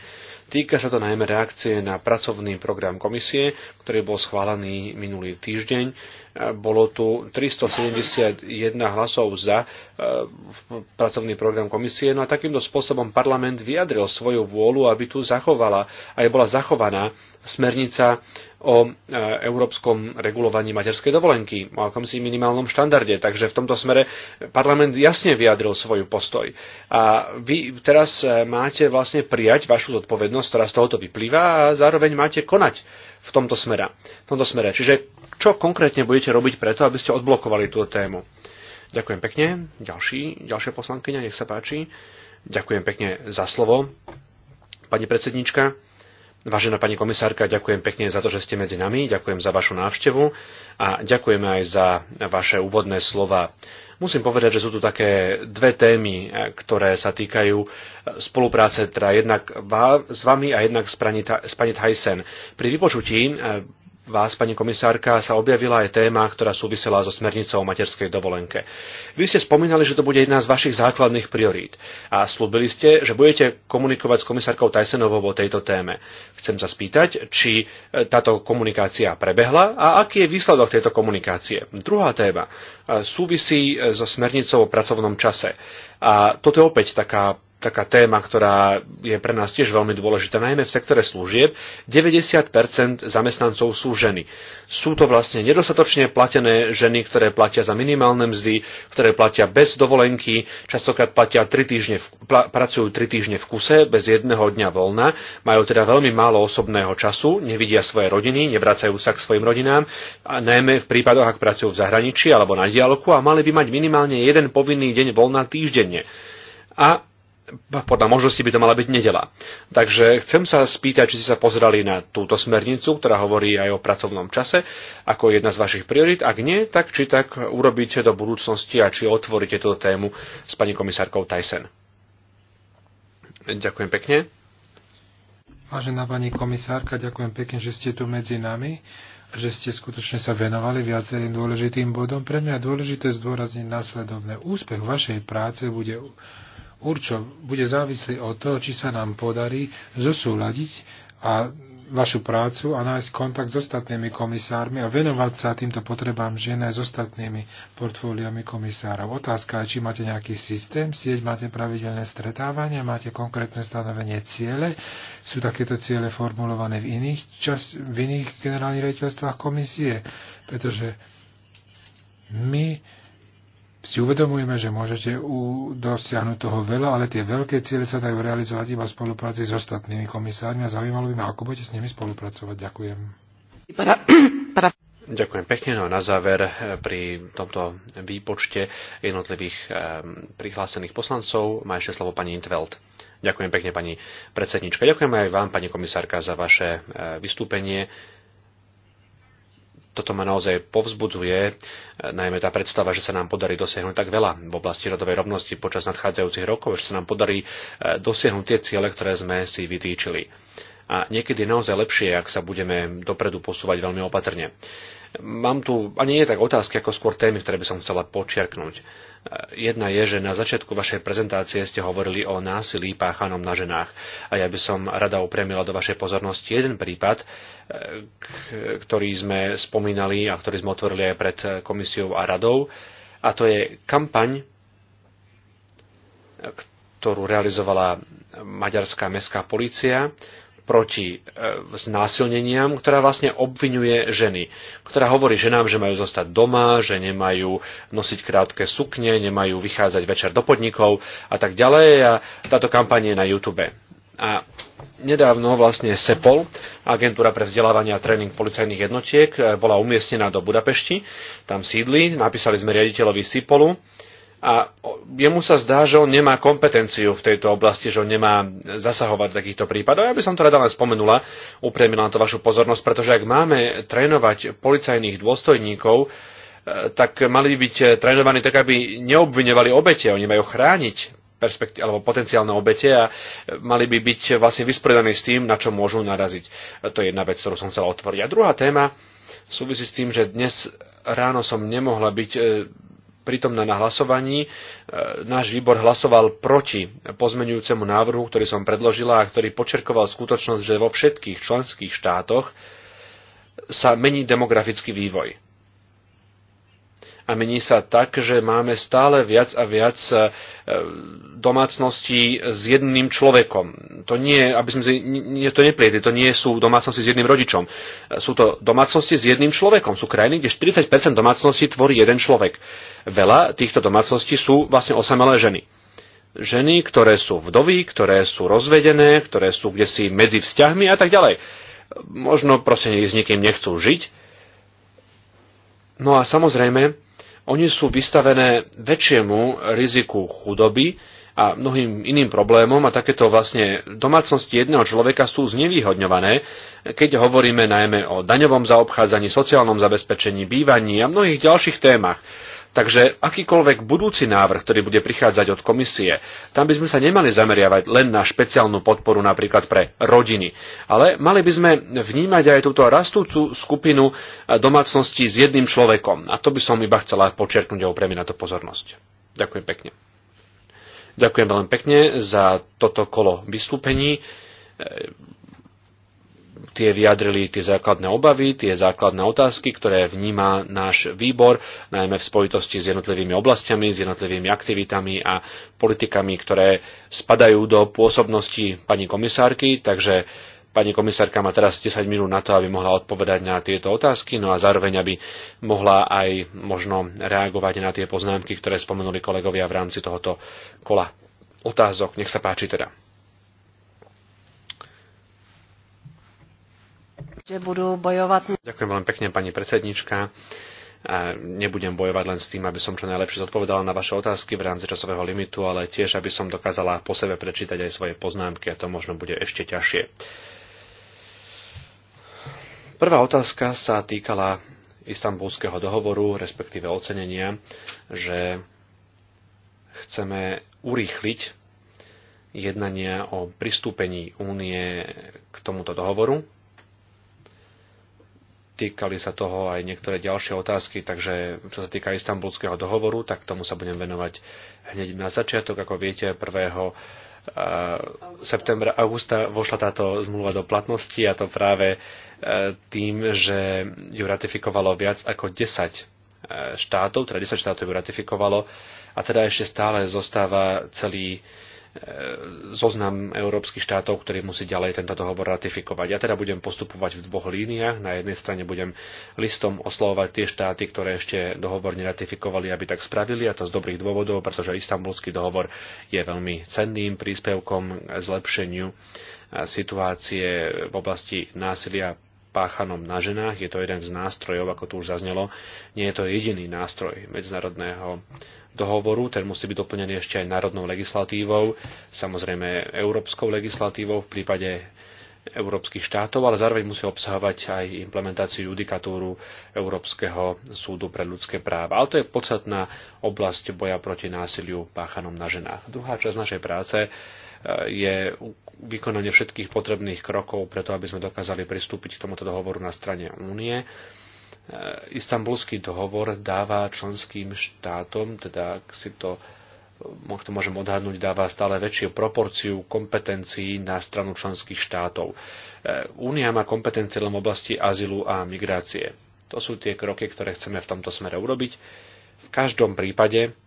Týka sa to najmä reakcie na pracovný program komisie, ktorý bol schválený minulý týždeň. Bolo tu 371 hlasov za e, pracovný program komisie, no a takýmto spôsobom parlament vyjadril svoju vôľu, aby tu zachovala, aj bola zachovaná smernica o e, európskom regulovaní materskej dovolenky, o akomsi minimálnom štandarde. Takže v tomto smere parlament jasne vyjadril svoj postoj. A vy teraz e, máte vlastne prijať vašu zodpovednosť, ktorá z tohoto vyplýva a zároveň máte konať v tomto, smere. v tomto smere. Čiže čo konkrétne budete robiť preto, aby ste odblokovali túto tému? Ďakujem pekne. Ďalší, ďalšia poslankyňa, nech sa páči. Ďakujem pekne za slovo, pani predsednička. Vážená pani komisárka, ďakujem pekne za to, že ste medzi nami, ďakujem za vašu návštevu a ďakujeme aj za vaše úvodné slova. Musím povedať, že sú tu také dve témy, eh, ktoré sa týkajú eh, spolupráce teda jednak s vami a jednak s pani Thyssen. Pri vypočutí eh, vás, pani komisárka, sa objavila aj téma, ktorá súvisela so smernicou o materskej dovolenke. Vy ste spomínali, že to bude jedna z vašich základných priorít a slúbili ste, že budete komunikovať s komisárkou Tysonovou o tejto téme. Chcem sa spýtať, či e, táto komunikácia prebehla a aký je výsledok tejto komunikácie. Druhá téma e, súvisí e, so smernicou o pracovnom čase. A toto je opäť taká taká téma, ktorá je pre nás tiež veľmi dôležitá, najmä v sektore služieb. 90% zamestnancov sú ženy. Sú to vlastne nedostatočne platené ženy, ktoré platia za minimálne mzdy, ktoré platia bez dovolenky, častokrát platia 3 týždne v, pl- pracujú 3 týždne v kuse, bez jedného dňa voľna, majú teda veľmi málo osobného času, nevidia svoje rodiny, nevracajú sa k svojim rodinám, a najmä v prípadoch, ak pracujú v zahraničí alebo na diálku a mali by mať minimálne jeden povinný deň voľna týždenne. A podľa možnosti by to mala byť nedela. Takže chcem sa spýtať, či ste sa pozerali na túto smernicu, ktorá hovorí aj o pracovnom čase, ako jedna z vašich priorit. Ak nie, tak či tak urobíte do budúcnosti a či otvoríte túto tému s pani komisárkou Tyson. Ďakujem pekne. Vážená pani komisárka, ďakujem pekne, že ste tu medzi nami že ste skutočne sa venovali viacerým dôležitým bodom. Pre mňa je dôležité zdôrazniť následovné. Úspech vašej práce bude určo, bude závislý od toho, či sa nám podarí zosúľadiť a vašu prácu a nájsť kontakt s ostatnými komisármi a venovať sa týmto potrebám žien aj s ostatnými portfóliami komisárov. Otázka je, či máte nejaký systém, sieť máte pravidelné stretávanie, máte konkrétne stanovenie ciele, sú takéto ciele formulované v iných, čas, v iných generálnych rejiteľstvách komisie, pretože my si uvedomujeme, že môžete dosiahnuť toho veľa, ale tie veľké ciele sa dajú realizovať iba v spolupráci s ostatnými komisármi a zaujímalo by ma, ako budete s nimi spolupracovať. Ďakujem. Ďakujem pekne. No a na záver eh, pri tomto výpočte jednotlivých eh, prihlásených poslancov má ešte slovo pani Intveld. Ďakujem pekne, pani predsednička. Ďakujem aj vám, pani komisárka, za vaše eh, vystúpenie toto ma naozaj povzbudzuje, e, najmä tá predstava, že sa nám podarí dosiahnuť tak veľa v oblasti rodovej rovnosti počas nadchádzajúcich rokov, že sa nám podarí e, dosiahnuť tie ciele, ktoré sme si vytýčili. A niekedy je naozaj lepšie, ak sa budeme dopredu posúvať veľmi opatrne. Mám tu, ani nie tak otázky, ako skôr témy, ktoré by som chcela počiarknúť Jedna je, že na začiatku vašej prezentácie ste hovorili o násilí páchanom na ženách. A ja by som rada upremila do vašej pozornosti jeden prípad, e, ktorý sme spomínali a ktorý sme otvorili aj pred komisiou a radou. A to je kampaň, ktorú realizovala maďarská mestská policia proti e, znásilneniam, ktorá vlastne obvinuje ženy, ktorá hovorí ženám, že majú zostať doma, že nemajú nosiť krátke sukne, nemajú vychádzať večer do podnikov a tak ďalej. A táto kampaň je na YouTube. A nedávno vlastne SEPOL, agentúra pre vzdelávanie a tréning policajných jednotiek, e, bola umiestnená do Budapešti, tam sídli, napísali sme riaditeľovi SIPOLu a jemu sa zdá, že on nemá kompetenciu v tejto oblasti, že on nemá zasahovať v takýchto prípadoch. Ja by som to rada len spomenula, upriemila na to vašu pozornosť, pretože ak máme trénovať policajných dôstojníkov, e, tak mali by byť trénovaní tak, aby neobviňovali obete. Oni majú chrániť alebo potenciálne obete a mali by byť vlastne vysporiadaní s tým, na čo môžu naraziť. To je jedna vec, ktorú som chcela otvoriť. A druhá téma súvisí s tým, že dnes ráno som nemohla byť e, prítomná na hlasovaní. E, náš výbor hlasoval proti pozmenujúcemu návrhu, ktorý som predložila a ktorý počerkoval skutočnosť, že vo všetkých členských štátoch sa mení demografický vývoj a mení sa tak, že máme stále viac a viac e, domácností s jedným človekom. To nie, aby sme nie, to neplietli, to nie sú domácnosti s jedným rodičom. E, sú to domácnosti s jedným človekom. Sú krajiny, kde 40% domácností tvorí jeden človek. Veľa týchto domácností sú vlastne osamelé ženy ženy, ktoré sú vdovy, ktoré sú rozvedené, ktoré sú kde si medzi vzťahmi a tak ďalej. Možno proste s nikým nechcú žiť. No a samozrejme, oni sú vystavené väčšiemu riziku chudoby a mnohým iným problémom a takéto vlastne domácnosti jedného človeka sú znevýhodňované, keď hovoríme najmä o daňovom zaobchádzaní, sociálnom zabezpečení, bývaní a mnohých ďalších témach. Takže akýkoľvek budúci návrh, ktorý bude prichádzať od komisie, tam by sme sa nemali zameriavať len na špeciálnu podporu napríklad pre rodiny, ale mali by sme vnímať aj túto rastúcu skupinu domácností s jedným človekom. A to by som iba chcela počerknúť a upremiť na to pozornosť. Ďakujem pekne. Ďakujem veľmi pekne za toto kolo vystúpení tie vyjadrili tie základné obavy, tie základné otázky, ktoré vníma náš výbor, najmä v spojitosti s jednotlivými oblastiami, s jednotlivými aktivitami a politikami, ktoré spadajú do pôsobnosti pani komisárky, takže Pani komisárka má teraz 10 minút na to, aby mohla odpovedať na tieto otázky, no a zároveň, aby mohla aj možno reagovať na tie poznámky, ktoré spomenuli kolegovia v rámci tohoto kola otázok. Nech sa páči teda. že budú bojovať. Ďakujem veľmi pekne, pani predsednička. A nebudem bojovať len s tým, aby som čo najlepšie zodpovedala na vaše otázky v rámci časového limitu, ale tiež, aby som dokázala po sebe prečítať aj svoje poznámky a to možno bude ešte ťažšie. Prvá otázka sa týkala istambulského dohovoru, respektíve ocenenia, že chceme urýchliť jednania o pristúpení únie k tomuto dohovoru, Týkali sa toho aj niektoré ďalšie otázky, takže čo sa týka istambulského dohovoru, tak tomu sa budem venovať hneď na začiatok. Ako viete, 1. Eh, septembra, augusta vošla táto zmluva do platnosti a to práve eh, tým, že ju ratifikovalo viac ako 10 eh, štátov, teda 10 štátov ju ratifikovalo a teda ešte stále zostáva celý E, zoznam európskych štátov, ktorí musí ďalej tento dohovor ratifikovať. Ja teda budem postupovať v dvoch líniách. Na jednej strane budem listom oslovovať tie štáty, ktoré ešte dohovor neratifikovali, aby tak spravili, a to z dobrých dôvodov, pretože istambulský dohovor je veľmi cenným príspevkom zlepšeniu e, situácie v oblasti násilia páchanom na ženách. Je to jeden z nástrojov, ako tu už zaznelo. Nie je to jediný nástroj medzinárodného dohovoru, ten musí byť doplnený ešte aj národnou legislatívou, samozrejme európskou legislatívou v prípade európskych štátov, ale zároveň musí obsahovať aj implementáciu judikatúru Európskeho súdu pre ľudské práva. Ale to je podstatná oblasť boja proti násiliu páchanom na ženách. Druhá časť našej práce e, je vykonanie všetkých potrebných krokov preto, aby sme dokázali pristúpiť k tomuto dohovoru na strane únie. E, istambulský dohovor dáva členským štátom, teda ak si to e, ak to môžem odhadnúť, dáva stále väčšiu proporciu kompetencií na stranu členských štátov. E, Únia má kompetencie len v oblasti azylu a migrácie. To sú tie kroky, ktoré chceme v tomto smere urobiť. V každom prípade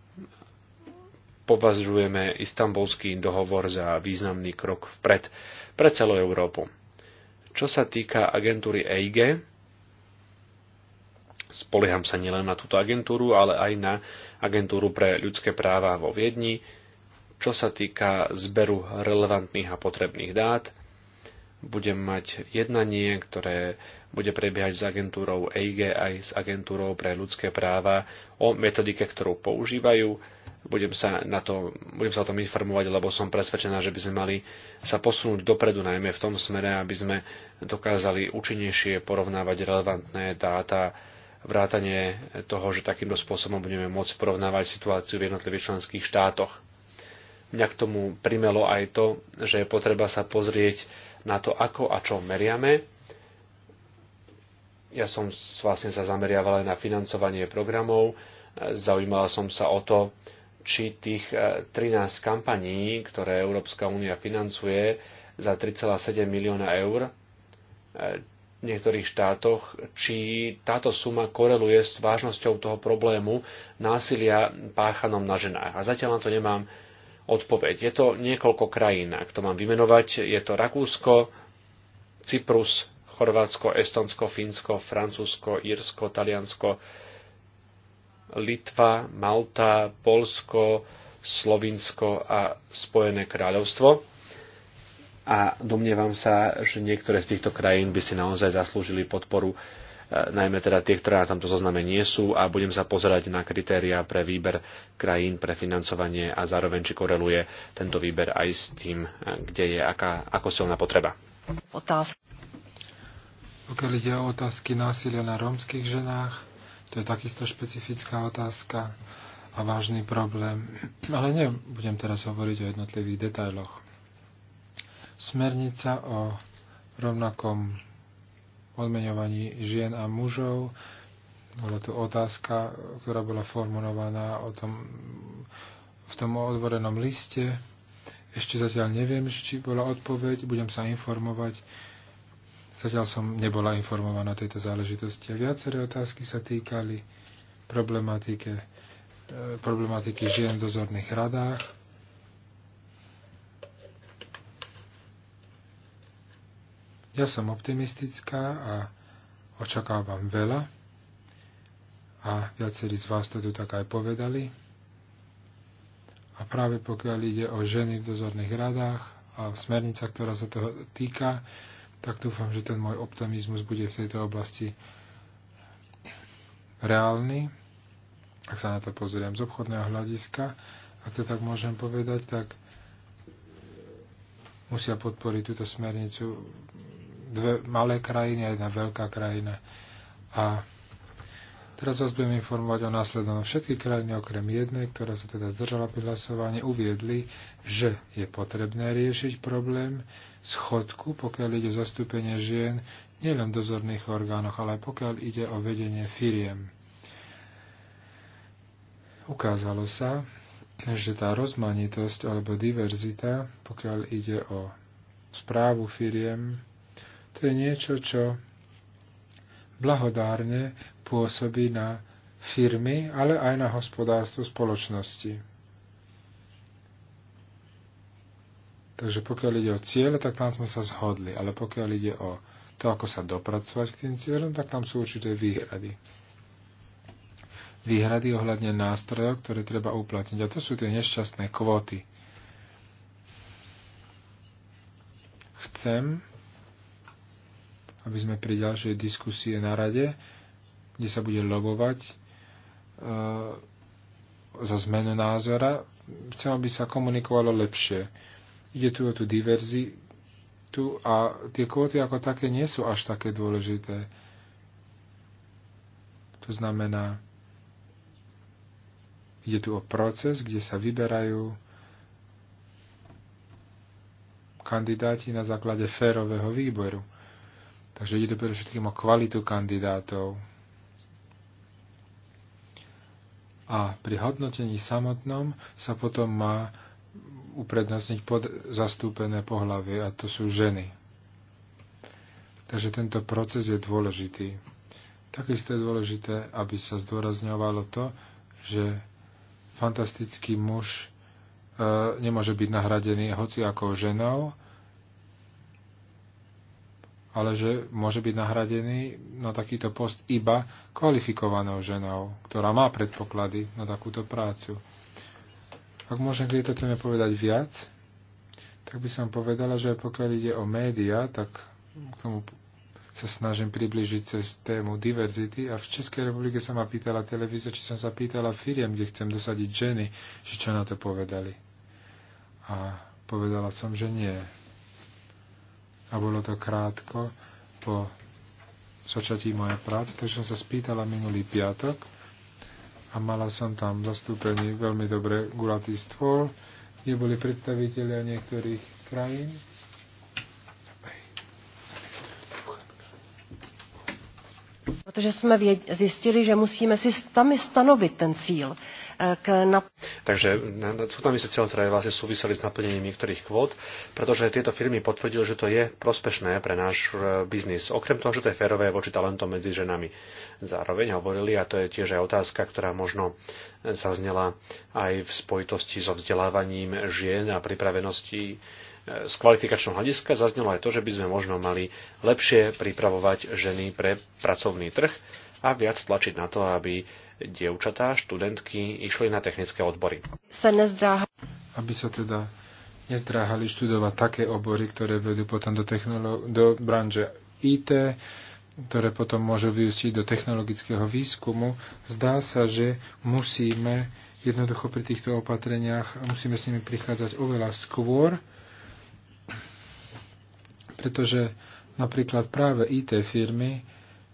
považujeme istambulský dohovor za významný krok vpred pre celú Európu. Čo sa týka agentúry EIGE, Spolieham sa nielen na túto agentúru, ale aj na agentúru pre ľudské práva vo Viedni, čo sa týka zberu relevantných a potrebných dát. Budem mať jednanie, ktoré bude prebiehať s agentúrou EIG aj s agentúrou pre ľudské práva o metodike, ktorú používajú. Budem sa, na to, budem sa o tom informovať, lebo som presvedčená, že by sme mali sa posunúť dopredu, najmä v tom smere, aby sme dokázali účinnejšie porovnávať relevantné dáta vrátanie toho, že takýmto spôsobom budeme môcť porovnávať situáciu v jednotlivých členských štátoch. Mňa k tomu primelo aj to, že je potreba sa pozrieť na to, ako a čo meriame. Ja som vlastne sa zameriaval aj na financovanie programov, zaujímala som sa o to, či tých 13 e, kampaní, ktoré Európska únia financuje za 3,7 milióna eur, e, niektorých štátoch, či táto suma koreluje s vážnosťou toho problému násilia páchanom na ženách. A zatiaľ na to nemám odpoveď. Je to niekoľko krajín, ak to mám vymenovať. Je to Rakúsko, Cyprus, Chorvátsko, Estonsko, Fínsko, Francúzsko, Írsko, Taliansko, Litva, Malta, Polsko, Slovinsko a Spojené kráľovstvo a domnievam sa, že niektoré z týchto krajín by si naozaj zaslúžili podporu, e, najmä teda tie, ktoré na tomto zozname nie sú a budem sa pozerať na kritéria pre výber krajín, pre financovanie a zároveň, či koreluje tento výber aj s tým, e, kde je aká, ako silná potreba. Otázka. Pokiaľ ide o otázky násilia na rómskych ženách, to je takisto špecifická otázka a vážny problém. Ale nebudem teraz hovoriť o jednotlivých detailoch. Smernica o rovnakom odmeňovaní žien a mužov. Bola tu otázka, ktorá bola formulovaná o tom, v tom odvorenom liste. Ešte zatiaľ neviem, či bola odpoveď, budem sa informovať. Zatiaľ som nebola informovaná o tejto záležitosti. A viaceré otázky sa týkali problematike, eh, problematiky žien v dozorných radách. Ja som optimistická a očakávam veľa. A viacerí z vás to tu tak aj povedali. A práve pokiaľ ide o ženy v dozorných radách a smernica, ktorá sa toho týka, tak dúfam, že ten môj optimizmus bude v tejto oblasti reálny, ak sa na to pozriem z obchodného hľadiska, ak to tak môžem povedať, tak musia podporiť túto smernicu dve malé krajiny a jedna veľká krajina. A teraz vás budem informovať o následnom. Všetky krajiny okrem jednej, ktorá sa teda zdržala pri hlasovaní, uviedli, že je potrebné riešiť problém schodku, pokiaľ ide o zastúpenie žien nielen v dozorných orgánoch, ale aj pokiaľ ide o vedenie firiem. Ukázalo sa, že tá rozmanitosť alebo diverzita, pokiaľ ide o správu firiem, to je niečo, čo blahodárne pôsobí na firmy, ale aj na hospodárstvo spoločnosti. Takže pokiaľ ide o cieľe, tak tam sme sa zhodli, ale pokiaľ ide o to, ako sa dopracovať k tým cieľom, tak tam sú určité výhrady. Výhrady ohľadne nástrojov, ktoré treba uplatniť. A to sú tie nešťastné kvóty. Chcem, aby sme pri ďalšej diskusie na rade, kde sa bude lobovať e, za zmenu názora, chcem, aby sa komunikovalo lepšie. Ide tu o tú diverzitu a tie kvóty ako také nie sú až také dôležité. To znamená, ide tu o proces, kde sa vyberajú kandidáti na základe férového výboru. Takže ide pre všetkým o kvalitu kandidátov. A pri hodnotení samotnom sa potom má uprednostniť pod zastúpené pohlavie, a to sú ženy. Takže tento proces je dôležitý. Takisto je dôležité, aby sa zdôrazňovalo to, že fantastický muž e, nemôže byť nahradený hoci ako ženou, ale že môže byť nahradený na takýto post iba kvalifikovanou ženou, ktorá má predpoklady na takúto prácu. Ak môžem k tejto téme povedať viac, tak by som povedala, že pokiaľ ide o média, tak k tomu sa snažím približiť cez tému diverzity a v Českej republike sa ma pýtala televízia, či som sa pýtala firiem, kde chcem dosadiť ženy, že čo na to povedali. A povedala som, že nie a bolo to krátko po začatí mojej práce, takže som sa spýtala minulý piatok a mala som tam zastúpenie veľmi dobre gulatý stôl, kde boli predstavitelia niektorých krajín. Protože jsme zjistili, že musíme si sami stanovit ten cíl E, k nap- Takže sú tam isté cieľe, ktoré vlastne súviseli s naplnením niektorých kvót, pretože tieto firmy potvrdili, že to je prospešné pre náš e, biznis. Okrem toho, že to je férové voči talentom medzi ženami. Zároveň hovorili, a to je tiež aj otázka, ktorá možno e, zaznela aj v spojitosti so vzdelávaním žien a pripravenosti z kvalifikačného hľadiska zaznelo aj to, že by sme možno mali lepšie pripravovať ženy pre pracovný trh a viac tlačiť na to, aby dievčatá, študentky, išli na technické odbory. Sa nezdráha. Aby sa teda nezdráhali študovať také obory, ktoré vedú potom do, technolo- do branže IT, ktoré potom môžu vyústiť do technologického výskumu. Zdá sa, že musíme jednoducho pri týchto opatreniach, musíme s nimi prichádzať oveľa skôr, pretože napríklad práve IT firmy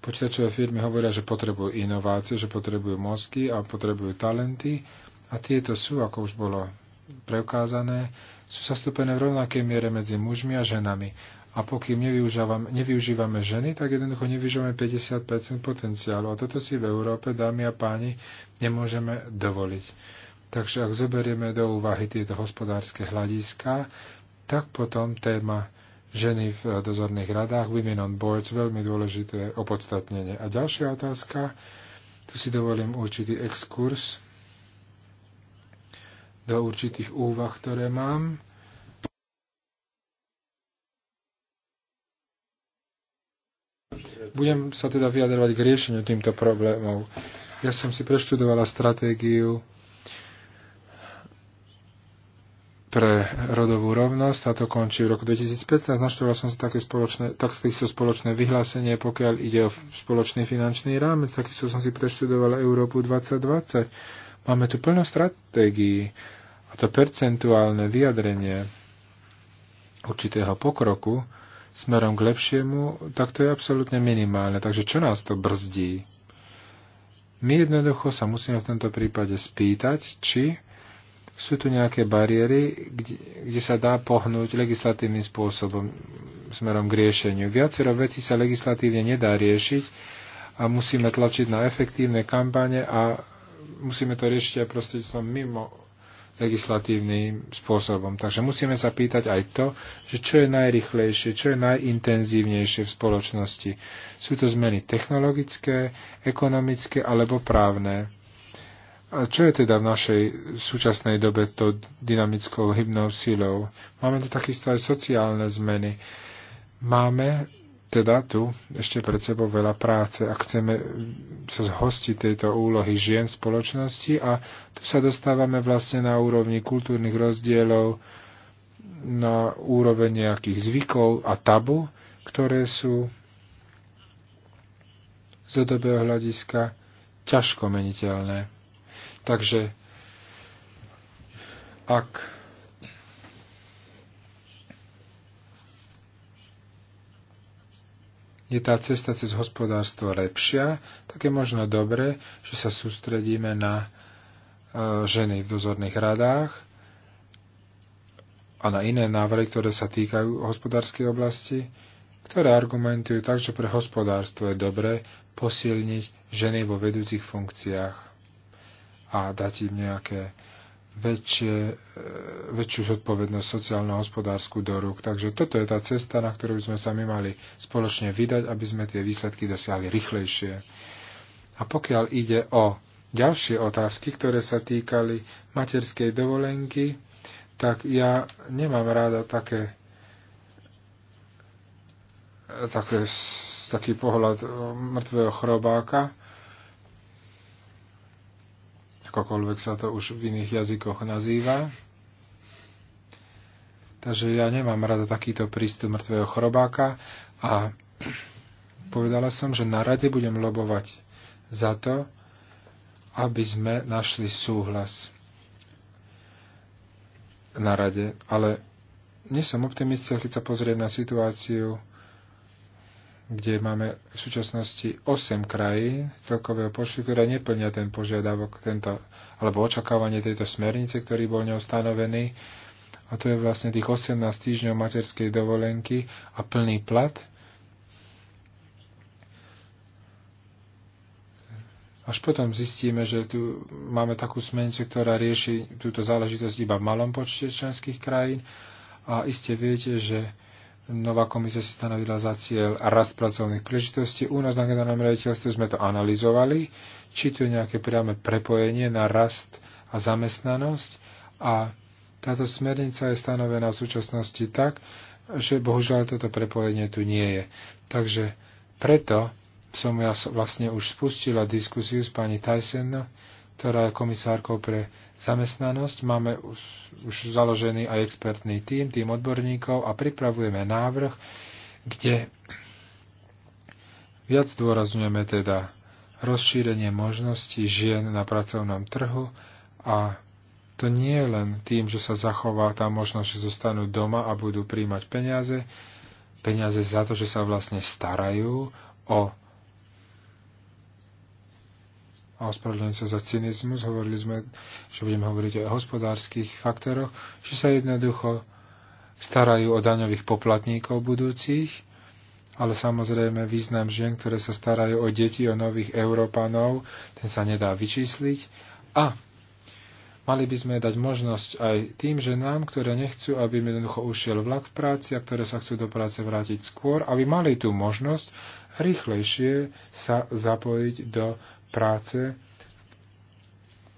Počítačové firmy hovoria, že potrebujú inovácie, že potrebujú mozky a potrebujú talenty a tieto sú, ako už bolo preukázané, sú zastúpené v rovnakej miere medzi mužmi a ženami. A pokým nevyužívame ženy, tak jednoducho nevyužívame 50% potenciálu. A toto si v Európe, dámy a páni, nemôžeme dovoliť. Takže ak zoberieme do úvahy tieto hospodárske hľadiska, tak potom téma ženy v eh, dozorných radách, Women on Boards, veľmi dôležité opodstatnenie. A ďalšia otázka, tu si dovolím určitý exkurs do určitých úvah, ktoré mám. Budem sa teda vyjadrovať k riešeniu týmto problémov. Ja som si preštudovala stratégiu pre rodovú rovnosť. a to končí v roku 2015. Naštoval som sa také spoločné, takisto spoločné vyhlásenie, pokiaľ ide o spoločný finančný rámec. Takisto som si preštudovala Európu 2020. Máme tu plno stratégií a to percentuálne vyjadrenie určitého pokroku smerom k lepšiemu, tak to je absolútne minimálne. Takže čo nás to brzdí? My jednoducho sa musíme v tomto prípade spýtať, či sú tu nejaké bariéry, kde, kde sa dá pohnúť legislatívnym spôsobom smerom k riešeniu. Viacero vecí sa legislatívne nedá riešiť a musíme tlačiť na efektívne kampane a musíme to riešiť aj prostredníctvom mimo legislatívnym spôsobom. Takže musíme sa pýtať aj to, že čo je najrychlejšie, čo je najintenzívnejšie v spoločnosti. Sú to zmeny technologické, ekonomické alebo právne a čo je teda v našej súčasnej dobe to dynamickou hybnou silou? Máme tu takisto aj sociálne zmeny. Máme teda tu ešte pred sebou veľa práce a chceme sa zhostiť tejto úlohy žien v spoločnosti a tu sa dostávame vlastne na úrovni kultúrnych rozdielov, na úroveň nejakých zvykov a tabu, ktoré sú z dobeho hľadiska ťažko meniteľné. Takže ak je tá cesta cez hospodárstvo lepšia, tak je možno dobre, že sa sústredíme na e, ženy v dozorných radách a na iné návrhy, ktoré sa týkajú hospodárskej oblasti, ktoré argumentujú tak, že pre hospodárstvo je dobre posilniť ženy vo vedúcich funkciách a dať im nejaké väčšie, e, väčšiu zodpovednosť sociálno-hospodárskú do rúk. Takže toto je tá cesta, na ktorú by sme sa my mali spoločne vydať, aby sme tie výsledky dosiahli rýchlejšie. A pokiaľ ide o ďalšie otázky, ktoré sa týkali materskej dovolenky, tak ja nemám ráda také, e, také taký pohľad e, mŕtvého chrobáka, akokoľvek sa to už v iných jazykoch nazýva. Takže ja nemám rada takýto prístup mŕtvého chrobáka a povedala som, že na rade budem lobovať za to, aby sme našli súhlas na rade. Ale nie som optimista, keď sa pozriem na situáciu kde máme v súčasnosti 8 krajín celkového počtu, ktoré neplnia ten požiadavok, tento, alebo očakávanie tejto smernice, ktorý bol neustanovený. A to je vlastne tých 18 týždňov materskej dovolenky a plný plat. Až potom zistíme, že tu máme takú smernicu, ktorá rieši túto záležitosť iba v malom počte členských krajín. A iste viete, že Nová komisia si stanovila za cieľ rast pracovných príležitostí. U nás na generálnom riaditeľstve sme to analyzovali, či tu je nejaké priame prepojenie na rast a zamestnanosť. A táto smernica je stanovená v súčasnosti tak, že bohužiaľ toto prepojenie tu nie je. Takže preto som ja vlastne už spustila diskusiu s pani Tyson ktorá je komisárkou pre zamestnanosť. Máme už, už založený aj expertný tím, tým odborníkov a pripravujeme návrh, kde viac dôrazňujeme teda rozšírenie možností žien na pracovnom trhu a to nie len tým, že sa zachová tá možnosť, že zostanú doma a budú príjmať peniaze, peniaze za to, že sa vlastne starajú o a ospravedlňujem sa za cynizmus, hovorili sme, že budeme hovoriť o hospodárskych faktoroch, že sa jednoducho starajú o daňových poplatníkov budúcich, ale samozrejme význam žien, ktoré sa starajú o deti, o nových Európanov, ten sa nedá vyčísliť. A mali by sme dať možnosť aj tým ženám, ktoré nechcú, aby im jednoducho ušiel vlak v práci a ktoré sa chcú do práce vrátiť skôr, aby mali tú možnosť rýchlejšie sa zapojiť do práce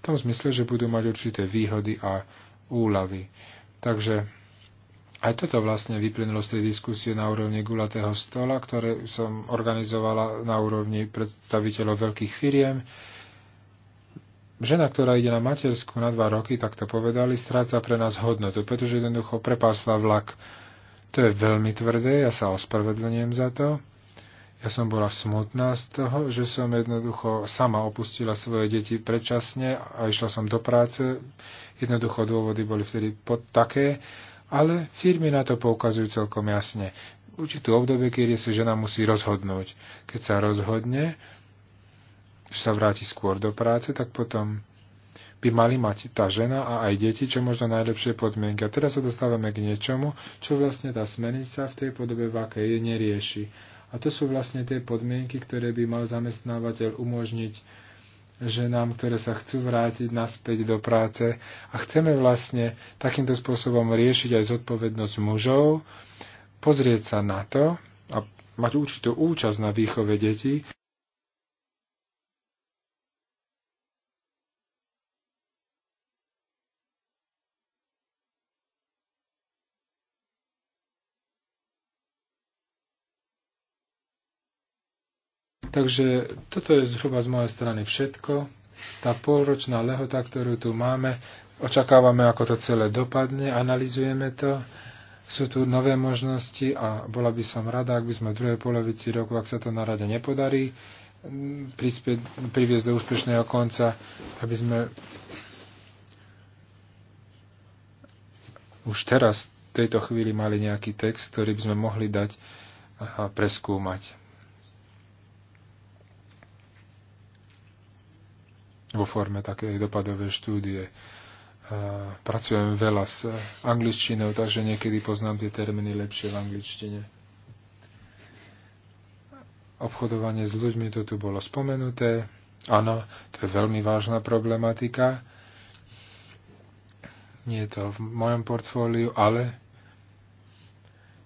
v tom zmysle, že budú mať určité výhody a úlavy. Takže aj toto vlastne vyplynulo z tej diskusie na úrovni Gulatého stola, ktoré som organizovala na úrovni predstaviteľov veľkých firiem. Žena, ktorá ide na matersku na dva roky, tak to povedali, stráca pre nás hodnotu, pretože jednoducho prepásla vlak. To je veľmi tvrdé, ja sa ospravedlňujem za to. Ja som bola smutná z toho, že som jednoducho sama opustila svoje deti predčasne a išla som do práce. Jednoducho dôvody boli vtedy pod také, ale firmy na to poukazujú celkom jasne. Určitú obdobie, kedy sa žena musí rozhodnúť. Keď sa rozhodne, že sa vráti skôr do práce, tak potom by mali mať tá žena a aj deti čo možno najlepšie podmienky. A teraz sa dostávame k niečomu, čo vlastne tá smernica v tej podobe, v akej je, nerieši a to sú vlastne tie podmienky, ktoré by mal zamestnávateľ umožniť ženám, ktoré sa chcú vrátiť naspäť do práce. A chceme vlastne takýmto spôsobom riešiť aj zodpovednosť mužov, pozrieť sa na to a mať určitú účasť na výchove detí, Takže toto je zhruba z mojej strany všetko. Tá polročná lehota, ktorú tu máme, očakávame, ako to celé dopadne, analizujeme to. Sú tu nové možnosti a bola by som rada, ak by sme v druhej polovici roku, ak sa to na rade nepodarí, priviesť do úspešného konca, aby sme už teraz v tejto chvíli mali nejaký text, ktorý by sme mohli dať a preskúmať. vo forme takej dopadovej štúdie. Pracujem veľa s angličtinou, takže niekedy poznám tie termíny lepšie v angličtine. Obchodovanie s ľuďmi, to tu bolo spomenuté. Áno, to je veľmi vážna problematika. Nie je to v mojom portfóliu, ale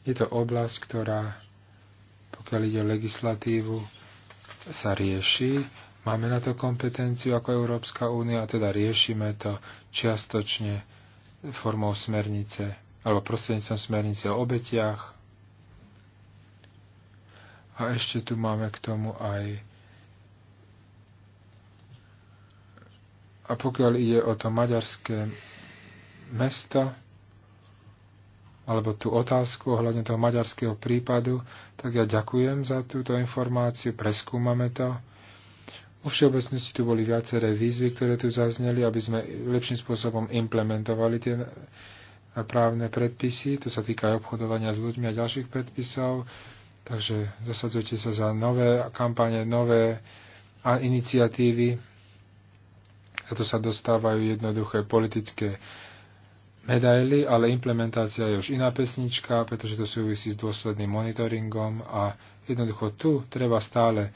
je to oblasť, ktorá, pokiaľ ide o legislatívu, sa rieši Máme na to kompetenciu ako Európska únia, a teda riešime to čiastočne formou smernice alebo prostredníctvom smernice o obetiach. A ešte tu máme k tomu aj A pokiaľ ide o to maďarské mesto, alebo tú otázku ohľadne toho maďarského prípadu, tak ja ďakujem za túto informáciu, preskúmame to vo všeobecnosti tu boli viaceré výzvy, ktoré tu zazneli, aby sme lepším spôsobom implementovali tie právne predpisy. To sa týka aj obchodovania s ľuďmi a ďalších predpisov. Takže zasadzujte sa za nové kampane, nové iniciatívy. Za to sa dostávajú jednoduché politické medaily, ale implementácia je už iná pesnička, pretože to súvisí s dôsledným monitoringom a jednoducho tu treba stále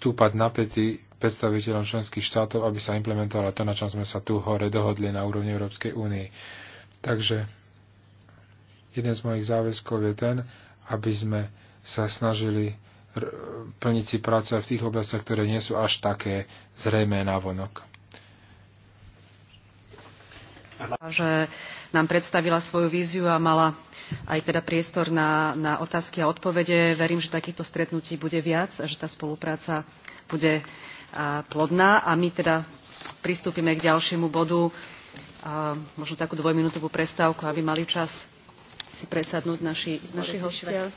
stúpať napätý predstaviteľom členských štátov, aby sa implementovala to, na čom sme sa tu hore dohodli na úrovni Európskej únie. Takže jeden z mojich záväzkov je ten, aby sme sa snažili plniť si prácu aj v tých oblastiach, ktoré nie sú až také zrejmé na vonok že nám predstavila svoju víziu a mala aj teda priestor na, na otázky a odpovede. Verím, že takýchto stretnutí bude viac a že tá spolupráca bude plodná. A my teda pristúpime k ďalšiemu bodu, a možno takú dvojminútovú prestávku, aby mali čas si presadnúť naši, naši hostia.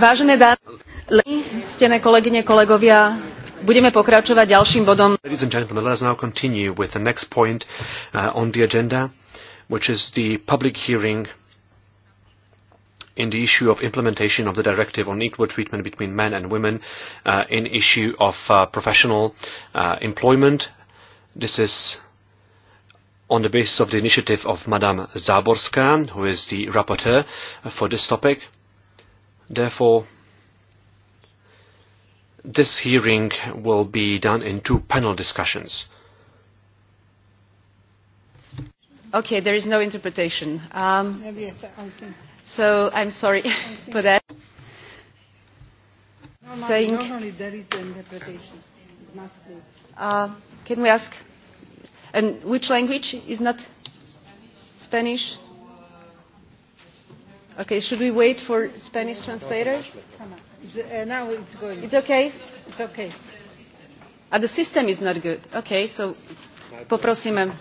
Vážené dámy, stené kolegyne, kolegovia, budeme pokračovať ďalším bodom. Ladies and gentlemen, let us now continue with the next point uh, on the agenda, which is the public hearing in the issue of implementation of the directive on equal treatment between men and women uh, in issue of uh, professional uh, employment. This is on the basis of the initiative of Madame Zaborska, who is the rapporteur for this topic. Therefore, this hearing will be done in two panel discussions. Okay, there is no interpretation. Um, so I'm sorry for that. No, no, Saying, no, normally there is interpretation. Uh, can we ask? And which language is not Spanish? Okay, should we wait for Spanish translators? Uh, now it's going. It's okay? It's okay. A ah, the system is not good. Okay, so poprosíme mhm.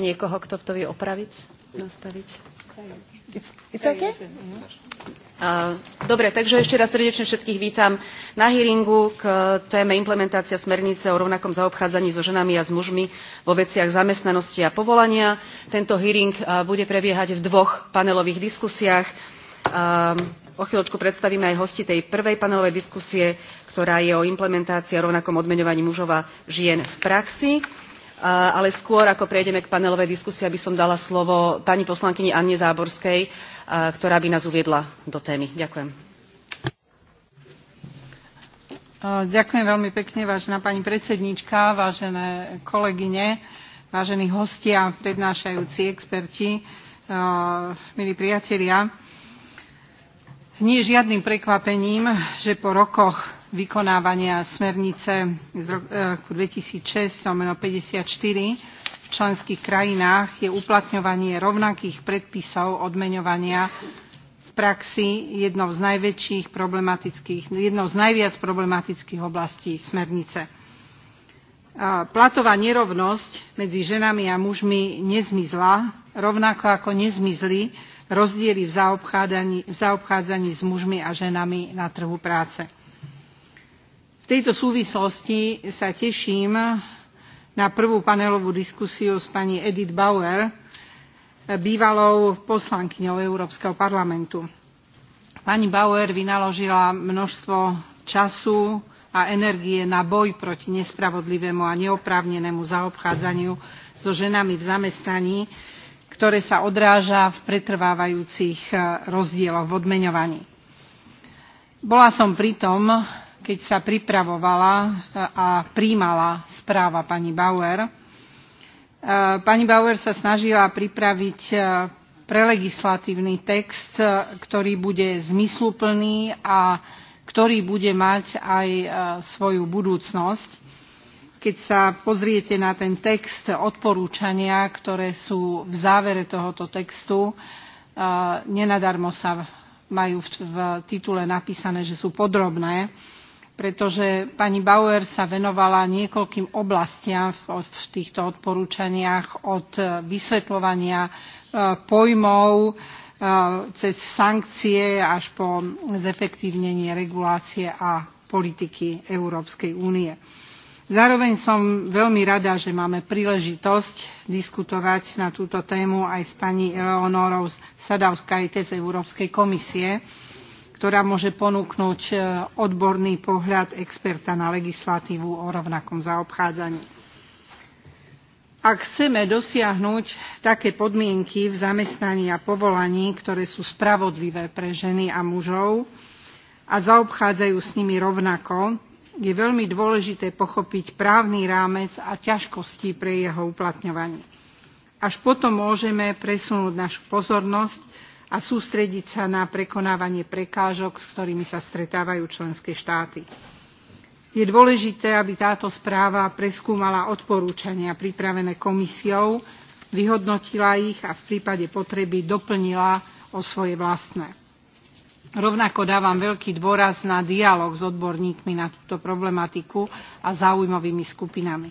niekoho, kto to vie opraviť, nastaviť. It's, it's okay? Dobre, takže ešte raz srdečne všetkých vítam na hearingu k téme implementácia smernice o rovnakom zaobchádzaní so ženami a s mužmi vo veciach zamestnanosti a povolania. Tento hearing bude prebiehať v dvoch panelových diskusiách. O chvíľočku predstavíme aj hosti tej prvej panelovej diskusie, ktorá je o implementácii a rovnakom odmeňovaní mužova žien v praxi Eh, ale skôr ako prejdeme k panelovej diskusii by som dala slovo pani poslankyni anne záborskej eh, ktorá by nás uviedla do témy. ďakujem. Eh, ďakujem veľmi pekne, vážená pani predsedníčka, vážené kolegyne, vážení hostia, prednášajúci experti, milí priatelia nie je žiadnym prekvapením, že po rokoch vykonávania smernice z roku 2006 e, 54 v členských krajinách je uplatňovanie rovnakých predpisov odmeňovania v praxi jednou z, najväčších problematických, jednou z najviac problematických oblastí smernice. E, platová nerovnosť medzi ženami a mužmi nezmizla, rovnako ako nezmizli rozdiely v zaobchádzaní, v zaobchádzaní s mužmi a ženami na trhu práce. V tejto súvislosti sa teším na prvú panelovú diskusiu s pani Edith Bauer, bývalou poslankyňou Európskeho parlamentu. Pani Bauer vynaložila množstvo času a energie na boj proti nespravodlivému a neoprávnenému zaobchádzaniu so ženami v zamestnaní, ktoré sa odráža v pretrvávajúcich e, rozdieloch v odmeňovaní. Bola som pritom, keď sa pripravovala e, a príjmala správa pani Bauer. E, pani Bauer sa snažila pripraviť prelegislatívny text, ktorý bude zmysluplný a ktorý bude mať aj svoju budúcnosť keď sa pozriete na ten text odporúčania, ktoré sú v závere tohoto textu, nenadarmo sa majú v titule napísané, že sú podrobné, pretože pani Bauer sa venovala niekoľkým oblastiam v týchto odporúčaniach od vysvetľovania e, pojmov e, cez sankcie až po zefektívnenie regulácie a politiky Európskej únie Zároveň som veľmi rada, že máme príležitosť diskutovať na túto tému aj s pani Eleonorou Sadavskajte z Európskej komisie, ktorá môže ponúknuť e, odborný pohľad experta na legislatívu o rovnakom zaobchádzaní ak chceme dosiahnuť také podmienky v zamestnaní a povolaní ktoré sú spravodlivé pre ženy a mužov a zaobchádzajú s nimi rovnako je veľmi dôležité pochopiť právny rámec a ťažkosti pre jeho uplatňovanie. Až potom môžeme presunúť našu pozornosť a sústrediť sa na prekonávanie prekážok, s ktorými sa stretávajú členské štáty. Je dôležité, aby táto správa preskúmala odporúčania pripravené komisiou, vyhodnotila ich a v prípade potreby doplnila o svoje vlastné Rovnako dávam veľký dôraz na dialog s odborníkmi na túto problematiku a záujmovými skupinami.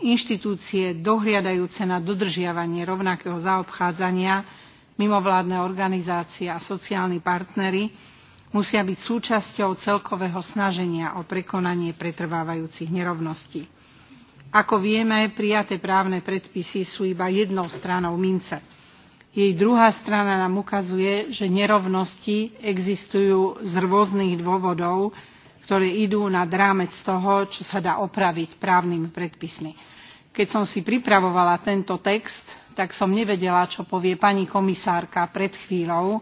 Inštitúcie dohliadajúce na dodržiavanie rovnakého zaobchádzania, mimovládne organizácie a sociálni partnery musia byť súčasťou celkového snaženia o prekonanie pretrvávajúcich nerovností. Ako vieme, prijaté právne predpisy sú iba jednou stranou mince jej druhá strana nám ukazuje, že nerovnosti existujú z rôznych dôvodov, ktoré idú nad rámec toho, čo sa dá opraviť právnymi predpismi. Keď som si pripravovala tento text, tak som nevedela, čo povie pani komisárka pred chvíľou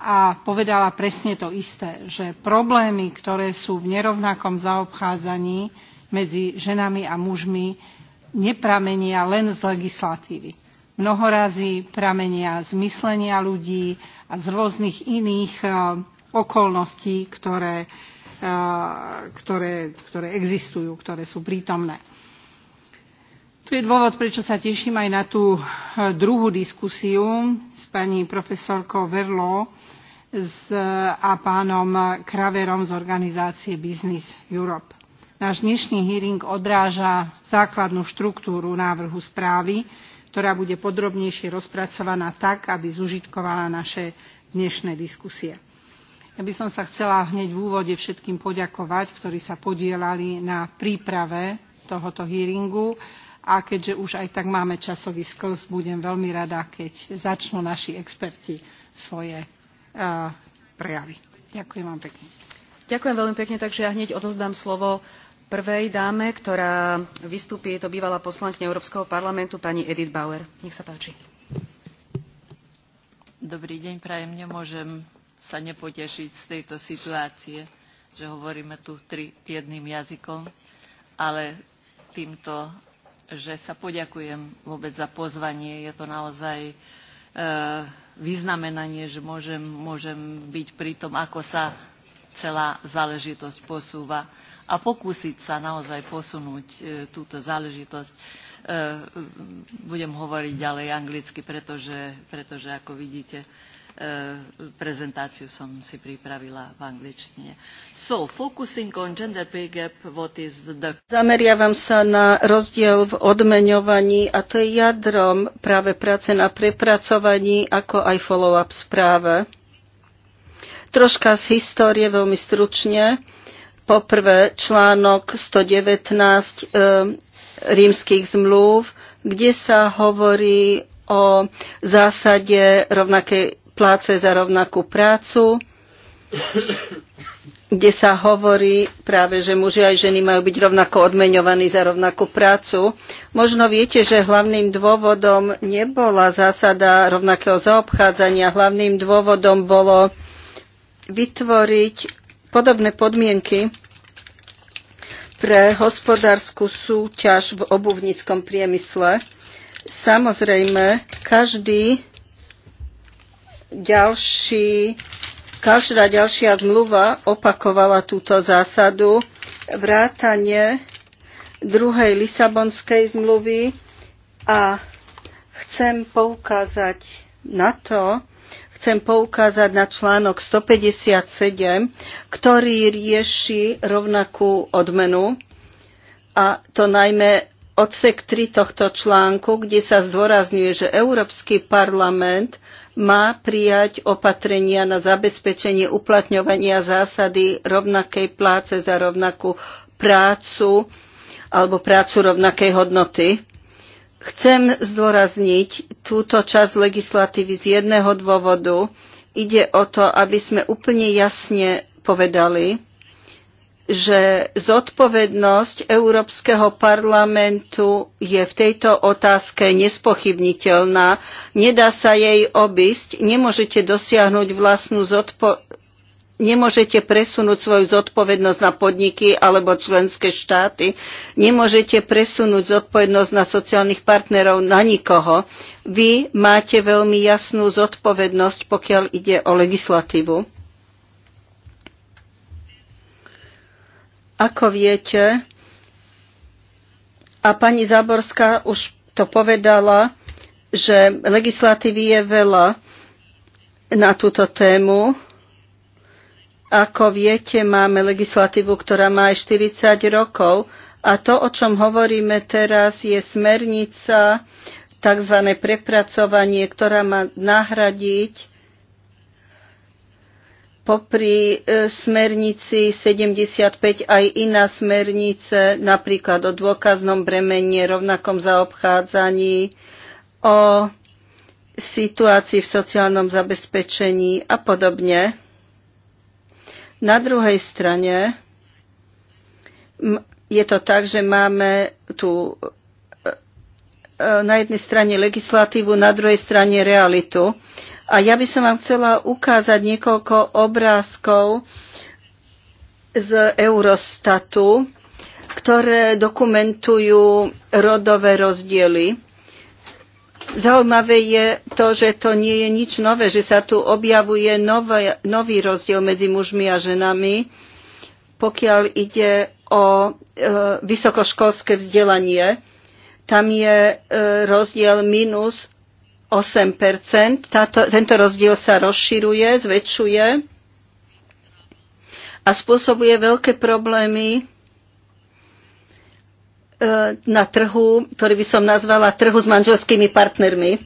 a povedala presne to isté, že problémy, ktoré sú v nerovnakom zaobchádzaní medzi ženami a mužmi, nepramenia len z legislatívy mnohorazí pramenia z myslenia ľudí a z rôznych iných eh, okolností, ktoré, eh, ktoré, ktoré existujú, ktoré sú prítomné. Tu je dôvod, prečo sa teším aj na tú eh, druhú diskusiu s pani profesorkou Verlo a pánom Kraverom z organizácie Business Europe. Náš dnešný hearing odráža základnú štruktúru návrhu správy, ktorá bude podrobnejšie rozpracovaná tak, aby zužitkovala naše dnešné diskusie. Ja by som sa chcela hneď v úvode všetkým poďakovať, ktorí sa podielali na príprave tohoto hearingu a keďže už aj tak máme časový sklz, budem veľmi rada, keď začnú naši experti svoje e, prejavy. Ďakujem vám pekne. Ďakujem veľmi pekne, takže ja hneď odozdám slovo prvej dáme, ktorá vystúpi, je to bývalá poslankyňa Európskeho parlamentu, pani Edith Bauer. Nech sa páči. Dobrý deň, prajem. Nemôžem sa nepotešiť z tejto situácie, že hovoríme tu tri, jedným jazykom, ale týmto, že sa poďakujem vôbec za pozvanie. Je to naozaj e, vyznamenanie, že môžem, môžem byť pri tom, ako sa celá záležitosť posúva a pokúsiť sa naozaj posunúť e, túto záležitosť. E, budem hovoriť ďalej anglicky, pretože, pretože ako vidíte, e, prezentáciu som si pripravila v angličtine. So, focusing on gender pay gap, what is the... Zameriavam sa na rozdiel v odmeňovaní a to je jadrom práve práce na prepracovaní, ako aj follow-up správe. Troška z histórie veľmi stručne. Poprvé článok 119 e, rímskych zmluv, kde sa hovorí o zásade rovnakej pláce za rovnakú prácu, kde sa hovorí práve, že muži aj ženy majú byť rovnako odmeňovaní za rovnakú prácu. Možno viete, že hlavným dôvodom nebola zásada rovnakého zaobchádzania. Hlavným dôvodom bolo vytvoriť podobné podmienky pre hospodárskú súťaž v obuvníckom priemysle. Samozrejme, každý ďalší, každá ďalšia zmluva opakovala túto zásadu vrátanie druhej Lisabonskej zmluvy a chcem poukázať na to, chcem poukázať na článok 157, ktorý rieši rovnakú odmenu a to najmä odsek 3 tohto článku, kde sa zdôrazňuje, že Európsky parlament má prijať opatrenia na zabezpečenie uplatňovania zásady rovnakej pláce za rovnakú prácu alebo prácu rovnakej hodnoty. Chcem zdôrazniť túto časť legislatívy z jedného dôvodu. Ide o to, aby sme úplne jasne povedali, že zodpovednosť Európskeho parlamentu je v tejto otázke nespochybniteľná. Nedá sa jej obísť, nemôžete dosiahnuť vlastnú zodpo- Nemôžete presunúť svoju zodpovednosť na podniky alebo členské štáty. Nemôžete presunúť zodpovednosť na sociálnych partnerov, na nikoho. Vy máte veľmi jasnú zodpovednosť, pokiaľ ide o legislatívu. Ako viete, a pani Záborská už to povedala, že legislatívy je veľa na túto tému ako viete, máme legislatívu, ktorá má aj 40 rokov a to, o čom hovoríme teraz, je smernica, tzv. prepracovanie, ktorá má nahradiť popri e, smernici 75 aj iná smernice, napríklad o dôkaznom bremene, rovnakom zaobchádzaní, o situácii v sociálnom zabezpečení a podobne. Na druhej strane je to tak, že máme tu e, e, na jednej strane legislatívu, na druhej strane realitu. A ja by som vám chcela ukázať niekoľko obrázkov z Eurostatu, ktoré dokumentujú rodové rozdiely. Zaujímavé je to, že to nie je nič nové, že sa tu objavuje nové, nový rozdiel medzi mužmi a ženami, pokiaľ ide o e, vysokoškolské vzdelanie. Tam je e, rozdiel minus 8 Táto, Tento rozdiel sa rozširuje, zväčšuje a spôsobuje veľké problémy E, na trhu, ktorý by som nazvala trhu s manželskými partnermi.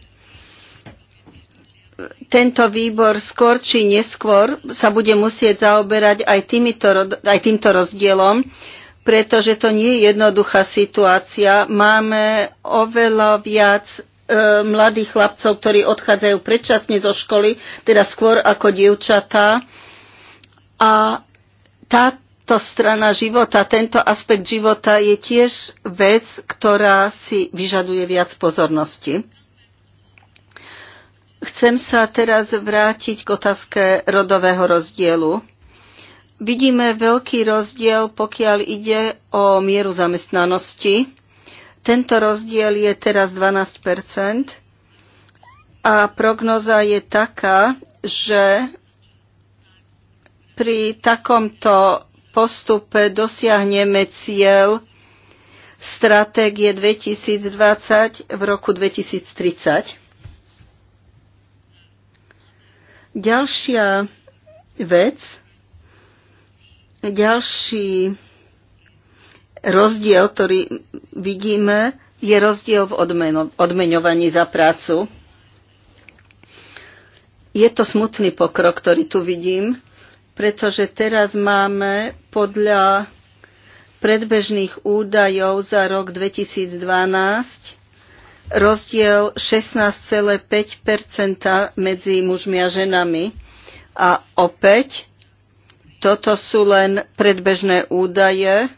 Tento výbor skôr či neskôr sa bude musieť zaoberať aj, týmito, aj týmto rozdielom, pretože to nie je jednoduchá situácia. Máme oveľa viac e, mladých chlapcov, ktorí odchádzajú predčasne zo školy, teda skôr ako dievčatá. A tá, táto strana života, tento aspekt života je tiež vec, ktorá si vyžaduje viac pozornosti. Chcem sa teraz vrátiť k otázke rodového rozdielu. Vidíme veľký rozdiel, pokiaľ ide o mieru zamestnanosti. Tento rozdiel je teraz 12 a prognoza je taká, že pri takomto postupe dosiahneme cieľ stratégie 2020 v roku 2030. Ďalšia vec, ďalší rozdiel, ktorý vidíme, je rozdiel v odmeno, odmeňovaní za prácu. Je to smutný pokrok, ktorý tu vidím, pretože teraz máme podľa predbežných údajov za rok 2012 rozdiel 16,5 medzi mužmi a ženami. A opäť, toto sú len predbežné údaje.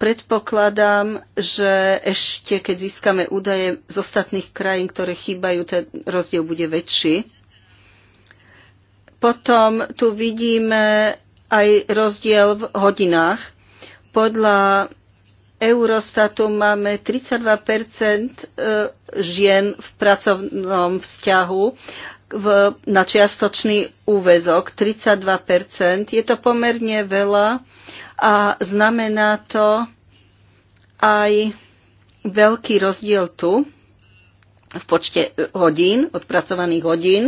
Predpokladám, že ešte keď získame údaje z ostatných krajín, ktoré chýbajú, ten rozdiel bude väčší. Potom tu vidíme aj rozdiel v hodinách. Podľa Eurostatu máme 32 e, žien v pracovnom vzťahu v, na čiastočný úvezok, 32 Je to pomerne veľa a znamená to aj veľký rozdiel tu v počte hodín, odpracovaných hodín.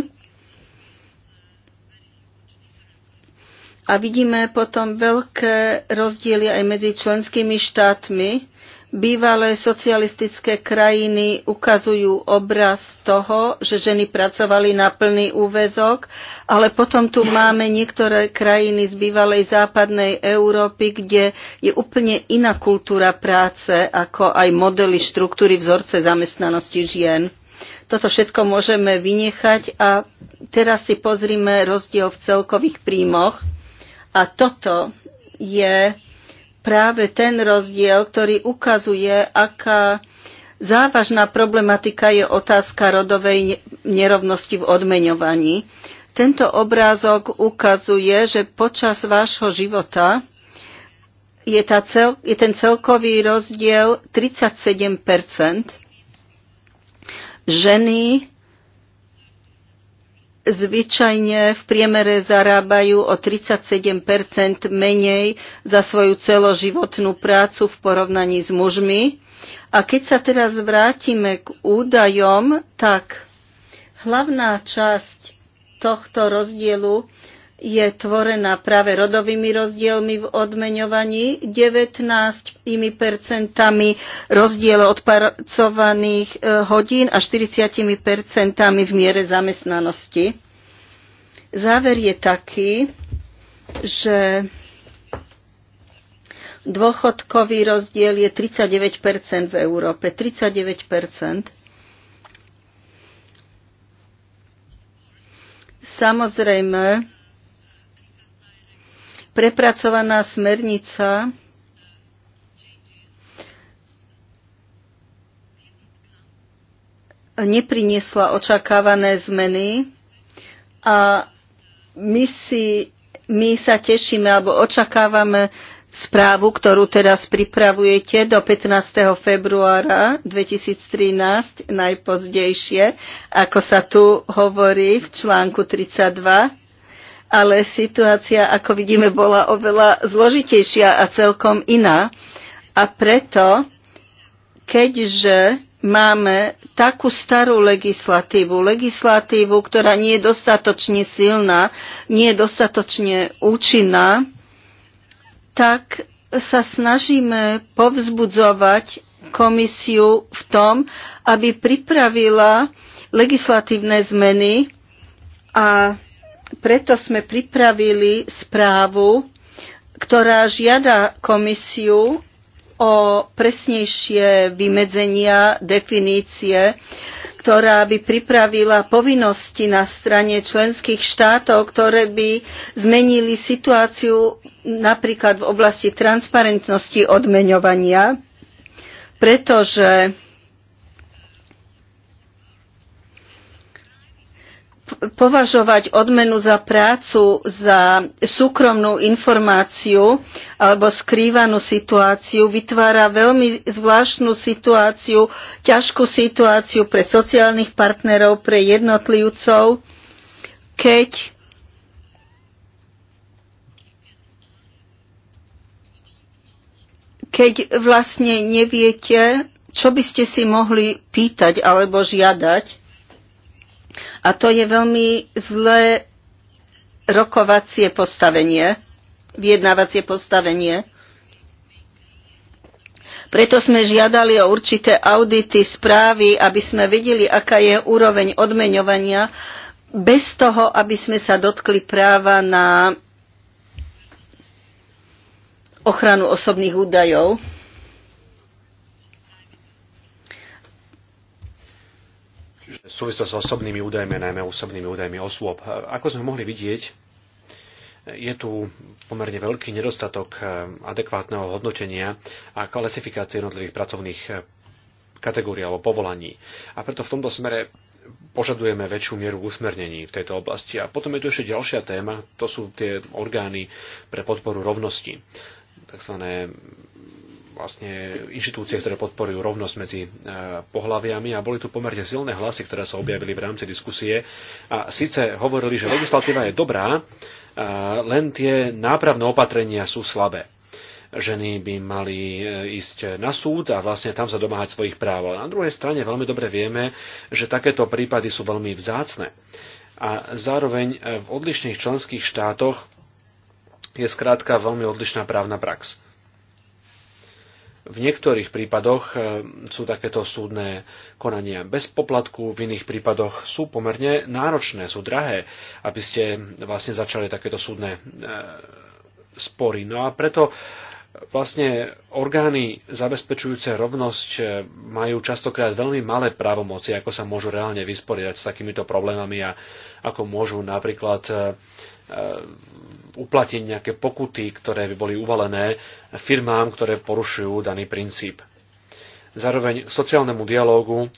A vidíme potom veľké rozdiely aj medzi členskými štátmi. Bývalé socialistické krajiny ukazujú obraz toho, že ženy pracovali na plný úvezok, ale potom tu máme niektoré krajiny z bývalej západnej Európy, kde je úplne iná kultúra práce, ako aj modely štruktúry vzorce zamestnanosti žien. Toto všetko môžeme vynechať a teraz si pozrime rozdiel v celkových príjmoch a toto je práve ten rozdiel, ktorý ukazuje, aká závažná problematika je otázka rodovej nerovnosti v odmeňovaní. Tento obrázok ukazuje, že počas vášho života je, tá cel, je ten celkový rozdiel 37 Ženy zvyčajne v priemere zarábajú o 37 menej za svoju celoživotnú prácu v porovnaní s mužmi. A keď sa teraz vrátime k údajom, tak hlavná časť tohto rozdielu je tvorená práve rodovými rozdielmi v odmeňovaní, 19 percentami rozdiel odpracovaných e, hodín a 40 percentami v miere zamestnanosti. Záver je taký, že dôchodkový rozdiel je 39% v Európe. 39%. Samozrejme, Prepracovaná smernica nepriniesla očakávané zmeny a my, si, my sa tešíme alebo očakávame správu, ktorú teraz pripravujete do 15. februára 2013 najpozdejšie, ako sa tu hovorí v článku 32 ale situácia, ako vidíme, bola oveľa zložitejšia a celkom iná. A preto, keďže máme takú starú legislatívu, legislatívu, ktorá nie je dostatočne silná, nie je dostatočne účinná, tak sa snažíme povzbudzovať komisiu v tom, aby pripravila legislatívne zmeny a preto sme pripravili správu, ktorá žiada komisiu o presnejšie vymedzenia, definície, ktorá by pripravila povinnosti na strane členských štátov, ktoré by zmenili situáciu napríklad v oblasti transparentnosti odmeňovania, pretože považovať odmenu za prácu za súkromnú informáciu alebo skrývanú situáciu vytvára veľmi zvláštnu situáciu, ťažkú situáciu pre sociálnych partnerov, pre jednotlivcov, keď keď vlastne neviete, čo by ste si mohli pýtať alebo žiadať, a to je veľmi zlé rokovacie postavenie, vyjednávacie postavenie. Preto sme žiadali o určité audity, správy, aby sme videli, aká je úroveň odmeňovania, bez toho, aby sme sa dotkli práva na ochranu osobných údajov. súvislosti s osobnými údajmi, najmä osobnými údajmi osôb. Ako sme mohli vidieť, je tu pomerne veľký nedostatok eh, adekvátneho hodnotenia a klasifikácie jednotlivých pracovných eh, kategórií alebo povolaní. A preto v tomto smere požadujeme väčšiu mieru usmernení v tejto oblasti. A potom je tu ešte ďalšia téma, to sú tie orgány pre podporu rovnosti, takzvané vlastne inštitúcie, ktoré podporujú rovnosť medzi e, pohlaviami a boli tu pomerne silné hlasy, ktoré sa objavili v rámci diskusie a síce hovorili, že legislatíva je dobrá, e, len tie nápravné opatrenia sú slabé ženy by mali e, ísť na súd a vlastne tam sa domáhať svojich práv. Ale na druhej strane veľmi dobre vieme, že takéto prípady sú veľmi vzácne. A zároveň v odlišných členských štátoch je skrátka veľmi odlišná právna prax v niektorých prípadoch eh, sú takéto súdne konania bez poplatku, v iných prípadoch sú pomerne náročné, sú drahé, aby ste vlastne začali takéto súdne eh, spory. No a preto eh, vlastne orgány zabezpečujúce rovnosť majú častokrát veľmi malé právomoci, ako sa môžu reálne vysporiadať s takýmito problémami a ako môžu napríklad uplatiť nejaké pokuty, ktoré by boli uvalené firmám, ktoré porušujú daný princíp. Zároveň k sociálnemu dialógu e,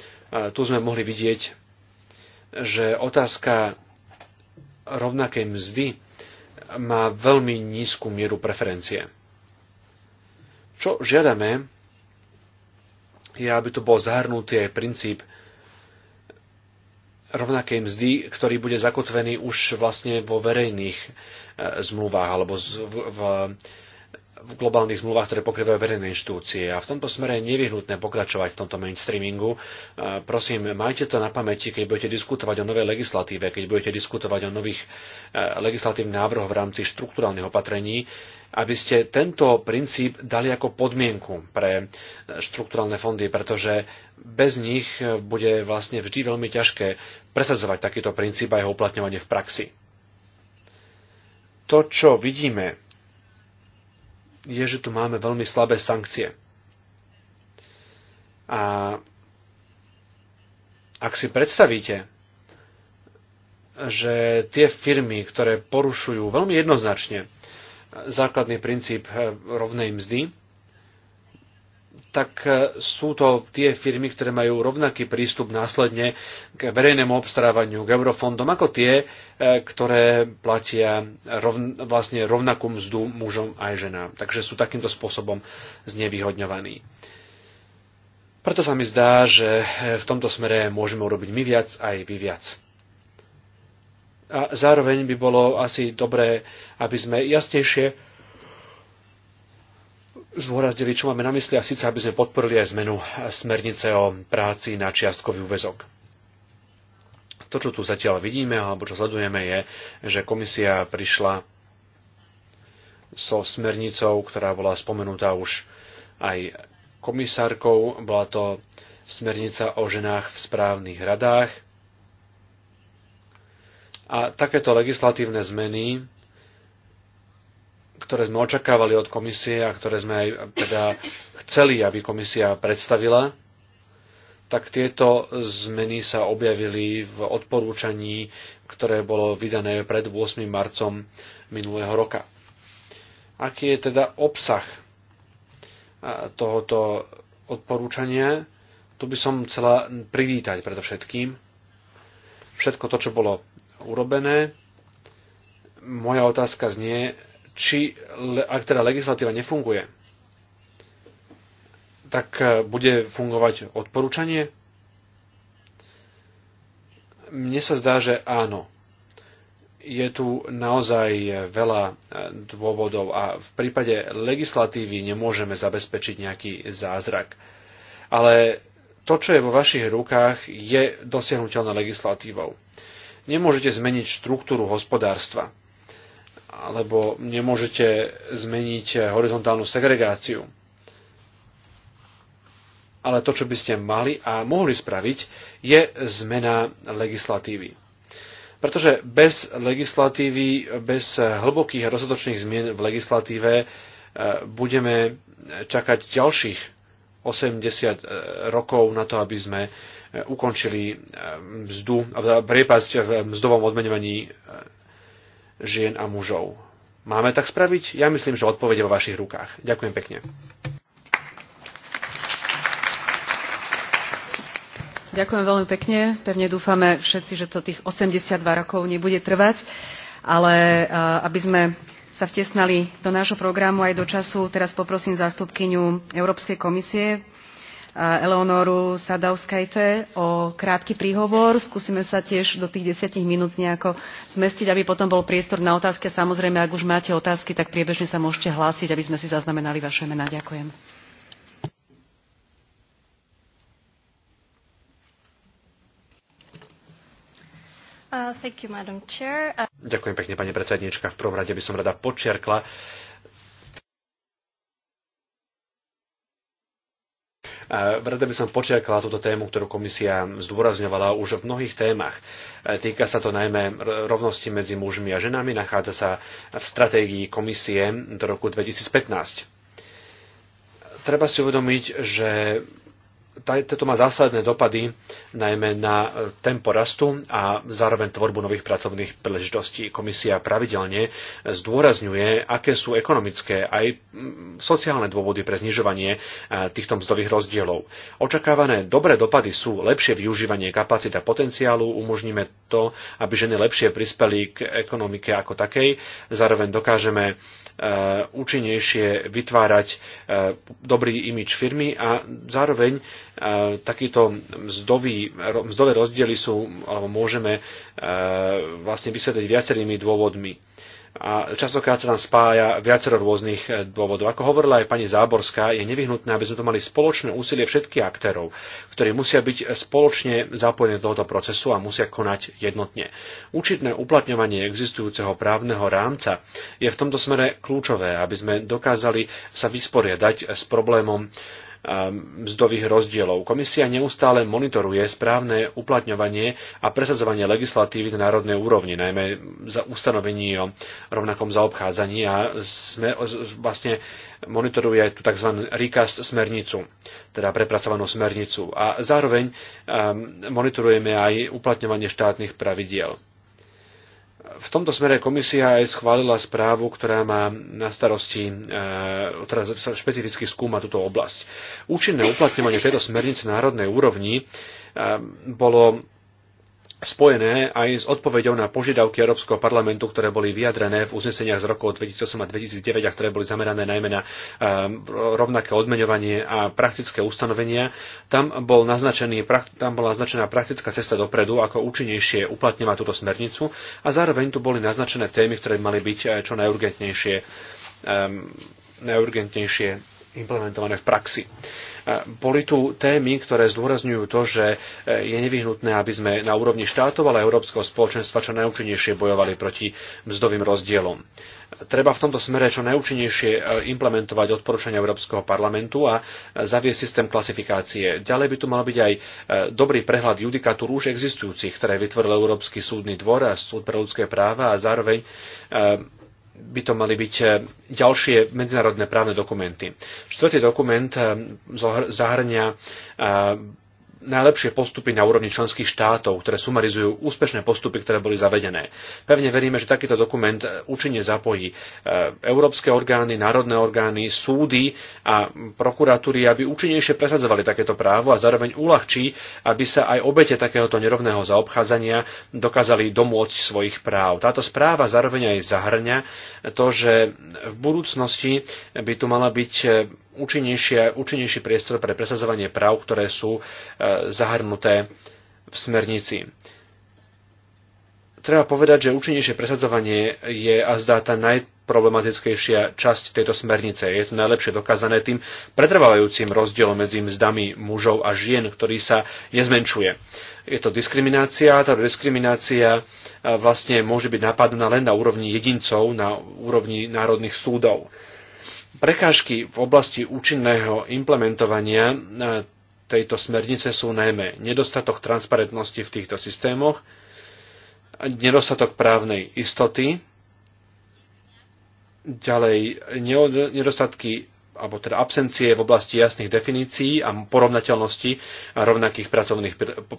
tu sme mohli vidieť, že otázka rovnakej mzdy má veľmi nízku mieru preferencie. Čo žiadame, je, aby tu bol zahrnutý aj princíp rovnakej mzdy, ktorý bude zakotvený už vlastne vo verejných E, zmluvách alebo v, v globálnych zmluvách, ktoré pokrývajú verejné inštitúcie. A v tomto smere je nevyhnutné pokračovať v tomto mainstreamingu. E, prosím, majte to na pamäti, keď budete diskutovať o novej legislatíve, keď budete diskutovať o nových e, legislatívnych návrhoch v rámci štruktúrálnych opatrení, aby ste tento princíp dali ako podmienku pre štruktúrálne fondy, pretože bez nich bude vlastne vždy veľmi ťažké presadzovať takýto princíp a jeho uplatňovanie v praxi to, čo vidíme, je, že tu máme veľmi slabé sankcie. A ak si predstavíte, že tie firmy, ktoré porušujú veľmi jednoznačne základný princíp eh, rovnej mzdy, tak e, sú to tie firmy, ktoré majú rovnaký prístup následne k verejnému obstarávaniu, k eurofondom, ako tie, e, ktoré platia rovn, vlastne rovnakú mzdu mužom aj ženám. Takže sú takýmto spôsobom znevýhodňovaní. Preto sa mi zdá, že e, v tomto smere môžeme urobiť my viac aj vy viac. A zároveň by bolo asi dobré, aby sme jasnejšie zdôraznili, čo máme na mysli a síce, aby sme podporili aj zmenu smernice o práci na čiastkový úvezok. To, čo tu zatiaľ vidíme alebo čo sledujeme, je, že komisia prišla so smernicou, ktorá bola spomenutá už aj komisárkou. Bola to smernica o ženách v správnych radách. A takéto legislatívne zmeny ktoré sme očakávali od komisie a ktoré sme aj teda chceli, aby komisia predstavila, tak tieto zmeny sa objavili v odporúčaní, ktoré bolo vydané pred 8. marcom minulého roka. Aký je teda obsah tohoto odporúčania? Tu by som chcela privítať predovšetkým všetko to, čo bolo urobené. Moja otázka znie, či, ak teda legislatíva nefunguje, tak e, bude fungovať odporúčanie? Mne sa zdá, že áno. Je tu naozaj veľa e, dôvodov a v prípade legislatívy nemôžeme zabezpečiť nejaký zázrak. Ale to, čo je vo vašich rukách, je dosiahnuteľné legislatívou. Nemôžete zmeniť štruktúru hospodárstva alebo nemôžete zmeniť horizontálnu segregáciu. Ale to, čo by ste mali a mohli spraviť, je zmena legislatívy. Pretože bez legislatívy, bez hlbokých a rozhodočných zmien v legislatíve eh, budeme čakať ďalších 80 eh, rokov na to, aby sme eh, ukončili mzdu, teda priepasť v mzdovom odmenovaní žien a mužov. Máme tak spraviť? Ja myslím, že odpovede vo vašich rukách. Ďakujem pekne. Ďakujem veľmi pekne. Pevne dúfame všetci, že to tých 82 rokov nebude trvať, ale aby sme sa vtesnali do nášho programu aj do času, teraz poprosím zástupkyňu Európskej komisie, Eleonoru Sadauskajte o krátky príhovor. Skúsime sa tiež do tých desiatich minút nejako zmestiť, aby potom bol priestor na otázky. Samozrejme, ak už máte otázky, tak priebežne sa môžete hlásiť, aby sme si zaznamenali vaše mená. Ďakujem. Uh, you, uh... Ďakujem pekne, pani predsednička. V prvom rade by som rada počiarkla, Rada by som počiarkala túto tému, ktorú komisia zdôrazňovala už v mnohých témach. E, týka sa to najmä rovnosti medzi mužmi a ženami, nachádza sa v stratégii komisie do roku 2015. Treba si uvedomiť, že toto má zásadné dopady najmä na e, tempo rastu a zároveň tvorbu nových pracovných príležitostí. Komisia pravidelne e, zdôrazňuje, aké sú ekonomické aj sociálne dôvody pre znižovanie e, týchto mzdových rozdielov. Očakávané dobré dopady sú lepšie využívanie kapacita potenciálu, umožníme to, aby ženy lepšie prispeli k ekonomike ako takej, zároveň dokážeme účinnejšie vytvárať dobrý imič firmy a zároveň E, takýto mzdový, mzdové rozdiely sú, alebo môžeme e, vlastne vysvetliť viacerými dôvodmi. A častokrát sa tam spája viacero rôznych e, dôvodov. Ako hovorila aj pani Záborská, je nevyhnutné, aby sme to mali spoločné úsilie všetkých aktérov, ktorí musia byť spoločne zapojení do tohoto procesu a musia konať jednotne. Účitné uplatňovanie existujúceho právneho rámca je v tomto smere kľúčové, aby sme dokázali sa vysporiadať s problémom Um, mzdových rozdielov. Komisia neustále monitoruje správne uplatňovanie a presadzovanie legislatívy na národnej úrovni, najmä za ustanovení o rovnakom zaobchádzaní a sme, vlastne monitoruje aj tú tzv. recast smernicu, teda prepracovanú smernicu. A zároveň um, monitorujeme aj uplatňovanie štátnych pravidiel. V tomto smere komisia aj schválila správu, ktorá má na starosti, e, ktorá špecificky skúma túto oblasť. Účinné uplatňovanie tejto smernice národnej úrovni e, bolo spojené aj s odpoveďou na požiadavky Európskeho parlamentu, ktoré boli vyjadrené v uzneseniach z rokov 2008 a 2009 a ktoré boli zamerané najmä na ehm, rovnaké odmeňovanie a praktické ustanovenia. Tam, bol naznačený, tam bola naznačená praktická cesta dopredu, ako účinnejšie uplatňovať túto smernicu a zároveň tu boli naznačené témy, ktoré mali byť eh, čo najurgentnejšie, ehm, najurgentnejšie implementované v praxi. Boli tu témy, ktoré zdôrazňujú to, že e, je nevyhnutné, aby sme na úrovni štátov, ale Európskeho spoločenstva čo najúčinnejšie bojovali proti mzdovým rozdielom. Treba v tomto smere čo najúčinnejšie e, implementovať odporúčania Európskeho parlamentu a zaviesť systém klasifikácie. Ďalej by tu mal byť aj e, dobrý prehľad judikatúr už existujúcich, ktoré vytvoril Európsky súdny dvor a súd pre ľudské práva a zároveň by to mali byť eh, ďalšie medzinárodné právne dokumenty. Štvrtý dokument eh, zahrňa eh, najlepšie postupy na úrovni členských štátov, ktoré sumarizujú úspešné postupy, ktoré boli zavedené. Pevne veríme, že takýto dokument e, účinne zapojí e, európske orgány, národné orgány, súdy a prokuratúry, aby účinnejšie presadzovali takéto právo a zároveň uľahčí, aby sa aj obete takéhoto nerovného zaobchádzania dokázali domôcť svojich práv. Táto správa zároveň aj zahrňa to, že v budúcnosti by tu mala byť e, účinnejší priestor pre presadzovanie práv, ktoré sú e, zahrnuté v smernici. Treba povedať, že účinnejšie presadzovanie je a zdá tá najproblematickejšia časť tejto smernice. Je to najlepšie dokázané tým pretrvávajúcim rozdielom medzi mzdami mužov a žien, ktorý sa nezmenšuje. Je to diskriminácia, tá diskriminácia e, vlastne môže byť napadná len na úrovni jedincov, na úrovni národných súdov Prekážky v oblasti účinného implementovania e, tejto smernice sú najmä nedostatok transparentnosti v týchto systémoch, nedostatok právnej istoty, ďalej nedostatky alebo teda absencie v oblasti jasných definícií a porovnateľnosti rovnakých pracovných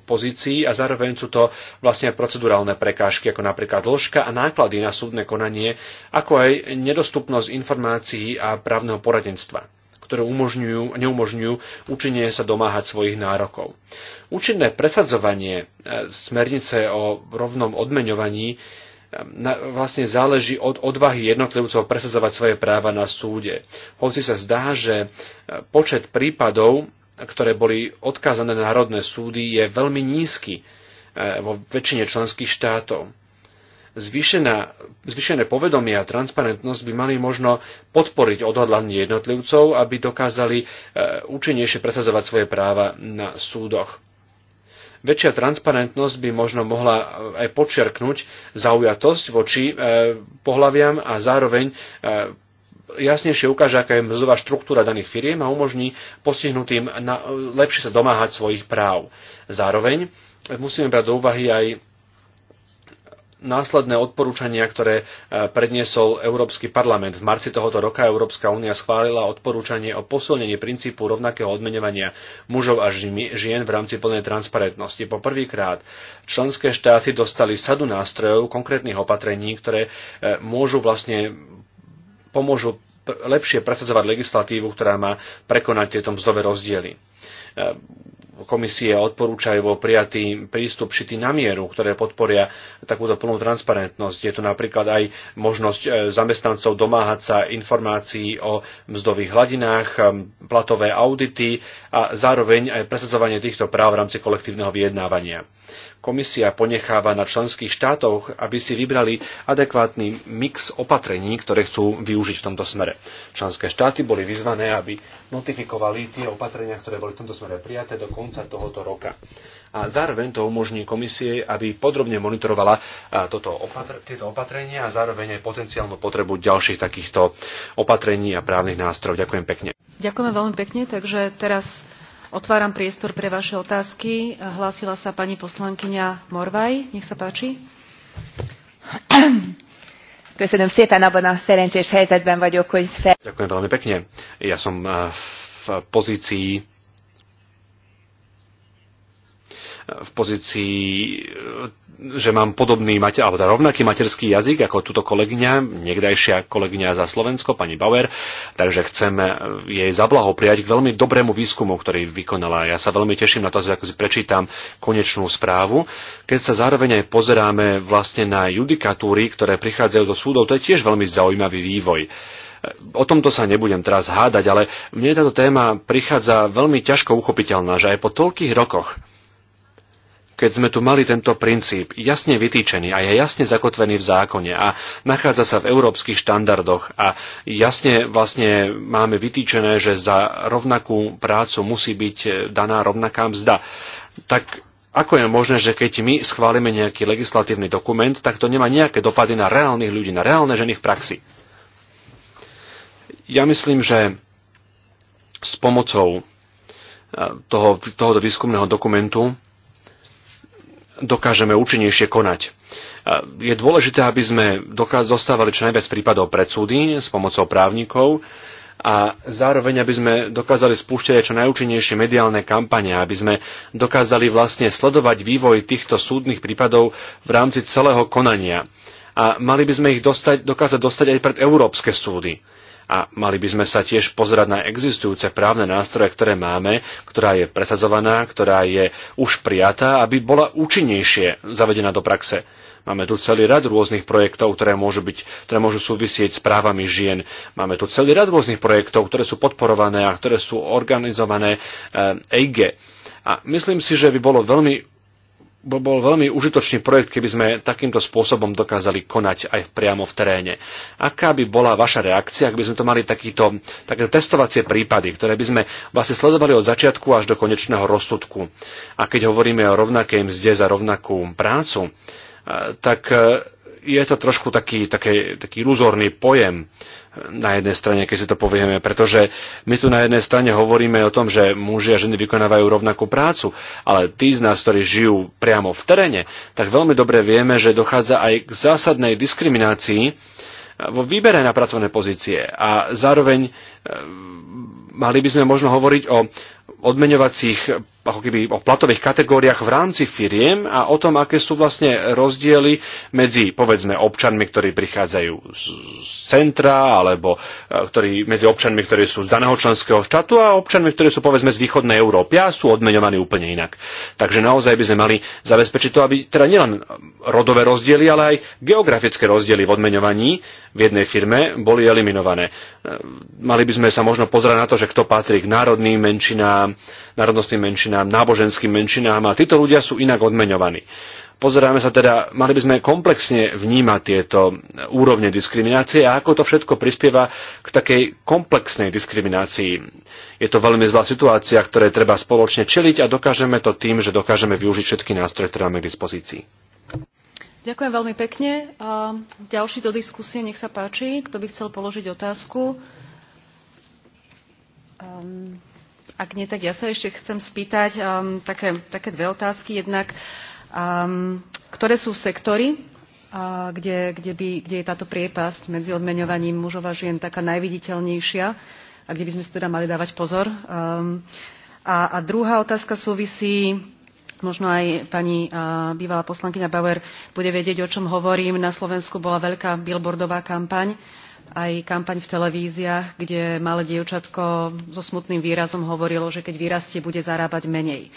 pozícií a zároveň sú to vlastne procedurálne prekážky, ako napríklad dĺžka a náklady na súdne konanie, ako aj nedostupnosť informácií a právneho poradenstva ktoré umožňujú, neumožňujú účinne sa domáhať svojich nárokov. Účinné presadzovanie e, smernice o rovnom odmeňovaní Ehm, vlastne záleží od odvahy jednotlivcov presadzovať svoje práva na súde. Hoci sa zdá, že e, počet prípadov, ktoré boli odkázané na národné súdy, je veľmi nízky e, vo väčšine členských štátov. Zvýšená, zvýšené povedomie a transparentnosť by mali možno podporiť odhodlanie jednotlivcov, aby dokázali e, účinnejšie presadzovať svoje práva na súdoch Väčšia transparentnosť by možno mohla eh, aj počiarknúť zaujatosť voči eh, pohľaviam a zároveň eh, jasnejšie ukáže, aká je mzdová štruktúra daných firiem a umožní postihnutým lepšie sa domáhať svojich práv. Zároveň musíme brať do úvahy aj následné odporúčania, ktoré e, predniesol Európsky parlament. V marci tohoto roka Európska únia schválila odporúčanie o posilnení princípu rovnakého odmenovania mužov a žien v rámci plnej transparentnosti. Po prvýkrát členské štáty dostali sadu nástrojov, konkrétnych opatrení, ktoré e, môžu vlastne pomôžu lepšie presadzovať legislatívu, ktorá má prekonať tieto mzdové rozdiely. Ehm, komisie odporúčajú bol prijatý prístup šitý na mieru, ktoré podporia takúto plnú transparentnosť. Je tu napríklad aj možnosť e, zamestnancov domáhať sa informácií o mzdových hladinách, ehm, platové audity a zároveň aj presadzovanie týchto práv v rámci kolektívneho vyjednávania komisia ponecháva na členských štátoch, aby si vybrali adekvátny mix opatrení, ktoré chcú využiť v tomto smere. Členské štáty boli vyzvané, aby notifikovali tie opatrenia, ktoré boli v tomto smere prijaté do konca tohoto roka. A zároveň to umožní komisie, aby podrobne monitorovala toto opatr- tieto opatrenia a zároveň aj potenciálnu potrebu ďalších takýchto opatrení a právnych nástrojov. Ďakujem pekne. Ďakujeme veľmi pekne, takže teraz Otváram priestor pre vaše otázky. Hlásila sa pani poslankyňa Morvaj. Nech sa páči. Köszönöm szépen, abban a szerencsés helyzetben vagyok, hogy fel... Ďakujem veľmi pekne. Ja som eh, v pozícii v pozícii, že mám podobný, alebo teda rovnaký materský jazyk ako túto kolegyňa, niekdajšia kolegyňa za Slovensko, pani Bauer, takže chcem jej zablahopriať k veľmi dobrému výskumu, ktorý vykonala. Ja sa veľmi teším na to, ako si prečítam konečnú správu. Keď sa zároveň aj pozeráme vlastne na judikatúry, ktoré prichádzajú do súdov, to je tiež veľmi zaujímavý vývoj. O tomto sa nebudem teraz hádať, ale mne táto téma prichádza veľmi ťažko uchopiteľná, že aj po toľkých rokoch keď sme tu mali tento princíp jasne vytýčený a je jasne zakotvený v zákone a nachádza sa v európskych štandardoch a jasne vlastne máme vytýčené, že za rovnakú prácu musí byť daná rovnaká mzda, tak ako je možné, že keď my schválime nejaký legislatívny dokument, tak to nemá nejaké dopady na reálnych ľudí, na reálne ženy v praxi? Ja myslím, že s pomocou eh, toho, tohoto výskumného dokumentu dokážeme účinnejšie konať. Je dôležité, aby sme dostávali čo najviac prípadov pred súdy s pomocou právnikov a zároveň, aby sme dokázali spúšťať aj čo najúčinnejšie mediálne kampane, aby sme dokázali vlastne sledovať vývoj týchto súdnych prípadov v rámci celého konania. A mali by sme ich dostať, dokázať dostať aj pred európske súdy a mali by sme sa tiež pozerať na existujúce právne nástroje, ktoré máme, ktorá je presazovaná, ktorá je už prijatá, aby bola účinnejšie zavedená do praxe. Máme tu celý rad rôznych projektov, ktoré môžu, byť, ktoré môžu súvisieť s právami žien. Máme tu celý rad rôznych projektov, ktoré sú podporované a ktoré sú organizované eh, EIGE. A myslím si, že by bolo veľmi bol veľmi užitočný projekt, keby sme takýmto spôsobom dokázali konať aj priamo v teréne. Aká by bola vaša reakcia, ak by sme to mali takýto, takéto testovacie prípady, ktoré by sme vlastne sledovali od začiatku až do konečného rozsudku? A keď hovoríme o rovnakej mzde za rovnakú prácu, tak e, je to trošku taký, taký, taký iluzórny pojem, na jednej strane, keď si to povieme, pretože my tu na jednej strane hovoríme o tom, že muži a ženy vykonávajú rovnakú prácu, ale tí z nás, ktorí žijú priamo v teréne, tak veľmi dobre vieme, že dochádza aj k zásadnej diskriminácii vo výbere na pracovné pozície a zároveň eh, mali by sme možno hovoriť o odmeňovacích, ako keby o platových kategóriách v rámci firiem a o tom, aké sú vlastne rozdiely medzi, povedzme, občanmi, ktorí prichádzajú z centra, alebo e, ktorí, medzi občanmi, ktorí sú z daného členského štátu a občanmi, ktorí sú, povedzme, z východnej Európy a sú odmeňovaní úplne inak. Takže naozaj by sme mali zabezpečiť to, aby teda nielen rodové rozdiely, ale aj geografické rozdiely v odmeňovaní v jednej firme boli eliminované. E, mali by sme sa možno pozerať na to, že kto patrí k národným menšinám, menšinám, národnostným menšinám, náboženským menšinám a títo ľudia sú inak odmeňovaní. Pozeráme sa teda, mali by sme komplexne vnímať tieto úrovne diskriminácie a ako to všetko prispieva k takej komplexnej diskriminácii. Je to veľmi zlá situácia, ktoré treba spoločne čeliť a dokážeme to tým, že dokážeme využiť všetky nástroje, ktoré máme k dispozícii. Ďakujem veľmi pekne. A ďalší do diskusie, nech sa páči, kto by chcel položiť otázku. Um... Ak nie, tak ja sa ešte chcem spýtať um, také, také dve otázky. Jednak, um, ktoré sú sektory, uh, kde, kde, by, kde je táto priepasť medzi odmeňovaním mužov a žien taká najviditeľnejšia a kde by sme si teda mali dávať pozor. Um, a, a druhá otázka súvisí, možno aj pani uh, bývalá poslankyňa Bauer bude vedieť, o čom hovorím. Na Slovensku bola veľká billboardová kampaň, uh, aj kampaň v televíziách, kde malé dievčatko so smutným výrazom hovorilo, že keď vyrastie, bude zarábať menej.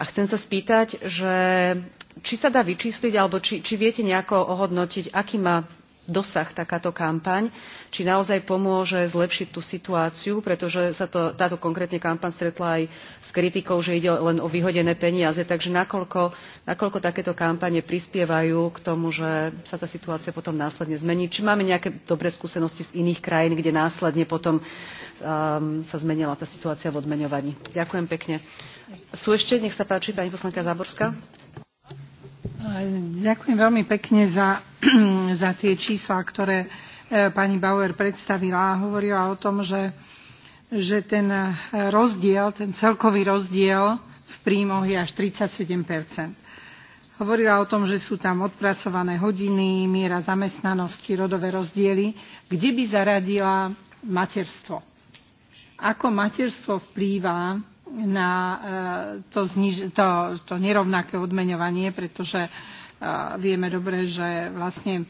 A chcem sa spýtať, že či sa dá vyčísliť, alebo či, či viete nejako ohodnotiť, aký má dosah takáto kampaň, či naozaj pomôže zlepšiť tú situáciu, pretože sa to, táto konkrétne kampaň stretla aj s kritikou, že ide len o vyhodené peniaze. Takže nakoľko, nakoľko takéto kampane prispievajú k tomu, že sa tá situácia potom následne zmení. Či máme nejaké dobré skúsenosti z iných krajín, kde následne potom um, sa zmenila tá situácia v odmeňovaní. Ďakujem pekne. Sú ešte, nech sa páči, pani poslanka Záborská. Ďakujem veľmi pekne za, za tie čísla, ktoré e, pani Bauer predstavila a hovorila o tom, že, že ten e, rozdiel, ten celkový rozdiel v príjmoch je až 37 Hovorila o tom, že sú tam odpracované hodiny, miera zamestnanosti, rodové rozdiely. Kde by zaradila materstvo? Ako materstvo vplýva na e, to, zniž, to, to nerovnaké odmeňovanie, pretože e, vieme dobre, že vlastne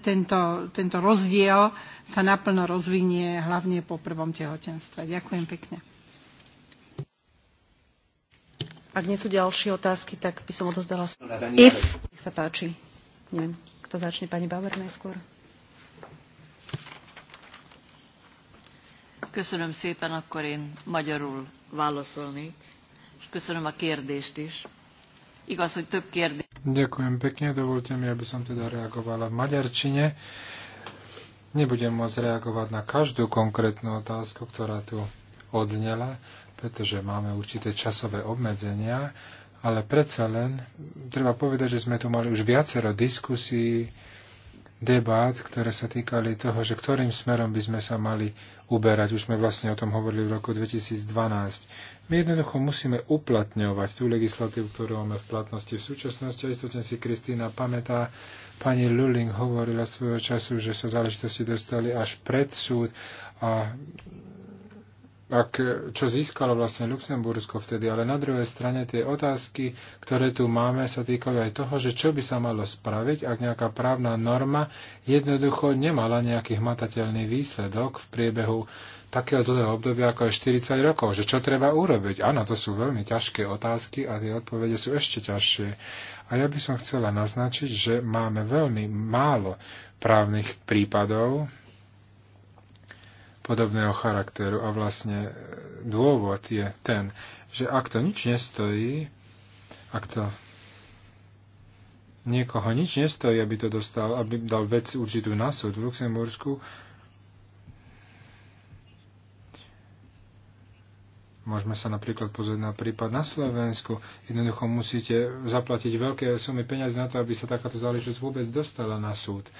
tento, tento rozdiel sa naplno rozvinie hlavne po prvom tehotenstve. Ďakujem pekne. Ak nie sú ďalšie otázky, tak by som odozdala... If... Nech sa páči. Neviem, kto začne, pani Bauer najskôr. Köszönöm szépen, akkor én magyarul válaszolni. És köszönöm a kérdést is. Igaz, hogy több kérdés. Ďakujem pekne, dovolte mi, aby som teda reagovala v maďarčine. Nebudem môcť reagovať na každú konkrétnu otázku, ktorá tu odznela, pretože máme určité časové obmedzenia, ale predsa len treba povedať, že sme tu mali už viacero diskusí debát, ktoré sa týkali toho, že ktorým smerom by sme sa mali uberať. Už sme vlastne o tom hovorili v roku 2012. My jednoducho musíme uplatňovať tú legislatívu, ktorú máme v platnosti v súčasnosti. A istotne si Kristýna pamätá, pani Luling hovorila svojho času, že sa záležitosti dostali až pred súd a ak, čo získalo vlastne Luxembursko vtedy, ale na druhej strane tie otázky, ktoré tu máme, sa týkajú aj toho, že čo by sa malo spraviť, ak nejaká právna norma jednoducho nemala nejaký hmatateľný výsledok v priebehu takého dlhého obdobia ako je 40 rokov, že čo treba urobiť. Áno, to sú veľmi ťažké otázky a tie odpovede sú ešte ťažšie. A ja by som chcela naznačiť, že máme veľmi málo právnych prípadov, podobného charakteru. A vlastne e, dôvod je ten, že ak to nič nestojí, ak to niekoho nič nestojí, aby to dostal, aby dal vec určitú na súd v Luxembursku, Môžeme sa napríklad pozrieť na prípad na Slovensku. Jednoducho musíte zaplatiť veľké sumy peniazy na to, aby sa takáto záležitosť vôbec dostala na súd. Uh,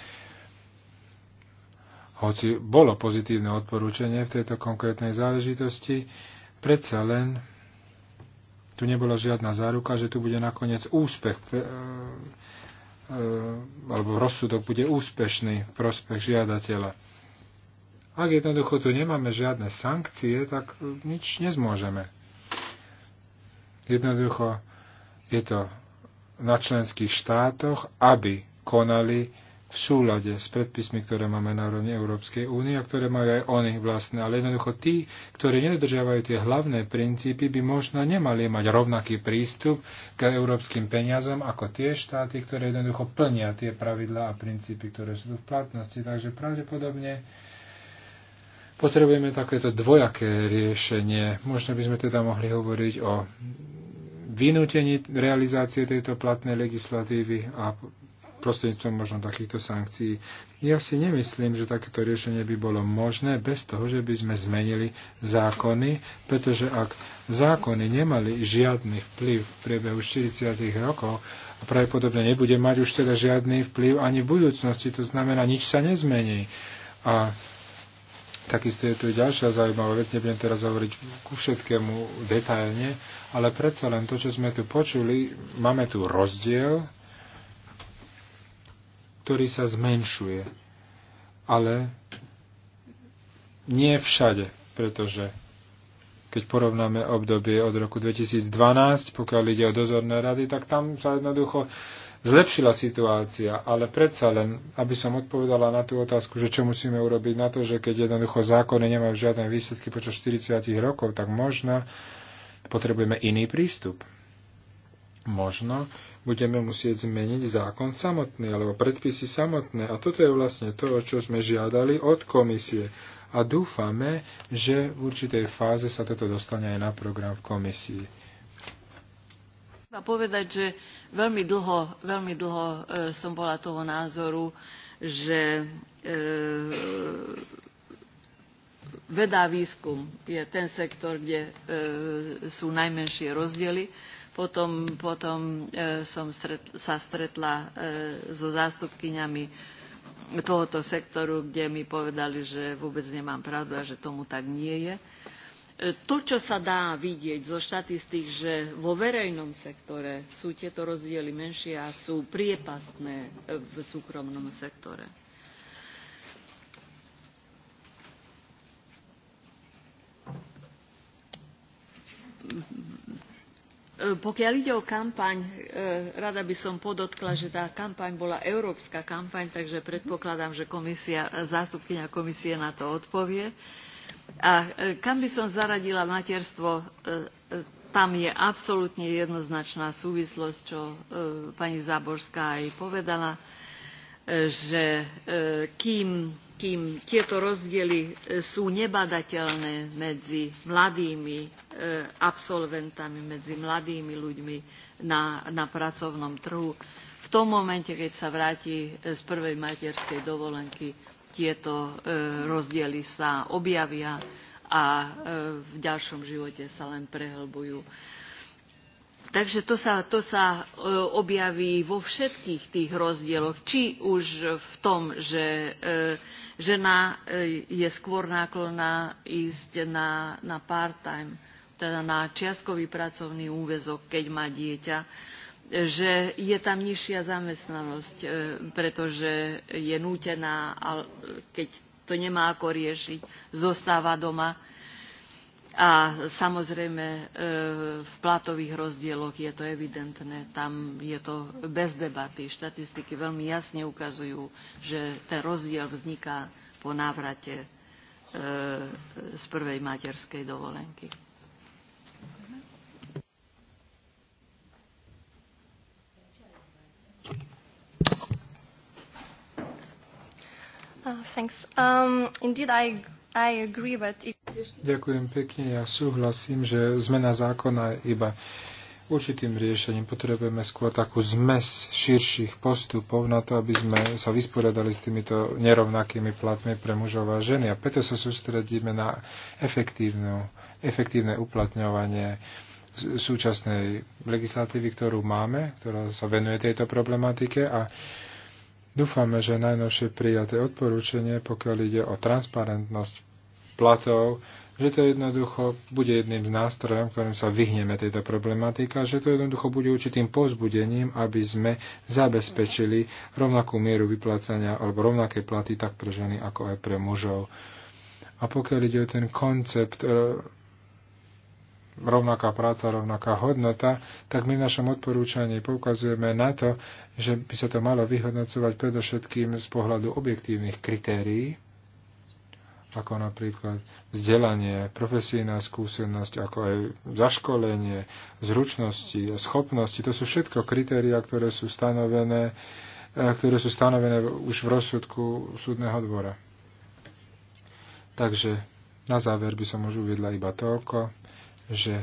hoci bolo pozitívne odporúčanie v tejto konkrétnej záležitosti, predsa len tu nebola žiadna záruka, že tu bude nakoniec úspech, e, e, alebo rozsudok bude úspešný prospech žiadateľa. Ak jednoducho tu nemáme žiadne sankcie, tak nič nezmôžeme. Jednoducho je to na členských štátoch, aby konali v súlade s predpismi, ktoré máme na úrovni Európskej únie a ktoré majú aj oni vlastné. Ale jednoducho tí, ktorí nedodržiavajú tie hlavné princípy, by možno nemali mať rovnaký prístup k európskym peniazom ako tie štáty, ktoré jednoducho plnia tie pravidlá a princípy, ktoré sú tu v platnosti. Takže pravdepodobne potrebujeme takéto dvojaké riešenie. Možno by sme teda mohli hovoriť o vynútení realizácie tejto platnej legislatívy a prostredníctvom možno takýchto sankcií. Ja si nemyslím, že takéto riešenie by bolo možné bez toho, že by sme zmenili zákony, pretože ak zákony nemali žiadny vplyv v priebehu 40 rokov a pravdepodobne nebude mať už teda žiadny vplyv ani v budúcnosti, to znamená, nič sa nezmení. A Takisto je tu ďalšia zaujímavá vec, nebudem teraz hovoriť ku všetkému detailne, ale predsa len to, čo sme tu počuli, máme tu rozdiel ktorý sa zmenšuje. Ale nie všade, pretože keď porovnáme obdobie od roku 2012, pokiaľ ide o dozorné rady, tak tam sa jednoducho zlepšila situácia. Ale predsa len, aby som odpovedala na tú otázku, že čo musíme urobiť na to, že keď jednoducho zákony nemajú žiadne výsledky počas 40 rokov, tak možno potrebujeme iný prístup možno budeme musieť zmeniť zákon samotný alebo predpisy samotné. A toto je vlastne to, čo sme žiadali od komisie. A dúfame, že v určitej fáze sa toto dostane aj na program v komisii. Treba povedať, že veľmi dlho, veľmi dlho e, som bola toho názoru, že e, veda a výskum je ten sektor, kde e, sú najmenšie rozdiely potom, potom e, som stret, sa stretla e, so zástupkyňami tohoto sektoru, kde mi povedali, že vôbec nemám pravdu a že tomu tak nie je. E, to, čo sa dá vidieť zo štatistík, že vo verejnom sektore sú tieto rozdiely menšie a sú priepastné v súkromnom sektore. E, pokiaľ ide o kampaň, e, rada by som podotkla, že tá kampaň bola európska kampaň, takže predpokladám, že komisia, zástupkynia komisie na to odpovie. A e, kam by som zaradila materstvo, tam je absolútne jednoznačná súvislosť, čo pani Záborská aj povedala, že kým, kým tieto rozdiely sú nebadateľné medzi mladými E, absolventami, medzi mladými ľuďmi na, na pracovnom trhu. V tom momente, keď sa vráti e, z prvej materskej dovolenky, tieto e, rozdiely sa objavia a v ďalšom živote sa len prehlbujú. Takže to sa, to sa objaví vo všetkých tých rozdieloch, či už v tom, že žena je skôr náklonná ísť na, na part-time teda na čiastkový pracovný úvezok, keď má dieťa, že je tam nižšia zamestnanosť, e, pretože je nútená, keď to nemá ako riešiť, zostáva doma. A samozrejme e, v platových rozdieloch je to evidentné, tam je to bez debaty. Štatistiky veľmi jasne ukazujú, že ten rozdiel vzniká po návrate e, z prvej materskej dovolenky. thanks. Um, indeed, I, I agree, but Ďakujem pekne, ja súhlasím, že zmena zákona je iba určitým riešením. Potrebujeme skôr takú zmes širších postupov na to, aby sme sa vysporiadali s týmito nerovnakými platmi pre mužov a ženy. A preto sa sústredíme na efektívne uplatňovanie súčasnej legislatívy, ktorú máme, ktorá sa venuje tejto problematike a Dúfame, že najnovšie prijaté odporúčanie, pokiaľ ide o transparentnosť platov, že to jednoducho bude jedným z nástrojov, ktorým sa vyhneme tejto problematike, že to jednoducho bude určitým povzbudením, aby sme zabezpečili rovnakú mieru vyplácania alebo rovnaké platy tak pre ženy ako aj pre mužov. A pokiaľ ide o ten koncept e, rovnaká práca, rovnaká hodnota, tak my v našom odporúčaní poukazujeme na to, že by sa to malo vyhodnocovať predovšetkým z pohľadu objektívnych kritérií, ako napríklad vzdelanie, profesijná skúsenosť, ako aj zaškolenie, zručnosti, schopnosti. To sú všetko kritéria, ktoré sú stanovené, eh, ktoré sú stanovené už v rozsudku súdneho dvora. Takže na záver by som už uviedla iba toľko že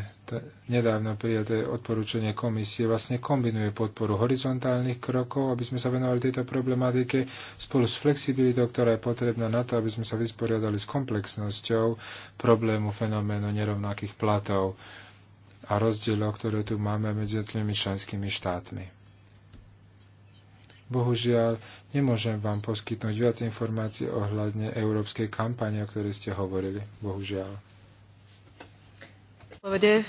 nedávno prijaté odporúčanie komisie vlastne kombinuje podporu horizontálnych krokov, aby sme sa venovali tejto problematike spolu s flexibilitou, ktorá je potrebná na to, aby sme sa vysporiadali s komplexnosťou problému fenoménu nerovnakých platov a rozdielov, ktoré tu máme medzi jednotlivými členskými štátmi. Bohužiaľ, nemôžem vám poskytnúť viac informácií ohľadne európskej kampane, o ktorej ste hovorili. Bohužiaľ odpovede.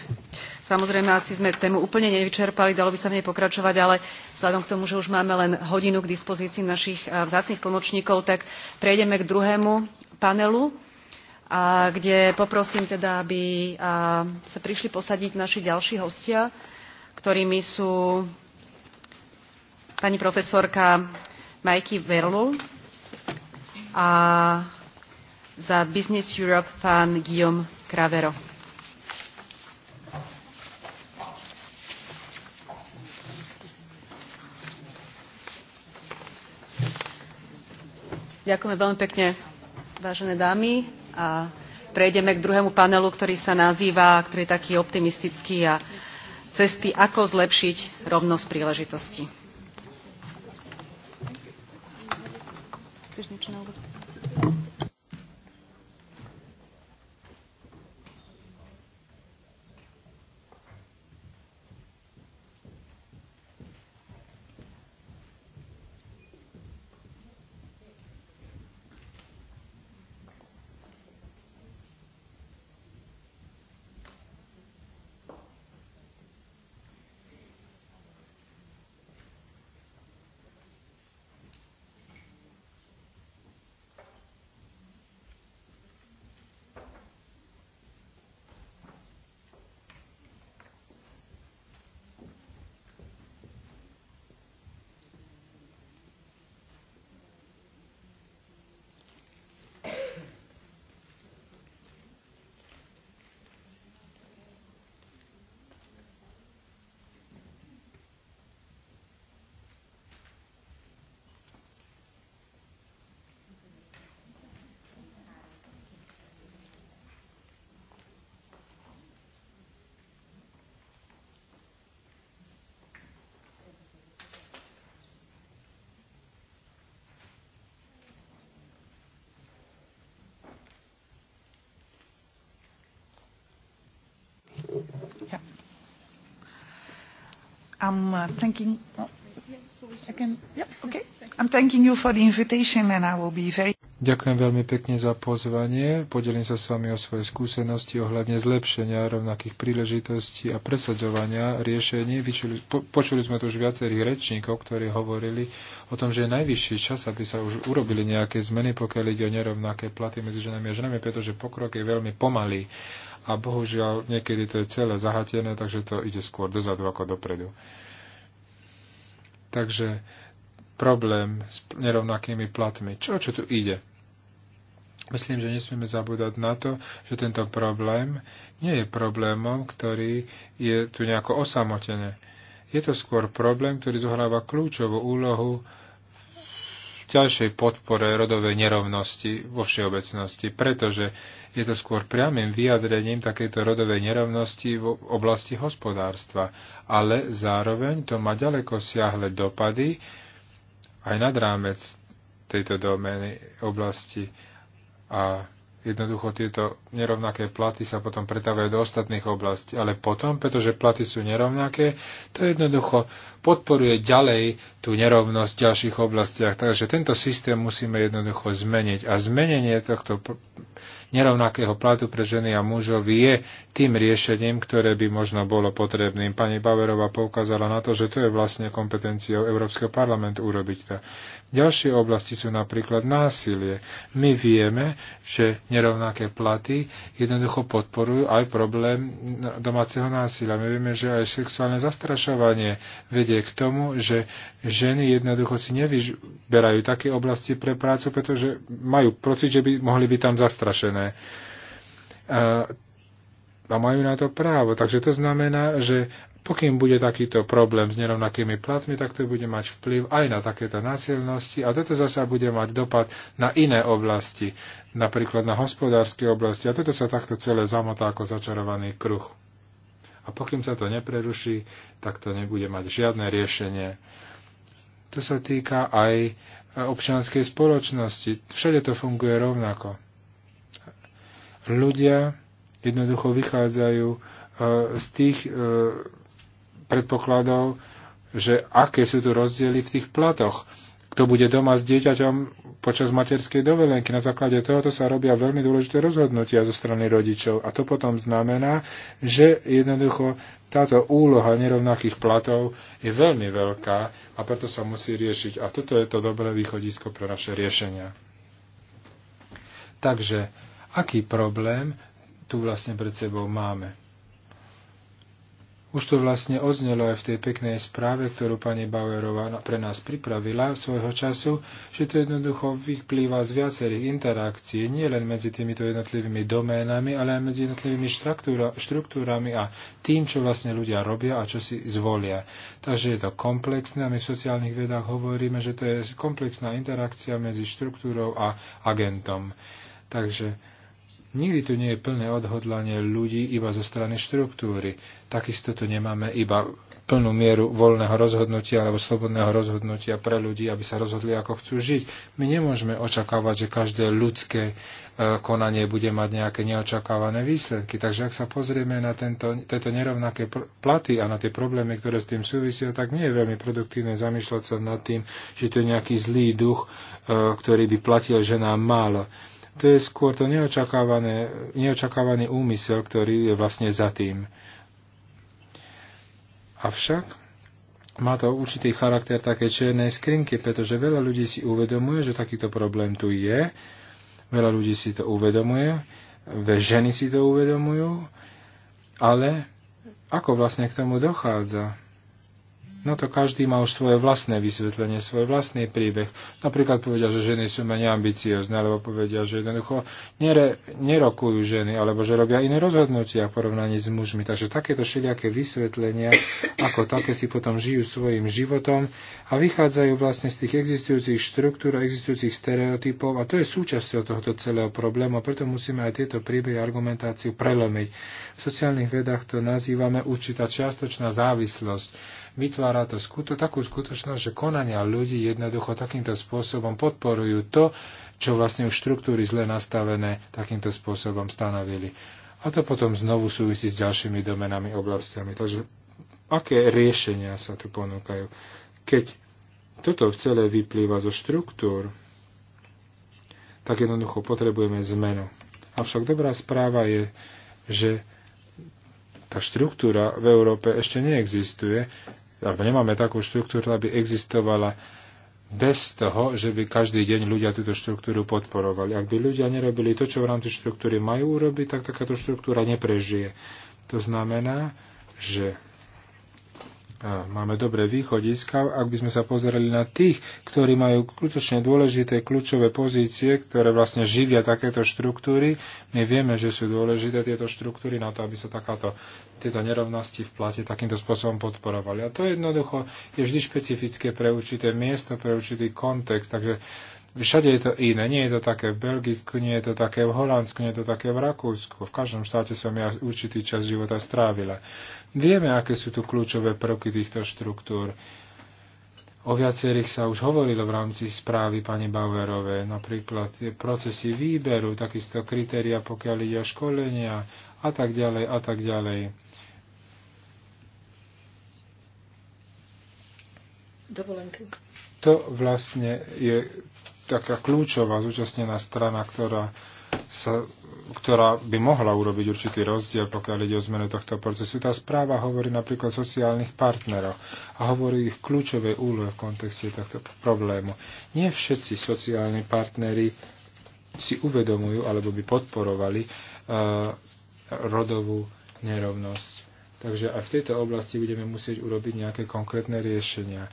Samozrejme, asi sme tému úplne nevyčerpali, dalo by sa v nej pokračovať, ale vzhľadom k tomu, že už máme len hodinu k dispozícii našich eh, vzácných tlmočníkov, tak prejdeme k druhému panelu, a kde poprosím teda, aby eh, sa prišli posadiť naši ďalší hostia, ktorými sú pani profesorka Majky Verlu a za Business Europe pán Guillaume Cravero. Ďakujeme veľmi pekne, vážené dámy. A prejdeme k druhému panelu, ktorý sa nazýva, ktorý je taký optimistický a cesty, ako zlepšiť rovnosť príležitosti. Chceš niečo na úvod? I'm uh, thanking. Oh, I can, yeah, okay. I'm thanking you for the invitation, and I will be very. Ďakujem veľmi pekne za pozvanie. Podelím sa s vami o svoje skúsenosti ohľadne zlepšenia rovnakých príležitostí a presadzovania riešení. Vyčuli, po, počuli sme tu už viacerých rečníkov, ktorí hovorili o tom, že je najvyšší čas, aby sa už urobili nejaké zmeny, pokiaľ ide o nerovnaké platy medzi ženami a ženami, pretože pokrok je veľmi pomalý a bohužiaľ niekedy to je celé zahatené, takže to ide skôr dozadu ako dopredu. Takže problém s nerovnakými platmi. Čo, čo tu ide? Myslím, že nesmieme zabúdať na to, že tento problém nie je problémom, ktorý je tu nejako osamotené. Je to skôr problém, ktorý zohráva kľúčovú úlohu v ďalšej podpore rodovej nerovnosti vo všeobecnosti, pretože je to skôr priamým vyjadrením takejto rodovej nerovnosti v oblasti hospodárstva, ale zároveň to má ďaleko siahle dopady aj nad rámec tejto domény oblasti a jednoducho tieto nerovnaké platy sa potom pretávajú do ostatných oblastí. Ale potom, pretože platy sú nerovnaké, to jednoducho podporuje ďalej tú nerovnosť v ďalších oblastiach. Takže tento systém musíme jednoducho zmeniť. A zmenenie tohto nerovnakého platu pre ženy a mužov je tým riešením, ktoré by možno bolo potrebným. Pani Baverová poukázala na to, že to je vlastne kompetenciou Európskeho parlamentu urobiť to. Ďalšie oblasti sú napríklad násilie. My vieme, že nerovnaké platy jednoducho podporujú aj problém domáceho násilia. My vieme, že aj sexuálne zastrašovanie vedie k tomu, že ženy jednoducho si nevyberajú také oblasti pre prácu, pretože majú pocit, že by mohli byť tam zastrašené nelegálne. A majú na to právo. Takže to znamená, že pokým bude takýto problém s nerovnakými platmi, tak to bude mať vplyv aj na takéto násilnosti a toto zasa bude mať dopad na iné oblasti, napríklad na hospodárske oblasti a toto sa takto celé zamotá ako začarovaný kruh. A pokým sa to nepreruší, tak to nebude mať žiadne riešenie. To sa týka aj občianskej spoločnosti. Všade to funguje rovnako. Ľudia jednoducho vychádzajú e, z tých e, predpokladov, že aké sú tu rozdiely v tých platoch. Kto bude doma s dieťaťom počas materskej dovolenky. Na základe tohoto sa robia veľmi dôležité rozhodnutia zo strany rodičov. A to potom znamená, že jednoducho táto úloha nerovnakých platov je veľmi veľká a preto sa musí riešiť. A toto je to dobré východisko pre naše riešenia. Takže aký problém tu vlastne pred sebou máme. Už to vlastne odznelo aj v tej peknej správe, ktorú pani Bauerová pre nás pripravila svojho času, že to jednoducho vyplýva z viacerých interakcií, nie len medzi týmito jednotlivými doménami, ale aj medzi jednotlivými štruktúrami a tým, čo vlastne ľudia robia a čo si zvolia. Takže je to komplexné a my v sociálnych vedách hovoríme, že to je komplexná interakcia medzi štruktúrou a agentom. Takže Nikdy tu nie je plné odhodlanie ľudí iba zo strany štruktúry. Takisto tu nemáme iba plnú mieru voľného rozhodnutia alebo slobodného rozhodnutia pre ľudí, aby sa rozhodli, ako chcú žiť. My nemôžeme očakávať, že každé ľudské e, konanie bude mať nejaké neočakávané výsledky. Takže ak sa pozrieme na tento, tieto nerovnaké platy a na tie problémy, ktoré s tým súvisia, tak nie je veľmi produktívne zamýšľať sa nad tým, že to je nejaký zlý duch, e, ktorý by platil ženám málo to je skôr to neočakávaný úmysel, ktorý je vlastne za tým. Avšak má to určitý charakter také čiernej skrinky, pretože veľa ľudí si uvedomuje, že takýto problém tu je, veľa ľudí si to uvedomuje, ve ženy si to uvedomujú, ale ako vlastne k tomu dochádza? No to každý má už svoje vlastné vysvetlenie, svoj vlastný príbeh. Napríklad povedia, že ženy sú menej ambiciozne, alebo povedia, že jednoducho nere, nerokujú ženy, alebo že robia iné rozhodnutia v porovnaní s mužmi. Takže takéto všelijaké vysvetlenia, ako také si potom žijú svojim životom a vychádzajú vlastne z tých existujúcich štruktúr existujúcich stereotypov a to je súčasťou tohto celého problému, preto musíme aj tieto príbehy a argumentáciu prelomiť. V sociálnych vedách to nazývame určitá čiastočná závislosť vytvára to skuto, takú skutočnosť, že konania ľudí jednoducho takýmto spôsobom podporujú to, čo vlastne už štruktúry zle nastavené takýmto spôsobom stanovili. A to potom znovu súvisí s ďalšími domenami, oblastiami. Takže aké riešenia sa tu ponúkajú? Keď toto v celé vyplýva zo štruktúr, tak jednoducho potrebujeme zmenu. Avšak dobrá správa je, že tá štruktúra v Európe ešte neexistuje, alebo nemáme takú štruktúru, aby existovala bez toho, že by každý deň ľudia túto štruktúru podporovali. Ak by ľudia nerobili to, čo v rámci štruktúry majú urobiť, tak takáto štruktúra neprežije. To znamená, že máme dobré východiska, ak by sme sa pozerali na tých, ktorí majú skutočne dôležité kľúčové pozície, ktoré vlastne živia takéto štruktúry, my vieme, že sú dôležité tieto štruktúry na to, aby sa takáto, tieto nerovnosti v plate takýmto spôsobom podporovali. A to jednoducho je vždy špecifické pre určité miesto, pre určitý kontext, takže Všade je to iné. Nie je to také v Belgicku, nie je to také v Holandsku, nie je to také v Rakúsku. V každom štáte som ja určitý čas života strávila. Vieme, aké sú tu kľúčové prvky týchto štruktúr. O viacerých sa už hovorilo v rámci správy pani Bauerovej, napríklad procesy výberu, takisto kritéria, pokiaľ ide o školenia a tak ďalej a tak ďalej. Dovolenky. To vlastne je taká kľúčová zúčastnená strana, ktorá, sa, ktorá by mohla urobiť určitý rozdiel, pokiaľ ide o zmenu tohto procesu. Tá správa hovorí napríklad o sociálnych partneroch a hovorí ich kľúčovej úlohe v kontexte tohto problému. Nie všetci sociálni partnery si uvedomujú alebo by podporovali uh, rodovú nerovnosť. Takže aj v tejto oblasti budeme musieť urobiť nejaké konkrétne riešenia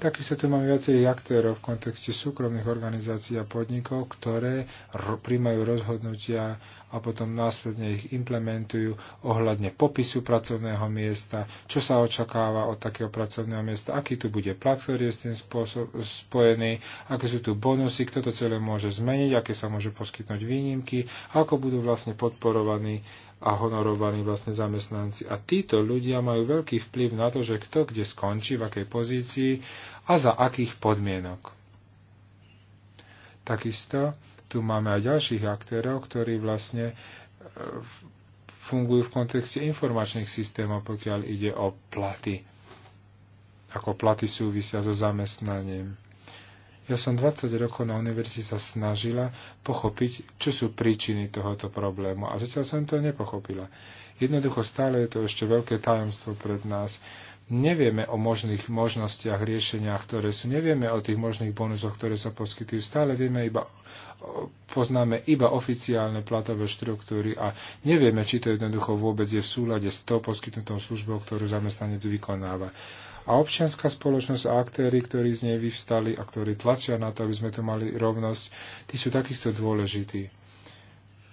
sa tu máme viacerých aktérov v kontexte súkromných organizácií a podnikov, ktoré príjmajú rozhodnutia a potom následne ich implementujú ohľadne popisu pracovného miesta, čo sa očakáva od takého pracovného miesta, aký tu bude plat, ktorý je s tým spôsob, spojený, aké sú tu bonusy, kto to celé môže zmeniť, aké sa môže poskytnúť výnimky, ako budú vlastne podporovaní a honorovaní vlastne zamestnanci. A títo ľudia majú veľký vplyv na to, že kto kde skončí, v akej pozícii a za akých podmienok. Takisto tu máme aj ďalších aktérov, ktorí vlastne e, fungujú v kontexte informačných systémov, pokiaľ ide o platy. Ako platy súvisia so zamestnaním. Ja som 20 rokov na univerzite sa snažila pochopiť, čo sú príčiny tohoto problému a zatiaľ som to nepochopila. Jednoducho stále je to ešte veľké tajomstvo pred nás. Nevieme o možných možnostiach, riešeniach, ktoré sú. Nevieme o tých možných bonusoch, ktoré sa poskytujú. Stále vieme iba, poznáme iba oficiálne platové štruktúry a nevieme, či to jednoducho vôbec je v súlade s tou poskytnutou službou, ktorú zamestnanec vykonáva a občianská spoločnosť a aktéry, ktorí z nej vyvstali a ktorí tlačia na to, aby sme tu mali rovnosť, tí sú takisto dôležití.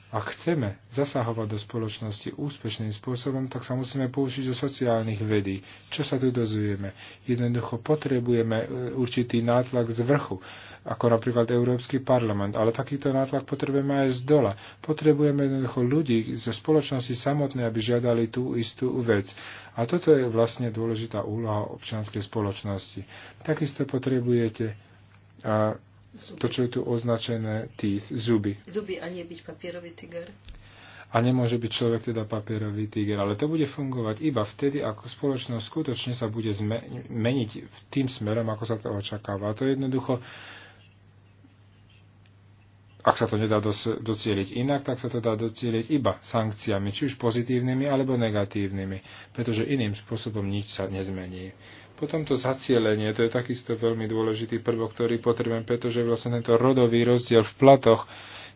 Ak chceme zasahovať do spoločnosti úspešným spôsobom, tak sa musíme použiť zo sociálnych vedí. Čo sa tu dozvieme? Jednoducho potrebujeme e, určitý nátlak z vrchu, ako napríklad Európsky parlament, ale takýto nátlak potrebujeme aj z dola. Potrebujeme jednoducho ľudí zo spoločnosti samotnej, aby žiadali tú istú vec. A toto je vlastne dôležitá úloha občianskej spoločnosti. Takisto potrebujete to, čo je tu označené tí zuby. Zuby a nie byť papierový tiger. A nemôže byť človek teda papierový tiger, ale to bude fungovať iba vtedy, ako spoločnosť skutočne sa bude meniť tým smerom, ako sa to očakáva. A to je jednoducho, ak sa to nedá docieliť inak, tak sa to dá docieliť iba sankciami, či už pozitívnymi alebo negatívnymi, pretože iným spôsobom nič sa nezmení. Potom to zacielenie, to je takisto veľmi dôležitý prvok, ktorý potrebujem, pretože vlastne tento rodový rozdiel v platoch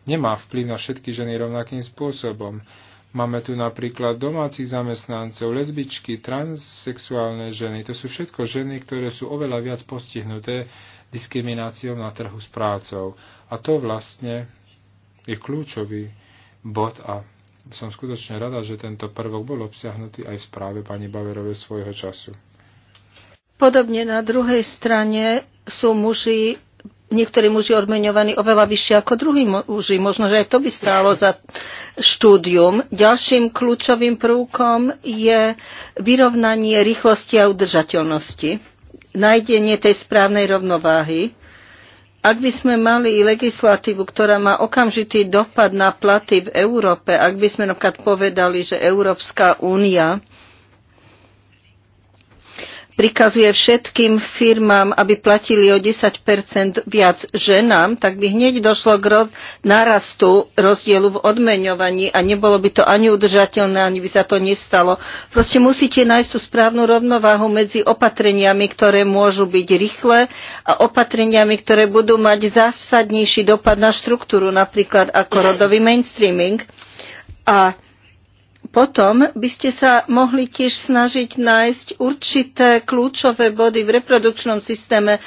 nemá vplyv na všetky ženy rovnakým spôsobom. Máme tu napríklad domácich zamestnancov, lesbičky, transsexuálne ženy. To sú všetko ženy, ktoré sú oveľa viac postihnuté diskrimináciou na trhu s prácou. A to vlastne je kľúčový bod a som skutočne rada, že tento prvok bol obsiahnutý aj v správe pani Baverovej svojho času. Podobne na druhej strane sú muži, niektorí muži odmeňovaní oveľa vyššie ako druhí muži. Možno, že aj to by stálo za štúdium. Ďalším kľúčovým prvkom je vyrovnanie rýchlosti a udržateľnosti. Nájdenie tej správnej rovnováhy. Ak by sme mali legislatívu, ktorá má okamžitý dopad na platy v Európe, ak by sme napríklad povedali, že Európska únia prikazuje všetkým firmám, aby platili o 10 viac ženám, tak by hneď došlo k roz, narastu rozdielu v odmeňovaní a nebolo by to ani udržateľné, ani by sa to nestalo. Proste musíte nájsť tú správnu rovnováhu medzi opatreniami, ktoré môžu byť rýchle a opatreniami, ktoré budú mať zásadnejší dopad na štruktúru, napríklad ako rodový mainstreaming. A potom by ste sa mohli tiež snažiť nájsť určité kľúčové body v reprodukčnom systéme e,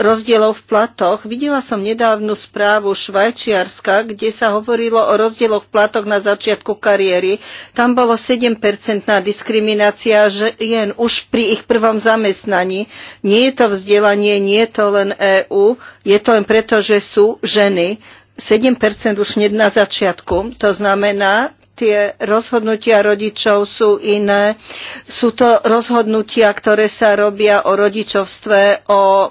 rozdielov v platoch. Videla som nedávnu správu Švajčiarska, kde sa hovorilo o rozdieloch v platoch na začiatku kariéry. Tam bolo 7-percentná diskriminácia žien už pri ich prvom zamestnaní. Nie je to vzdelanie, nie je to len EÚ, je to len preto, že sú ženy. 7% už hneď na začiatku. To znamená, tie rozhodnutia rodičov sú iné. Sú to rozhodnutia, ktoré sa robia o rodičovstve, o e,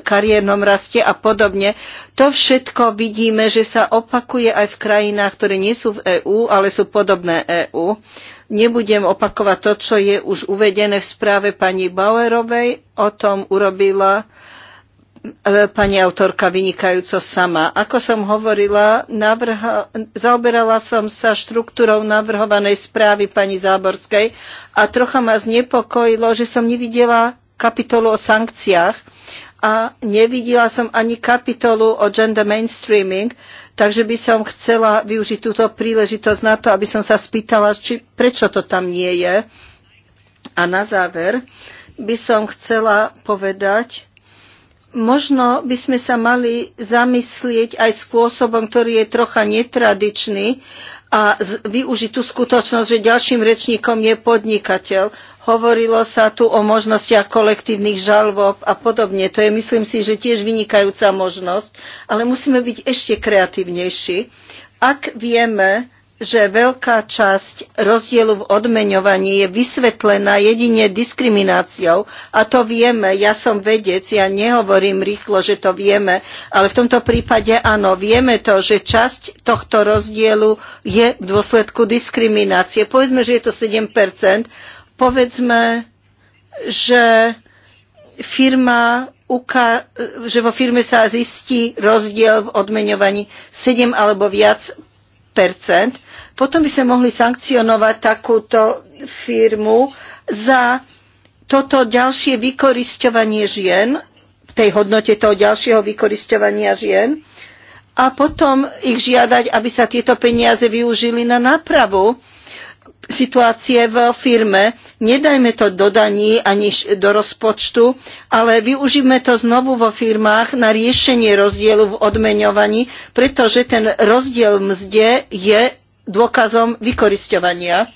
kariérnom raste a podobne. To všetko vidíme, že sa opakuje aj v krajinách, ktoré nie sú v EÚ, ale sú podobné EÚ. Nebudem opakovať to, čo je už uvedené v správe pani Bauerovej. O tom urobila E, pani autorka vynikajúco sama. Ako som hovorila, navrha, zaoberala som sa štruktúrou navrhovanej správy pani Záborskej a trocha ma znepokojilo, že som nevidela kapitolu o sankciách a nevidela som ani kapitolu o gender mainstreaming, takže by som chcela využiť túto príležitosť na to, aby som sa spýtala, či, prečo to tam nie je. A na záver by som chcela povedať, Možno by sme sa mali zamyslieť aj spôsobom, ktorý je trocha netradičný a využiť tú skutočnosť, že ďalším rečníkom je podnikateľ. Hovorilo sa tu o možnostiach kolektívnych žalob a podobne. To je, myslím si, že tiež vynikajúca možnosť, ale musíme byť ešte kreatívnejší. Ak vieme, že veľká časť rozdielu v odmeňovaní je vysvetlená jedine diskrimináciou a to vieme. Ja som vedec, ja nehovorím rýchlo, že to vieme, ale v tomto prípade áno, vieme to, že časť tohto rozdielu je v dôsledku diskriminácie. Povedzme, že je to 7%. Povedzme, že firma že vo firme sa zistí rozdiel v odmeňovaní 7 alebo viac potom by sme mohli sankcionovať takúto firmu za toto ďalšie vykorisťovanie žien, v tej hodnote toho ďalšieho vykorisťovania žien, a potom ich žiadať, aby sa tieto peniaze využili na nápravu situácie v firme. Nedajme to do daní ani do rozpočtu, ale využijme to znovu vo firmách na riešenie rozdielu v odmeňovaní, pretože ten rozdiel v mzde je dôkazom vykoristovania.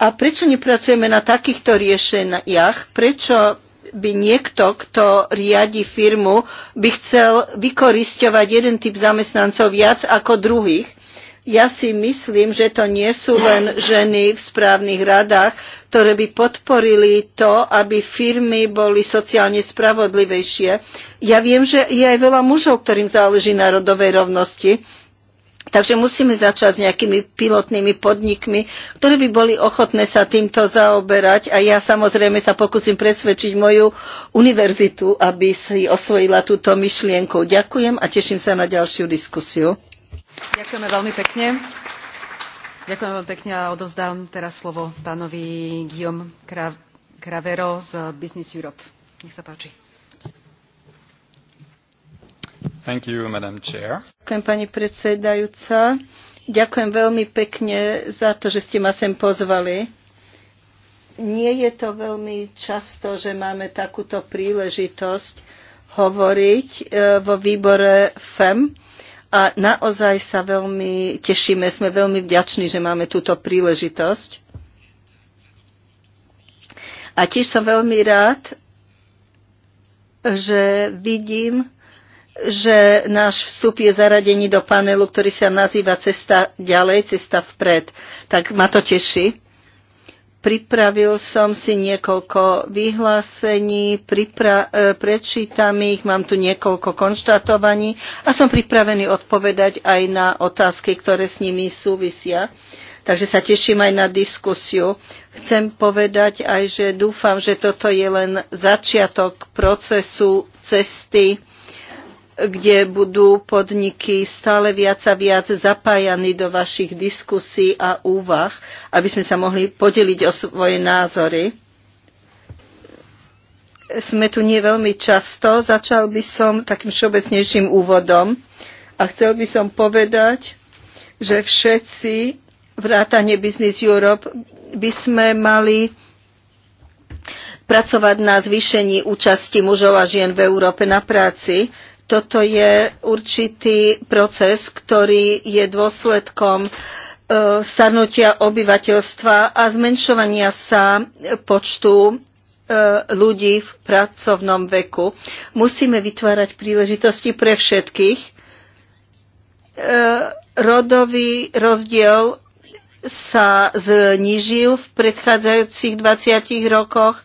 A prečo nepracujeme na takýchto riešeniach? Prečo by niekto, kto riadi firmu, by chcel vykoristovať jeden typ zamestnancov viac ako druhých? Ja si myslím, že to nie sú len ženy v správnych radách, ktoré by podporili to, aby firmy boli sociálne spravodlivejšie. Ja viem, že je aj veľa mužov, ktorým záleží na rodovej rovnosti. Takže musíme začať s nejakými pilotnými podnikmi, ktoré by boli ochotné sa týmto zaoberať a ja samozrejme sa pokúsim presvedčiť moju univerzitu, aby si osvojila túto myšlienku. Ďakujem a teším sa na ďalšiu diskusiu. Ďakujeme veľmi pekne. Ďakujem veľmi pekne a odovzdám teraz slovo pánovi Guillaume Cravero z Business Europe. Nech sa páči. Thank you, Madam Chair. Ďakujem, pani predsedajúca. Ďakujem veľmi pekne za to, že ste ma sem pozvali. Nie je to veľmi často, že máme takúto príležitosť hovoriť e, vo výbore FEM a naozaj sa veľmi tešíme, sme veľmi vďační, že máme túto príležitosť. A tiež som veľmi rád, že vidím, že náš vstup je zaradený do panelu, ktorý sa nazýva Cesta ďalej, cesta vpred. Tak ma to teší. Pripravil som si niekoľko vyhlásení, pripra- e, prečítam ich, mám tu niekoľko konštatovaní a som pripravený odpovedať aj na otázky, ktoré s nimi súvisia. Takže sa teším aj na diskusiu. Chcem povedať aj, že dúfam, že toto je len začiatok procesu cesty kde budú podniky stále viac a viac zapájani do vašich diskusí a úvah, aby sme sa mohli podeliť o svoje názory. Sme tu nie veľmi často. Začal by som takým všeobecnejším úvodom a chcel by som povedať, že všetci vrátane Business Europe by sme mali pracovať na zvýšení účasti mužov a žien v Európe na práci. Toto je určitý proces, ktorý je dôsledkom e, starnutia obyvateľstva a zmenšovania sa počtu e, ľudí v pracovnom veku. Musíme vytvárať príležitosti pre všetkých. E, rodový rozdiel sa znížil v predchádzajúcich 20 rokoch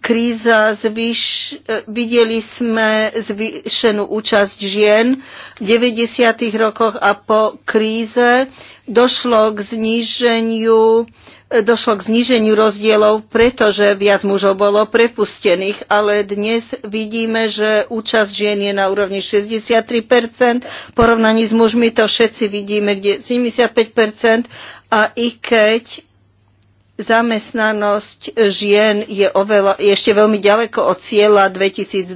kríza, zvýš, e, videli sme zvýšenú účasť žien v 90. rokoch a po kríze došlo k zníženiu e, došlo k zníženiu rozdielov, pretože viac mužov bolo prepustených, ale dnes vidíme, že účasť žien je na úrovni 63%, v porovnaní s mužmi to všetci vidíme, kde 75%, a i keď zamestnanosť žien je, oveľa, je ešte veľmi ďaleko od cieľa 2020.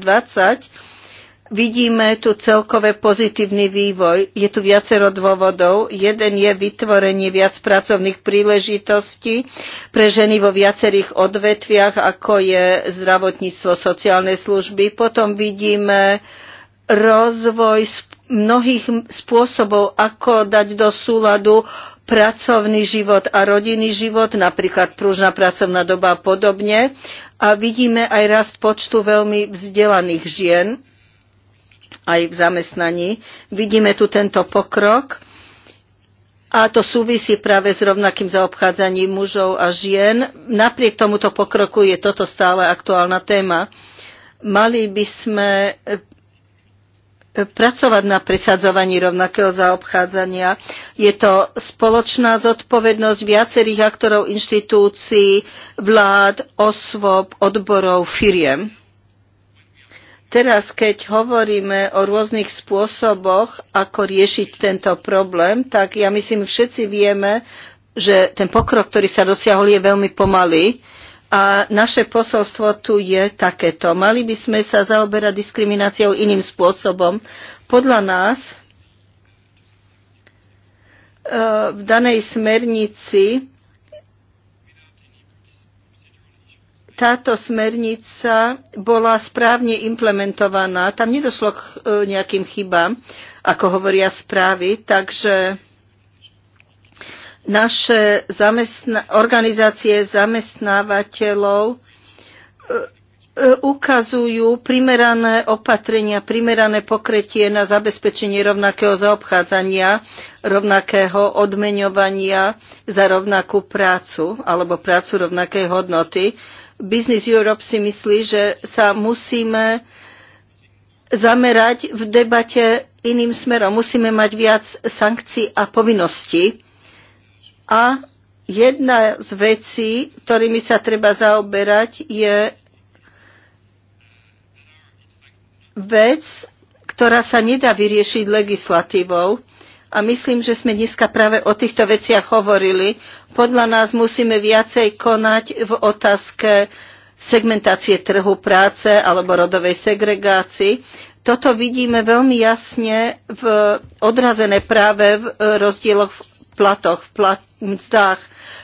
Vidíme tu celkové pozitívny vývoj. Je tu viacero dôvodov. Jeden je vytvorenie viac pracovných príležitostí pre ženy vo viacerých odvetviach, ako je zdravotníctvo, sociálne služby. Potom vidíme rozvoj mnohých spôsobov, ako dať do súladu pracovný život a rodinný život, napríklad pružná pracovná doba a podobne. A vidíme aj rast počtu veľmi vzdelaných žien aj v zamestnaní. Vidíme tu tento pokrok a to súvisí práve s rovnakým zaobchádzaním mužov a žien. Napriek tomuto pokroku je toto stále aktuálna téma. Mali by sme pracovať na presadzovaní rovnakého zaobchádzania. Je to spoločná zodpovednosť viacerých aktorov inštitúcií, vlád, osôb, odborov, firiem. Teraz, keď hovoríme o rôznych spôsoboch, ako riešiť tento problém, tak ja myslím, všetci vieme, že ten pokrok, ktorý sa dosiahol, je veľmi pomalý. A naše posolstvo tu je takéto. Mali by sme sa zaoberať diskrimináciou iným spôsobom. Podľa nás e, v danej smernici táto smernica bola správne implementovaná. Tam nedošlo k e, nejakým chybám, ako hovoria správy, takže naše zamestna- organizácie zamestnávateľov e, e, ukazujú primerané opatrenia, primerané pokretie na zabezpečenie rovnakého zaobchádzania, rovnakého odmeňovania za rovnakú prácu alebo prácu rovnakej hodnoty. Business Europe si myslí, že sa musíme zamerať v debate iným smerom. Musíme mať viac sankcií a povinností a jedna z vecí, ktorými sa treba zaoberať, je vec, ktorá sa nedá vyriešiť legislatívou. A myslím, že sme dneska práve o týchto veciach hovorili. Podľa nás musíme viacej konať v otázke segmentácie trhu práce alebo rodovej segregácii. Toto vidíme veľmi jasne v odrazené práve v rozdieloch v platoch, v plat, mzdách,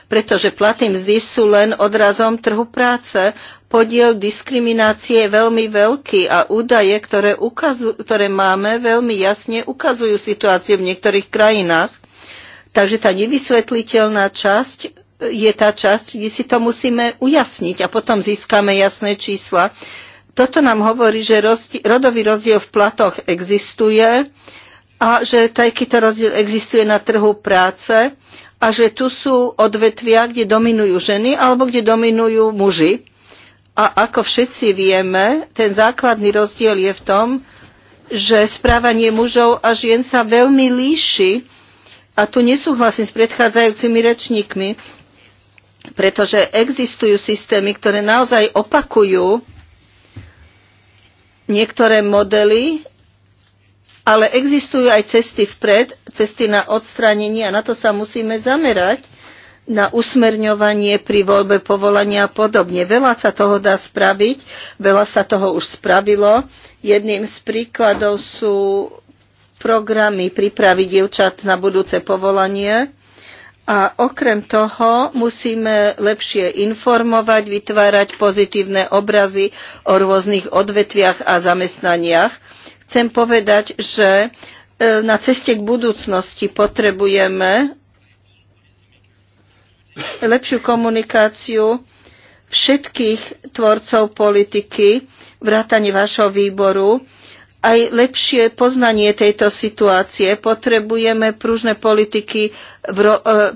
pretože platy mzdy sú len odrazom trhu práce. Podiel diskriminácie je veľmi veľký a údaje, ktoré, ukazu, ktoré máme, veľmi jasne ukazujú situáciu v niektorých krajinách. Takže tá nevysvetliteľná časť eh, je tá časť, kde si to musíme ujasniť a potom získame jasné čísla. Toto nám hovorí, že rozdiel, rodový rozdiel v platoch existuje a že takýto rozdiel existuje na trhu práce a že tu sú odvetvia, kde dominujú ženy alebo kde dominujú muži. A ako všetci vieme, ten základný rozdiel je v tom, že správanie mužov a žien sa veľmi líši a tu nesúhlasím s predchádzajúcimi rečníkmi, pretože existujú systémy, ktoré naozaj opakujú niektoré modely ale existujú aj cesty vpred, cesty na odstránenie a na to sa musíme zamerať na usmerňovanie pri voľbe povolania a podobne. Veľa sa toho dá spraviť, veľa sa toho už spravilo. Jedným z príkladov sú programy prípravy dievčat na budúce povolanie. A okrem toho musíme lepšie informovať, vytvárať pozitívne obrazy o rôznych odvetviach a zamestnaniach. Chcem povedať, že e, na ceste k budúcnosti potrebujeme lepšiu komunikáciu všetkých tvorcov politiky, vrátanie vášho výboru, aj lepšie poznanie tejto situácie. Potrebujeme pružné politiky e,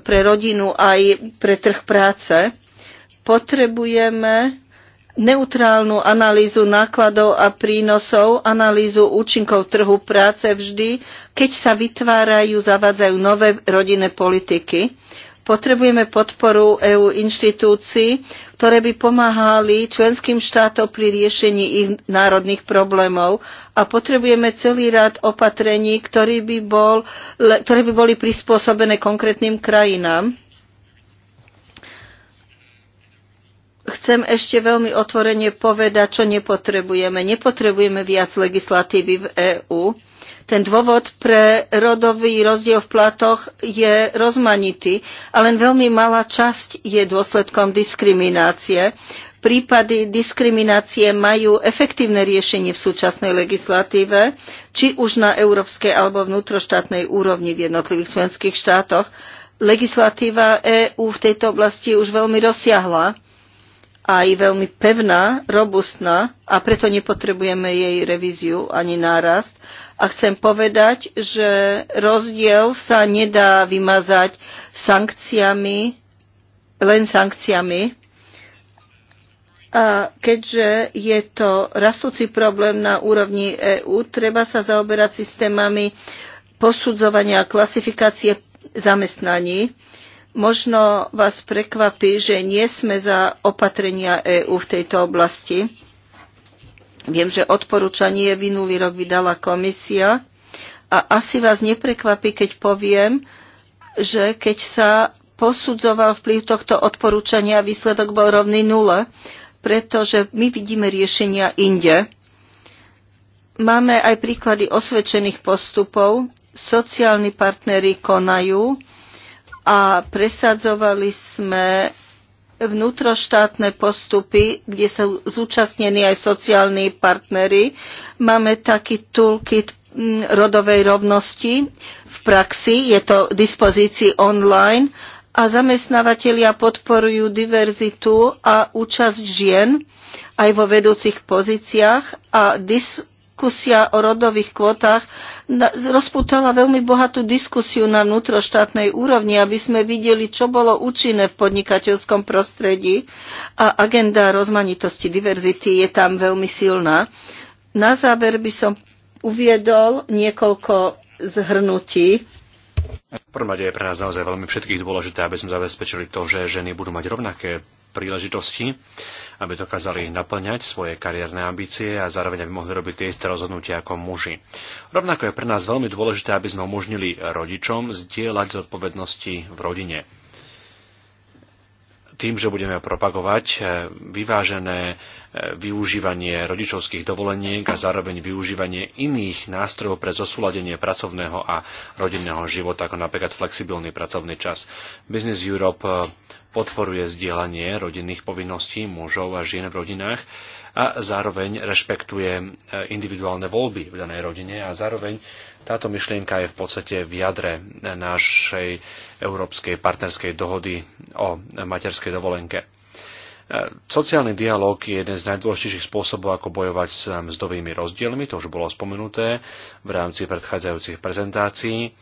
pre rodinu aj pre trh práce. Potrebujeme neutrálnu analýzu nákladov a prínosov, analýzu účinkov trhu práce vždy, keď sa vytvárajú, zavádzajú nové rodinné politiky. Potrebujeme podporu EU inštitúcií, ktoré by pomáhali členským štátom pri riešení ich národných problémov a potrebujeme celý rad opatrení, ktoré by, bol, ktoré by boli prispôsobené konkrétnym krajinám. chcem ešte veľmi otvorene povedať, čo nepotrebujeme. Nepotrebujeme viac legislatívy v EÚ. Ten dôvod pre rodový rozdiel v platoch je rozmanitý a len veľmi malá časť je dôsledkom diskriminácie. Prípady diskriminácie majú efektívne riešenie v súčasnej legislatíve, či už na európskej alebo vnútroštátnej úrovni v jednotlivých členských štátoch. Legislatíva EÚ v tejto oblasti už veľmi rozsiahla aj veľmi pevná, robustná a preto nepotrebujeme jej revíziu ani nárast. A chcem povedať, že rozdiel sa nedá vymazať sankciami, len sankciami. A keďže je to rastúci problém na úrovni EÚ, treba sa zaoberať systémami posudzovania a klasifikácie zamestnaní. Možno vás prekvapí, že nie sme za opatrenia EÚ v tejto oblasti. Viem, že odporúčanie minulý rok vydala komisia a asi vás neprekvapí, keď poviem, že keď sa posudzoval vplyv tohto odporúčania, výsledok bol rovný nule, pretože my vidíme riešenia inde. Máme aj príklady osvedčených postupov. Sociálni partnery konajú a presadzovali sme vnútroštátne postupy, kde sú zúčastnení aj sociálni partnery. Máme taký toolkit mm, rodovej rovnosti v praxi, je to v dispozícii online a zamestnávateľia podporujú diverzitu a účasť žien aj vo vedúcich pozíciách a dis- diskusia o rodových kvotách rozputala veľmi bohatú diskusiu na vnútroštátnej úrovni, aby sme videli, čo bolo účinné v podnikateľskom prostredí a agenda rozmanitosti, diverzity je tam veľmi silná. Na záver by som uviedol niekoľko zhrnutí. V prvom rade je pre nás naozaj veľmi všetkých dôležité, aby sme zabezpečili to, že ženy budú mať rovnaké príležitosti aby dokázali naplňať svoje kariérne ambície a zároveň aby mohli robiť tie isté rozhodnutia ako muži. Rovnako je pre nás veľmi dôležité, aby sme umožnili rodičom zdieľať zodpovednosti v rodine tým, že budeme propagovať eh, vyvážené eh, využívanie rodičovských dovoleniek a zároveň využívanie iných nástrojov pre zosúladenie pracovného a rodinného života, ako napríklad flexibilný pracovný čas. Business Europe eh, podporuje zdieľanie rodinných povinností mužov a žien v rodinách a zároveň rešpektuje e, individuálne voľby v danej rodine a zároveň táto myšlienka je v podstate v jadre našej európskej partnerskej dohody o materskej dovolenke. E, sociálny dialog je jeden z najdôležitejších spôsobov, ako bojovať s mzdovými rozdielmi, to už bolo spomenuté v rámci predchádzajúcich prezentácií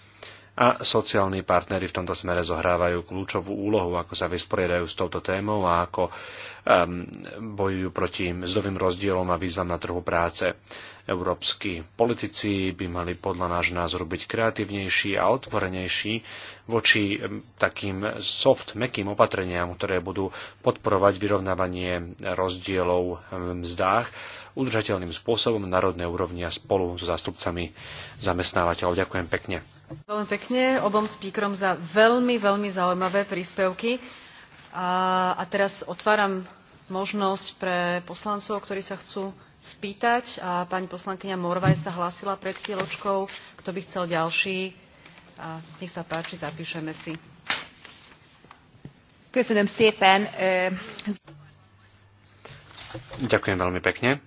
a sociálni partnery v tomto smere zohrávajú kľúčovú úlohu, ako sa vysporiadajú s touto témou a ako um, bojujú proti mzdovým rozdielom a výzvam na trhu práce. Európsky politici by mali podľa náš názoru byť kreatívnejší a otvorenejší voči ehm, takým soft, mekým opatreniam, ktoré budú podporovať vyrovnávanie rozdielov v mzdách udržateľným spôsobom na rodnej úrovni a spolu so zástupcami zamestnávateľov. Ďakujem pekne. Veľmi pekne obom spíkrom za veľmi, veľmi zaujímavé príspevky. A, a teraz otváram možnosť pre poslancov, ktorí sa chcú spýtať. A pani poslankyňa Morvaj sa hlásila pred chvíľočkou. Kto by chcel ďalší? A nech sa páči, zapíšeme si. Ďakujem veľmi pekne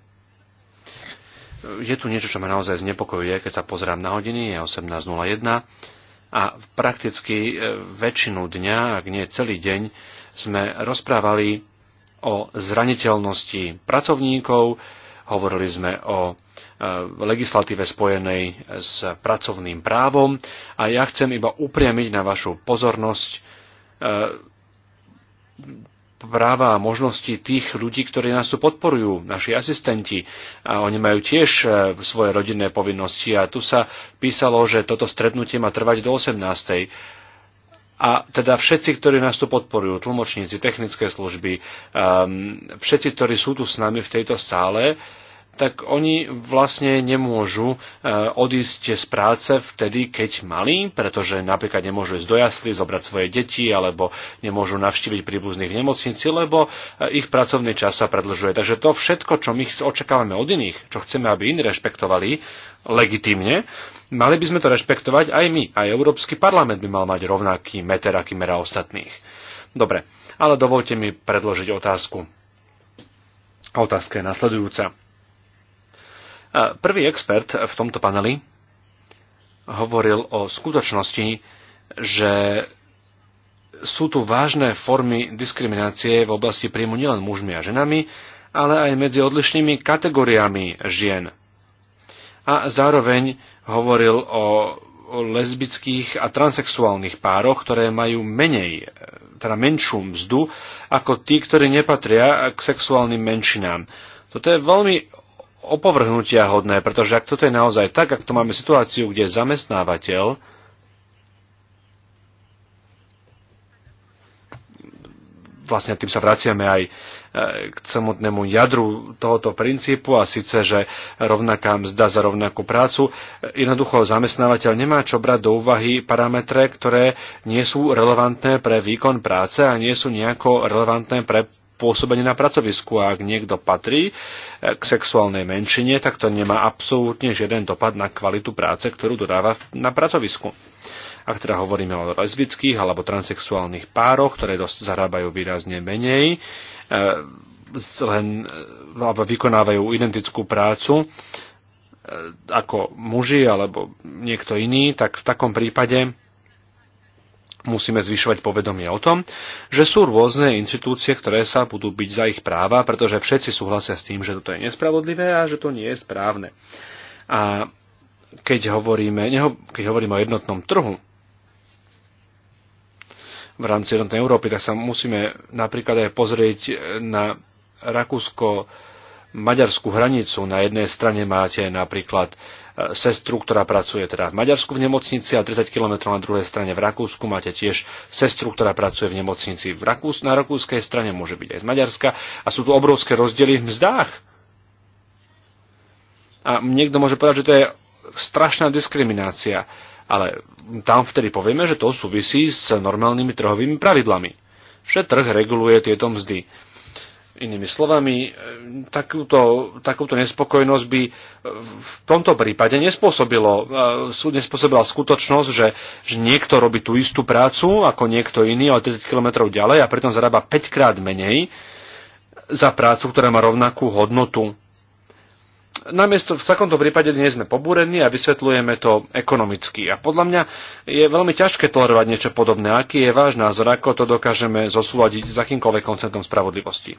je tu niečo, čo ma naozaj znepokojuje, keď sa pozerám na hodiny, je 18.01 a prakticky e, väčšinu dňa, ak nie celý deň, sme rozprávali o zraniteľnosti pracovníkov, hovorili sme o e, legislatíve spojenej s pracovným právom a ja chcem iba upriamiť na vašu pozornosť e, práva a možnosti tých ľudí, ktorí nás tu podporujú, naši asistenti. A oni majú tiež e, svoje rodinné povinnosti a tu sa písalo, že toto stretnutie má trvať do 18. A teda všetci, ktorí nás tu podporujú, tlmočníci, technické služby, um, všetci, ktorí sú tu s nami v tejto sále, uh, tak oni vlastne nemôžu e, odísť z práce vtedy, keď mali, pretože napríklad nemôžu ísť do jasly, zobrať svoje deti, alebo nemôžu navštíviť príbuzných v nemocnici, lebo e, ich pracovný čas sa predlžuje. Takže to všetko, čo my očakávame od iných, čo chceme, aby iní rešpektovali legitimne, mali by sme to rešpektovať aj my. Aj Európsky parlament by mal mať rovnaký meter, aký mera ostatných. Dobre, ale dovolte mi predložiť otázku. Otázka je nasledujúca Prvý expert v tomto paneli hovoril o skutočnosti, že sú tu vážne formy diskriminácie v oblasti príjmu nielen mužmi a ženami, ale aj medzi odlišnými kategóriami žien. A zároveň hovoril o lesbických a transexuálnych pároch, ktoré majú menej, teda menšiu mzdu, ako tí, ktorí nepatria k sexuálnym menšinám. Toto je veľmi opovrhnutia hodné, pretože ak toto je naozaj tak, ak to máme situáciu, kde zamestnávateľ vlastne tým sa vraciame aj e, k samotnému jadru tohoto princípu a síce, že rovnaká mzda za rovnakú prácu. Jednoducho zamestnávateľ nemá čo brať do úvahy parametre, ktoré nie sú relevantné pre výkon práce a nie sú nejako relevantné pre pôsobenie na pracovisku. A ak niekto patrí eh, k sexuálnej menšine, tak to nemá absolútne žiaden dopad na kvalitu práce, ktorú dodáva na pracovisku. Ak teda hovoríme o lesbických alebo transexuálnych pároch, ktoré dosť zarábajú výrazne menej, eh, len eh, alebo vykonávajú identickú prácu ako muži alebo niekto iný, tak v takom prípade musíme zvyšovať povedomie o tom, že sú rôzne inštitúcie, ktoré sa budú byť za ich práva, pretože všetci súhlasia s tým, že toto je nespravodlivé a že to nie je správne. A keď hovoríme, neho, keď hovoríme o jednotnom trhu v rámci jednotnej Európy, tak sa musíme napríklad aj pozrieť na Rakúsko-Maďarskú hranicu. Na jednej strane máte napríklad E, sestru, ktorá pracuje teda v Maďarsku v nemocnici a 30 km na druhej strane v Rakúsku máte tiež sestru, ktorá pracuje v nemocnici v Rakús, na rakúskej strane, môže byť aj z Maďarska a sú tu obrovské rozdiely v mzdách. A niekto môže povedať, že to je strašná diskriminácia, ale tam vtedy povieme, že to súvisí s normálnymi trhovými pravidlami. Vše trh reguluje tieto mzdy. Inými slovami, e, takúto, takúto nespokojnosť by e, v tomto prípade nespôsobilo, e, nespôsobila skutočnosť, že, že niekto robí tú istú prácu ako niekto iný, ale 30 km ďalej a pritom zarába 5 krát menej za prácu, ktorá má rovnakú hodnotu namiesto v takomto prípade nie sme pobúrení a vysvetľujeme to ekonomicky. A podľa mňa je veľmi ťažké tolerovať niečo podobné. Aký je váš názor, ako to dokážeme zosúľadiť s akýmkoľvek koncentrom spravodlivosti?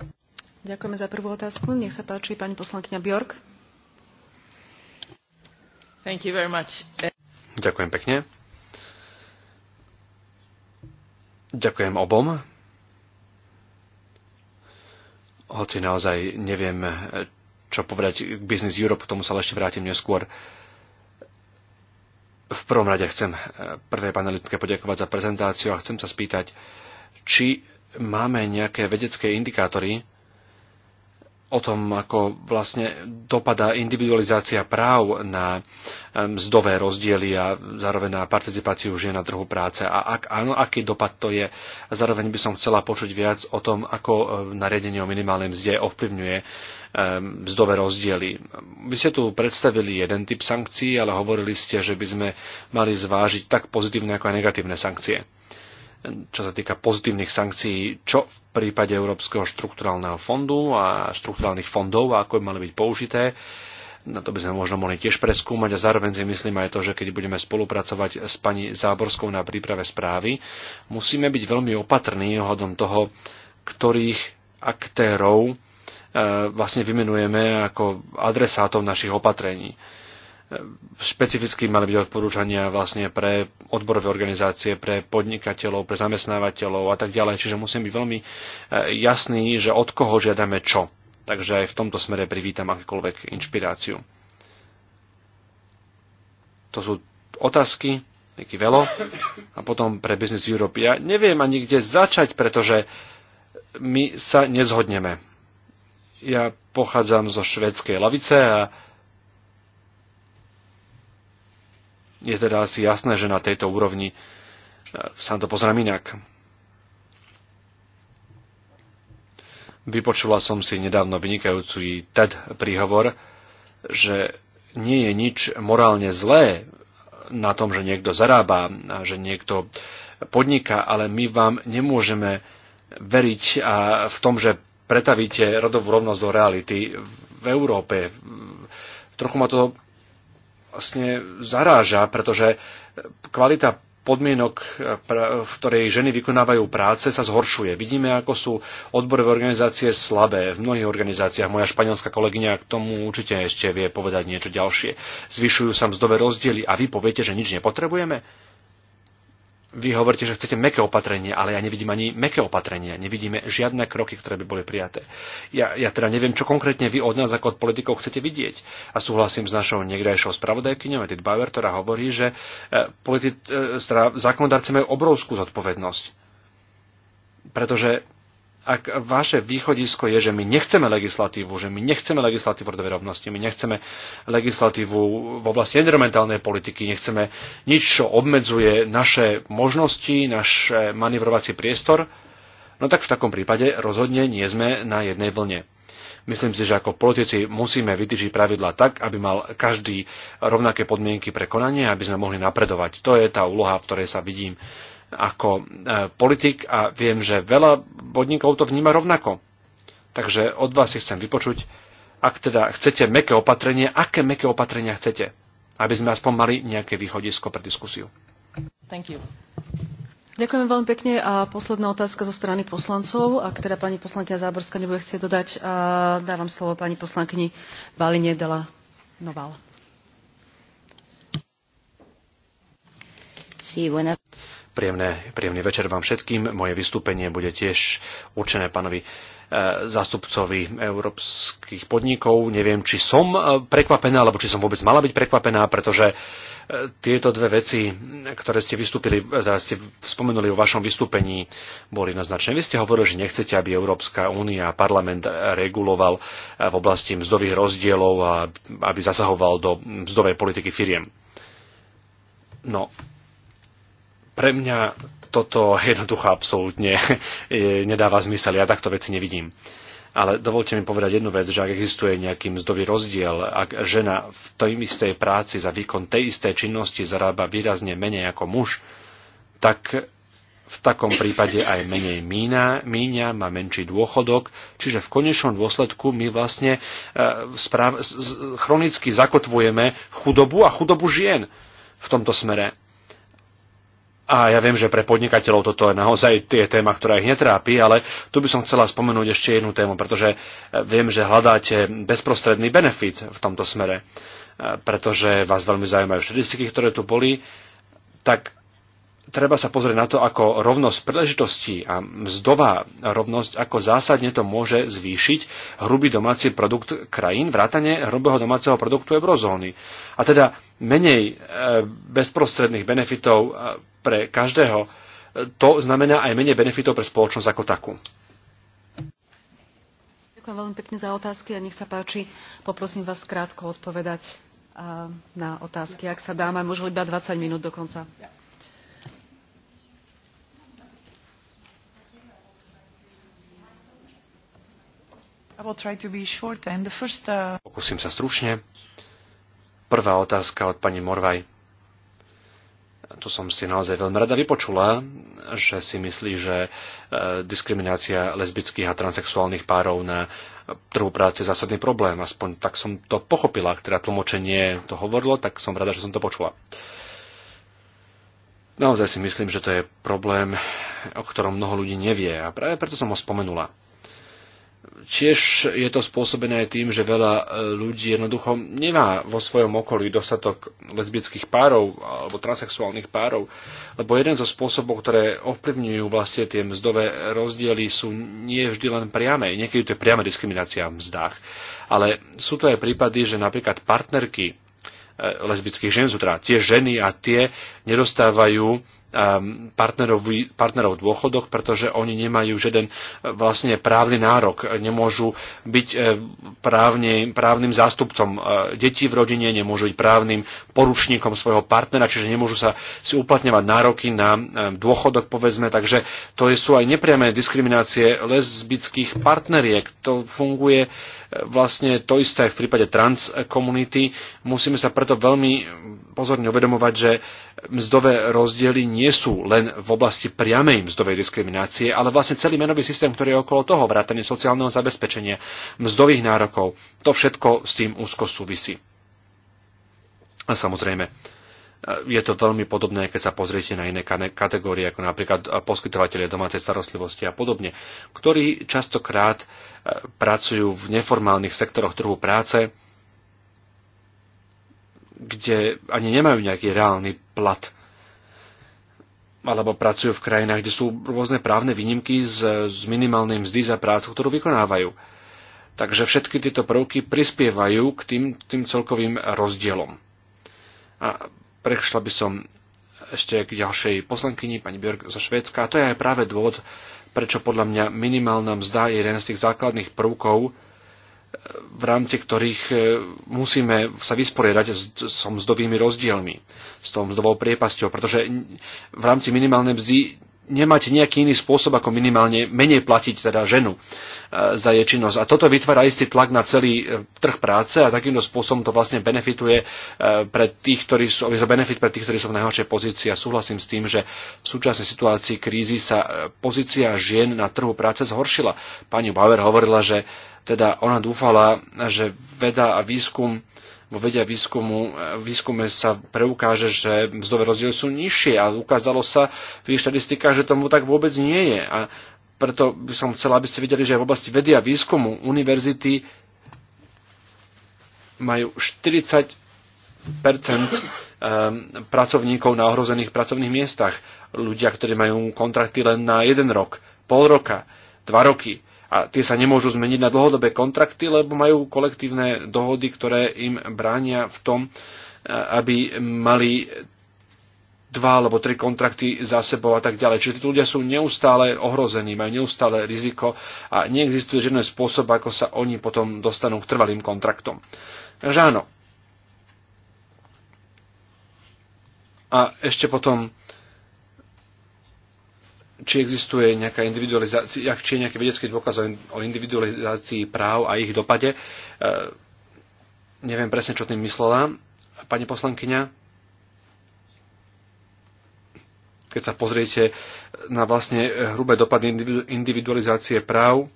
Ďakujeme za prvú otázku. Nech sa páči pani poslankyňa Bjork. Thank you very much. Ďakujem pekne. Ďakujem obom hoci naozaj neviem, čo povedať k Business Europe, k tomu sa ale ešte vrátim neskôr. V prvom rade chcem eh, prvej panelistke poďakovať za prezentáciu a chcem sa spýtať, či máme nejaké vedecké indikátory, o tom, ako vlastne dopadá individualizácia práv na mzdové rozdiely a zároveň na participáciu žien na trhu práce. A ak áno, aký dopad to je? Zároveň by som chcela počuť viac o tom, ako nariadenie o minimálnej mzde ovplyvňuje mzdové rozdiely. Vy ste tu predstavili jeden typ sankcií, ale hovorili ste, že by sme mali zvážiť tak pozitívne ako aj negatívne sankcie čo sa týka pozitívnych sankcií, čo v prípade Európskeho štrukturálneho fondu a štrukturálnych fondov, a ako by mali byť použité. Na to by sme možno mohli tiež preskúmať a zároveň si myslím aj to, že keď budeme spolupracovať s pani Záborskou na príprave správy, musíme byť veľmi opatrní ohľadom toho, ktorých aktérov e, vlastne vymenujeme ako adresátov našich opatrení Špecificky mali byť odporúčania vlastne pre odborové organizácie, pre podnikateľov, pre zamestnávateľov a tak ďalej. Čiže musím byť veľmi e, jasný, že od koho žiadame čo. Takže aj v tomto smere privítam akékoľvek inšpiráciu. To sú otázky, nejaký veľo. a potom pre Business Europe. Ja neviem ani kde začať, pretože my sa nezhodneme. Ja pochádzam zo švedskej lavice a je teda asi jasné, že na tejto úrovni e, sa to pozrám inak. Vypočula som si nedávno vynikajúci TED príhovor, že nie je nič morálne zlé na tom, že niekto zarába, že niekto podniká, ale my vám nemôžeme veriť a v tom, že pretavíte rodovú rovnosť do reality v Európe. Trochu ma to vlastne zaráža, pretože kvalita podmienok, v ktorej ženy vykonávajú práce, sa zhoršuje. Vidíme, ako sú odborové organizácie slabé v mnohých organizáciách. Moja španielská kolegyňa k tomu určite ešte vie povedať niečo ďalšie. Zvyšujú sa mzdové rozdiely a vy poviete, že nič nepotrebujeme? vy hovoríte, že chcete meké opatrenie, ale ja nevidím ani meké opatrenia. Nevidíme žiadne kroky, ktoré by boli prijaté. Ja, ja teda neviem, čo konkrétne vy od nás ako od politikov chcete vidieť. A súhlasím s našou niekdajšou spravodajkyňou, Edith Bauer, ktorá hovorí, že e, politi- e, teda zákonodárci majú obrovskú zodpovednosť. Pretože ak vaše východisko je, že my nechceme legislatívu, že my nechceme legislatívu rodovej rovnosti, my nechceme legislatívu v oblasti environmentálnej politiky, nechceme nič, čo obmedzuje naše možnosti, náš eh, manevrovací priestor, no tak v takom prípade rozhodne nie sme na jednej vlne. Myslím si, že ako politici musíme vytýčiť pravidla tak, aby mal každý rovnaké podmienky pre konanie, aby sme mohli napredovať. To je tá úloha, v ktorej sa vidím ako e, politik a viem, že veľa podnikov to vníma rovnako. Takže od vás si chcem vypočuť, ak teda chcete meké opatrenie, aké meké opatrenia chcete, aby sme aspoň mali nejaké východisko pre diskusiu. Thank you. Ďakujem veľmi pekne a posledná otázka zo strany poslancov. Ak teda pani poslankyňa Záborská nebude chcieť dodať, dávam slovo pani poslankyni Valine Dela Novala. Sí, buenas Príjemné, príjemný večer vám všetkým. Moje vystúpenie bude tiež určené pánovi e, zástupcovi európskych podnikov. Neviem, či som e, prekvapená, alebo či som vôbec mala byť prekvapená, pretože e, tieto dve veci, ktoré ste vystúpili, teda ste spomenuli vo vašom vystúpení, boli naznačné. Vy ste hovorili, že nechcete, aby Európska únia a parlament reguloval v oblasti mzdových rozdielov a aby zasahoval do mzdovej politiky firiem. No, pre mňa toto jednoducho absolútne e, nedáva zmysel. Ja takto veci nevidím. Ale dovolte mi povedať jednu vec, že ak existuje nejaký mzdový rozdiel, ak žena v tej istej práci za výkon tej istej činnosti zarába výrazne menej ako muž, tak v takom prípade aj menej mína, míňa, má menší dôchodok, čiže v konečnom dôsledku my vlastne e, správ, chronicky zakotvujeme chudobu a chudobu žien v tomto smere. A ja viem, že pre podnikateľov toto je naozaj tie téma, ktorá ich netrápi, ale tu by som chcela spomenúť ešte jednu tému, pretože e, viem, že hľadáte bezprostredný benefit v tomto smere, e, pretože vás veľmi zaujímajú štatistiky, ktoré tu boli, tak treba sa pozrieť na to, ako rovnosť príležitostí a mzdová rovnosť, ako zásadne to môže zvýšiť hrubý domáci produkt krajín, vrátane hrubého domáceho produktu eurozóny. A teda menej e, bezprostredných benefitov pre každého, to znamená aj menej benefitov pre spoločnosť ako takú. Ďakujem veľmi pekne za otázky a nech sa páči, poprosím vás krátko odpovedať e, na otázky, ak sa dá, mám možno iba 20 minút dokonca. Uh, Pokúsim sa stručne. Prvá otázka od pani Morvaj. To som si naozaj veľmi rada vypočula, že si myslí, že e, diskriminácia lesbických a transexuálnych párov na trhu práce je zásadný problém. Aspoň tak som to pochopila, ktorá teda tlmočenie to hovorilo, tak som rada, že som to počula. Naozaj si myslím, že to je problém, o ktorom mnoho ľudí nevie a práve preto som ho spomenula. Tiež je to spôsobené tým, že veľa e, ľudí jednoducho nemá vo svojom okolí dostatok lesbických párov alebo transexuálnych párov, lebo jeden zo spôsobov, ktoré ovplyvňujú vlastne tie mzdové rozdiely sú nie vždy len priame, niekedy to je priama diskriminácia v mzdách, ale sú to aj prípady, že napríklad partnerky Eh, lesbických žien sú teda tie ženy a tie nedostávajú eh, partnerov, partnerov dôchodok, pretože oni nemajú žiaden eh, vlastne právny nárok. Nemôžu byť právne, právnym zástupcom detí v rodine, nemôžu byť právnym poručníkom svojho partnera, čiže nemôžu sa si uplatňovať nároky na dôchodok, povedzme. Takže to sú aj nepriame diskriminácie lesbických partneriek. To funguje vlastne to isté aj v prípade komunity. Musíme sa preto veľmi pozorne uvedomovať, že mzdové rozdiely nie sú len v oblasti priamej mzdovej diskriminácie, ale vlastne celý menový systém, ktorý je okolo toho, vrátanie sociálneho zabezpečenia, mzdových nárokov, to všetko s tým úzko súvisí. A samozrejme, je to veľmi podobné, keď sa pozriete na iné kategórie, ako napríklad poskytovateľe domácej starostlivosti a podobne, ktorí častokrát pracujú v neformálnych sektoroch trhu práce, kde ani nemajú nejaký reálny plat alebo pracujú v krajinách, kde sú rôzne právne výnimky z, z minimálnej mzdy za prácu, ktorú vykonávajú. Takže všetky tieto prvky prispievajú k tým, tým celkovým rozdielom. A prešla by som ešte k ďalšej poslankyni, pani Björk zo Švédska. A to je aj práve dôvod, prečo podľa mňa minimálna mzda je jeden z tých základných prvkov, eh, v rámci ktorých eh, musíme sa vysporiadať s mzdovými rozdielmi, s tou mzdovou priepasťou, pretože v rámci minimálnej mzdy nemať nejaký iný spôsob, ako minimálne menej platiť teda ženu e, za jej činnosť. A toto vytvára istý tlak na celý e, trh práce a takýmto spôsobom to vlastne benefituje e, pre tých, ktorí sú, benefit pre tých, ktorí sú v najhoršej pozícii. A súhlasím s tým, že v súčasnej situácii krízy sa pozícia žien na trhu práce zhoršila. Pani Bauer hovorila, že teda ona dúfala, že veda a výskum vo vedia výskumu, e, výskume sa preukáže, že mzdové rozdiely sú nižšie a ukázalo sa v ich štatistikách, že tomu tak vôbec nie je. A preto by som chcela, aby ste videli, že v oblasti vedy a výskumu univerzity majú 40 ehm, pracovníkov na ohrozených pracovných miestach. Ľudia, ktorí majú kontrakty len na jeden rok, pol roka, dva roky a tie sa nemôžu zmeniť na dlhodobé kontrakty, lebo majú kolektívne dohody, ktoré im bránia v tom, e, aby mali dva alebo tri kontrakty za sebou a tak ďalej. Čiže títo ľudia sú neustále ohrození, majú neustále riziko a neexistuje žiadny spôsob, ako sa oni potom dostanú k trvalým kontraktom. Takže áno. A ešte potom či existuje nejaká individualizácia, či je nejaký vedecký dôkaz o individualizácii práv a ich dopade. E, neviem presne, čo tým myslela pani poslankyňa. Keď sa pozriete na vlastne hrubé dopady individualizácie práv,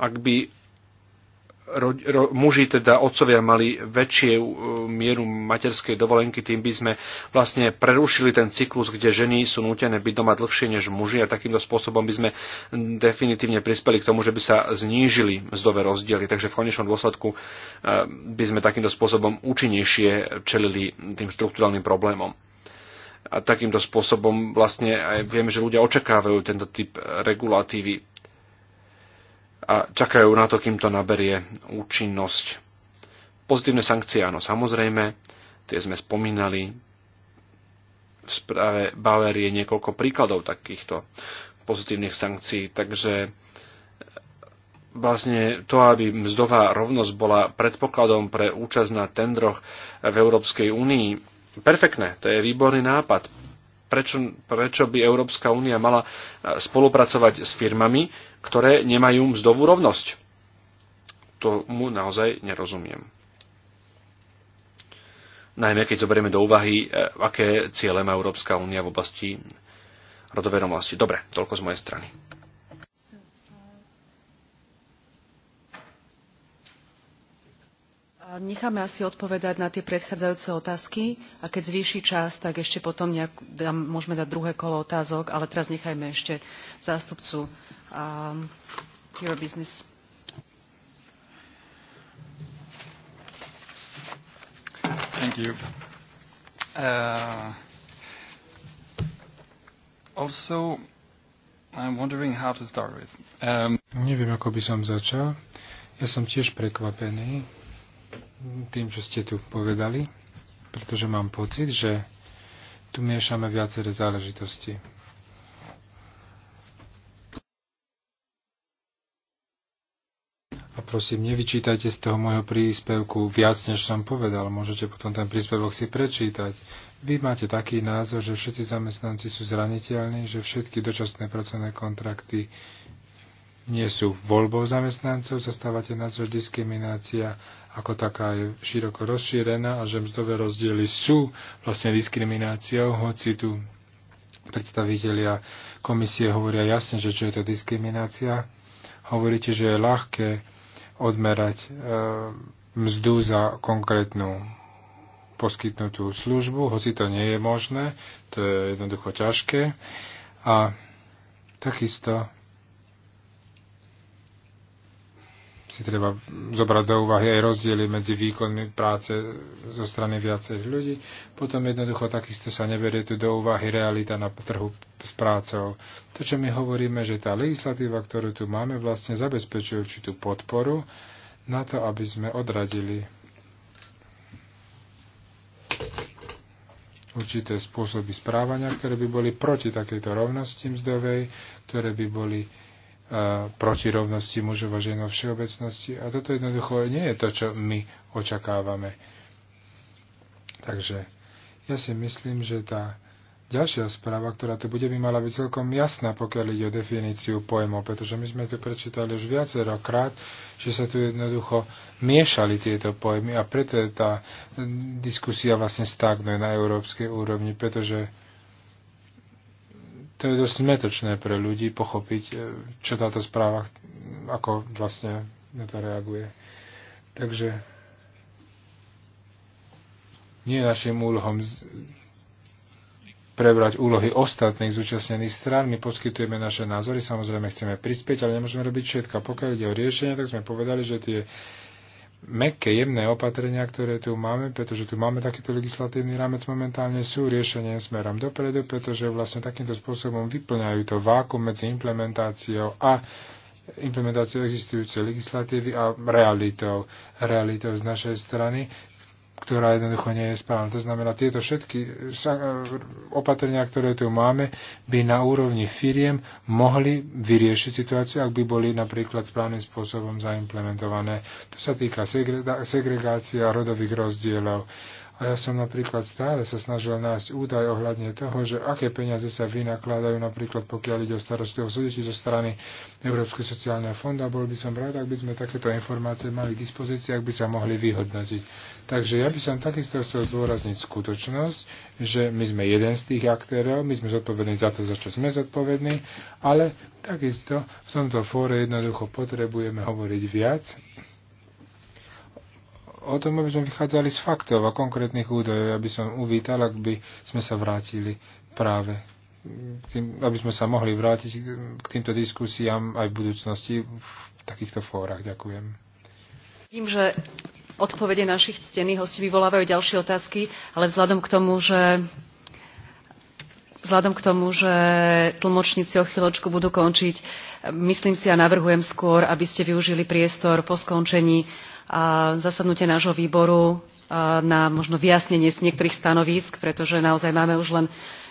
ak by ro, ro, muži, teda otcovia, mali väčšie e, mieru materskej dovolenky, tým by sme vlastne prerušili ten cyklus, kde ženy sú nútené byť doma dlhšie než muži a takýmto spôsobom by sme definitívne prispeli k tomu, že by sa znížili mzdové rozdiely. Takže v konečnom dôsledku e, by sme takýmto spôsobom účinnejšie čelili tým štruktúrálnym problémom a takýmto spôsobom vlastne aj vieme, že ľudia očakávajú tento typ regulatívy a čakajú na to, kým to naberie účinnosť. Pozitívne sankcie, áno, samozrejme, tie sme spomínali. V správe Bauer je niekoľko príkladov takýchto pozitívnych sankcií, takže e, vlastne to, aby mzdová rovnosť bola predpokladom pre účasť na tendroch v Európskej únii, perfektné, to je výborný nápad. Prečo, prečo by Európska únia mala e, spolupracovať s firmami, ktoré nemajú mzdovú rovnosť. Tomu naozaj nerozumiem. Najmä keď zoberieme do úvahy, e, aké ciele má Európska únia v oblasti rodovej rovnosti. Dobre, toľko z mojej strany. Necháme asi odpovedať na tie predchádzajúce otázky a keď zvýši čas, tak ešte potom nejak, dám, môžeme dať druhé kolo otázok, ale teraz nechajme ešte zástupcu um, business. Thank you. Uh, also, I'm wondering how to start with. Um, Neviem, ako by som začal. Ja som tiež prekvapený tým, čo ste tu povedali, pretože mám pocit, že tu miešame viaceré záležitosti. A prosím, nevyčítajte z toho môjho príspevku viac, než som povedal. Môžete potom ten príspevok si prečítať. Vy máte taký názor, že všetci zamestnanci sú zraniteľní, že všetky dočasné pracovné kontrakty nie sú voľbou zamestnancov, sa stávate na to, že diskriminácia ako taká je široko rozšírená a že mzdové rozdiely sú vlastne diskrimináciou, hoci tu predstavitelia komisie hovoria jasne, že čo je to diskriminácia. Hovoríte, že je ľahké odmerať e, mzdu za konkrétnu poskytnutú službu, hoci to nie je možné, to je jednoducho ťažké. A takisto si treba zobrať do úvahy aj rozdiely medzi výkonmi práce zo strany viacerých ľudí. Potom jednoducho takisto sa neberie tu do úvahy realita na trhu s prácou. To, čo my hovoríme, že tá legislatíva, ktorú tu máme, vlastne zabezpečuje určitú podporu na to, aby sme odradili určité spôsoby správania, ktoré by boli proti takejto rovnosti mzdovej, ktoré by boli proti rovnosti mužov a žien vo všeobecnosti. A toto jednoducho nie je to, čo my očakávame. Takže ja si myslím, že tá ďalšia správa, ktorá tu bude, by mala byť celkom jasná, pokiaľ ide o definíciu pojmov, pretože my sme tu prečítali už viacerokrát, že sa tu jednoducho miešali tieto pojmy a preto je tá diskusia vlastne stagnuje na európskej úrovni, pretože to je dosť zmetočné pre ľudí pochopiť, e, čo táto správa, ako vlastne na to reaguje. Takže nie je našim úlohom prebrať úlohy ostatných zúčastnených strán. My poskytujeme naše názory, samozrejme chceme prispieť, ale nemôžeme robiť všetko. Pokiaľ ide o riešenie, tak sme povedali, že tie mekké, jemné opatrenia, ktoré tu máme, pretože tu máme takýto legislatívny rámec momentálne, sú riešením smerom dopredu, pretože vlastne takýmto spôsobom vyplňajú to vákuum medzi implementáciou a implementáciou existujúcej legislatívy a realitou. Realitou z našej strany ktorá jednoducho nie je správna. To znamená, tieto všetky opatrenia, ktoré tu máme, by na úrovni firiem mohli vyriešiť situáciu, ak by boli napríklad správnym spôsobom zaimplementované. To sa týka segregácia rodových rozdielov a ja som napríklad stále sa snažil nájsť údaj ohľadne toho, že aké peniaze sa vynakladajú napríklad pokiaľ ide o starostlivosť o deti zo strany Európskej sociálneho fonda. Bol by som rád, ak by sme takéto informácie mali k dispozícii, ak by sa mohli vyhodnotiť. Takže ja by som takisto chcel zdôrazniť skutočnosť, že my sme jeden z tých aktérov, my sme zodpovední za to, za čo sme zodpovední, ale takisto v tomto fóre jednoducho potrebujeme hovoriť viac o tom, aby sme vychádzali z faktov a konkrétnych údajov, aby som uvítal, ak by sme sa vrátili práve tým, aby sme sa mohli vrátiť k týmto diskusiám aj v budúcnosti v takýchto fórach. Ďakujem. Vidím, že odpovede našich ctených hostí vyvolávajú ďalšie otázky, ale vzhľadom k tomu, že Vzhľadom k tomu, že tlmočníci o chvíľočku budú končiť, myslím si a navrhujem skôr, aby ste využili priestor po skončení zasadnutie nášho výboru na možno vyjasnenie z niektorých stanovísk, pretože naozaj máme už len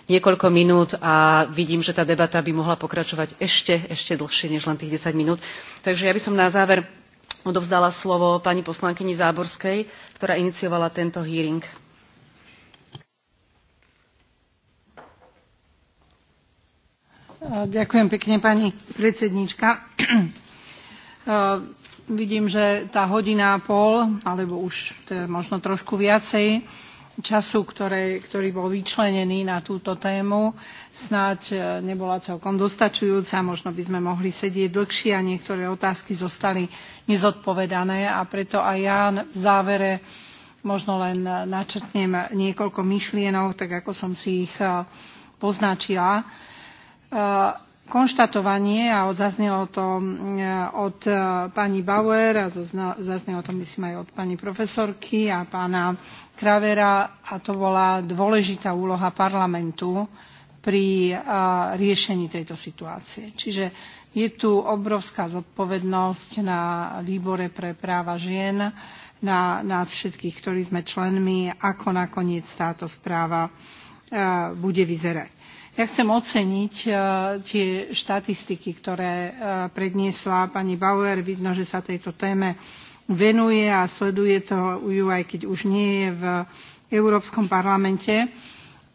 niekoľko minút a vidím, že tá debata by mohla pokračovať ešte, ešte dlhšie než len tých 10 minút. Takže ja by som na záver odovzdala slovo pani poslankyni Záborskej, ktorá iniciovala tento hearing. Ďakujem pekne, pani predsednička vidím, že tá hodina a pol, alebo už teda možno trošku viacej času, ktoré, ktorý bol vyčlenený na túto tému, snáď e, nebola celkom dostačujúca. Možno by sme mohli sedieť dlhšie a niektoré otázky zostali nezodpovedané. A preto aj ja v závere možno len načrtnem niekoľko myšlienok, tak ako som si ich e, poznačila e, konštatovanie, a zaznelo to mm, od e, pani Bauer a zaznelo to myslím aj od pani profesorky a pána Kravera a to bola dôležitá úloha parlamentu pri e, riešení tejto situácie. Čiže je tu obrovská zodpovednosť na výbore pre práva žien, na nás všetkých, ktorí sme členmi, ako nakoniec táto správa e, bude vyzerať. Ja chcem oceniť e, tie štatistiky, ktoré e, predniesla pani Bauer. Vidno, že sa tejto téme venuje a sleduje to ju, aj keď už nie je v Európskom parlamente.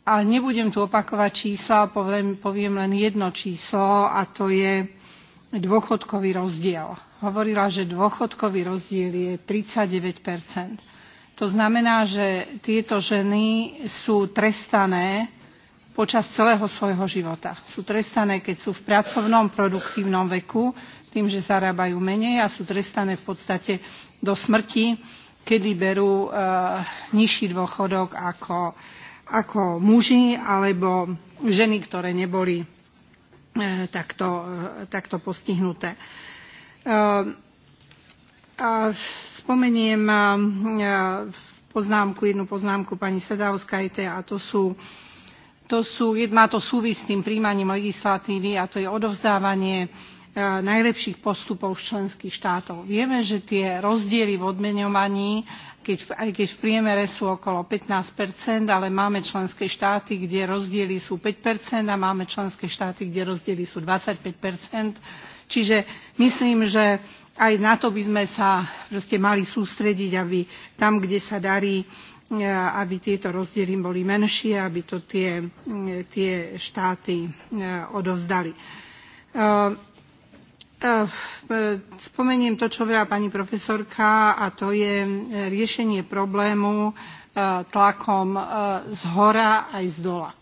A nebudem tu opakovať čísla, poviem, poviem len jedno číslo a to je dôchodkový rozdiel. Hovorila, že dôchodkový rozdiel je 39 To znamená, že tieto ženy sú trestané počas celého svojho života. Sú trestané, keď sú v pracovnom, produktívnom veku, tým, že zarábajú menej a sú trestané v podstate do smrti, kedy berú e, nižší dôchodok ako, ako muži alebo ženy, ktoré neboli e, takto, e, takto postihnuté. E, a spomeniem e, poznámku, jednu poznámku pani Sedavskajte a to sú to sú, má to súvisť s tým príjmaním legislatívy a to je odovzdávanie e, najlepších postupov z členských štátov. Vieme, že tie rozdiely v odmeňovaní, keď, aj keď v priemere sú okolo 15 ale máme členské štáty, kde rozdiely sú 5 a máme členské štáty, kde rozdiely sú 25 Čiže myslím, že aj na to by sme sa proste mali sústrediť, aby tam, kde sa darí aby tieto rozdiely boli menšie, aby to tie, tie štáty e, odovzdali. E, e, spomeniem to, čo hovorila pani profesorka, a to je riešenie problému tlakom z hora aj z dola.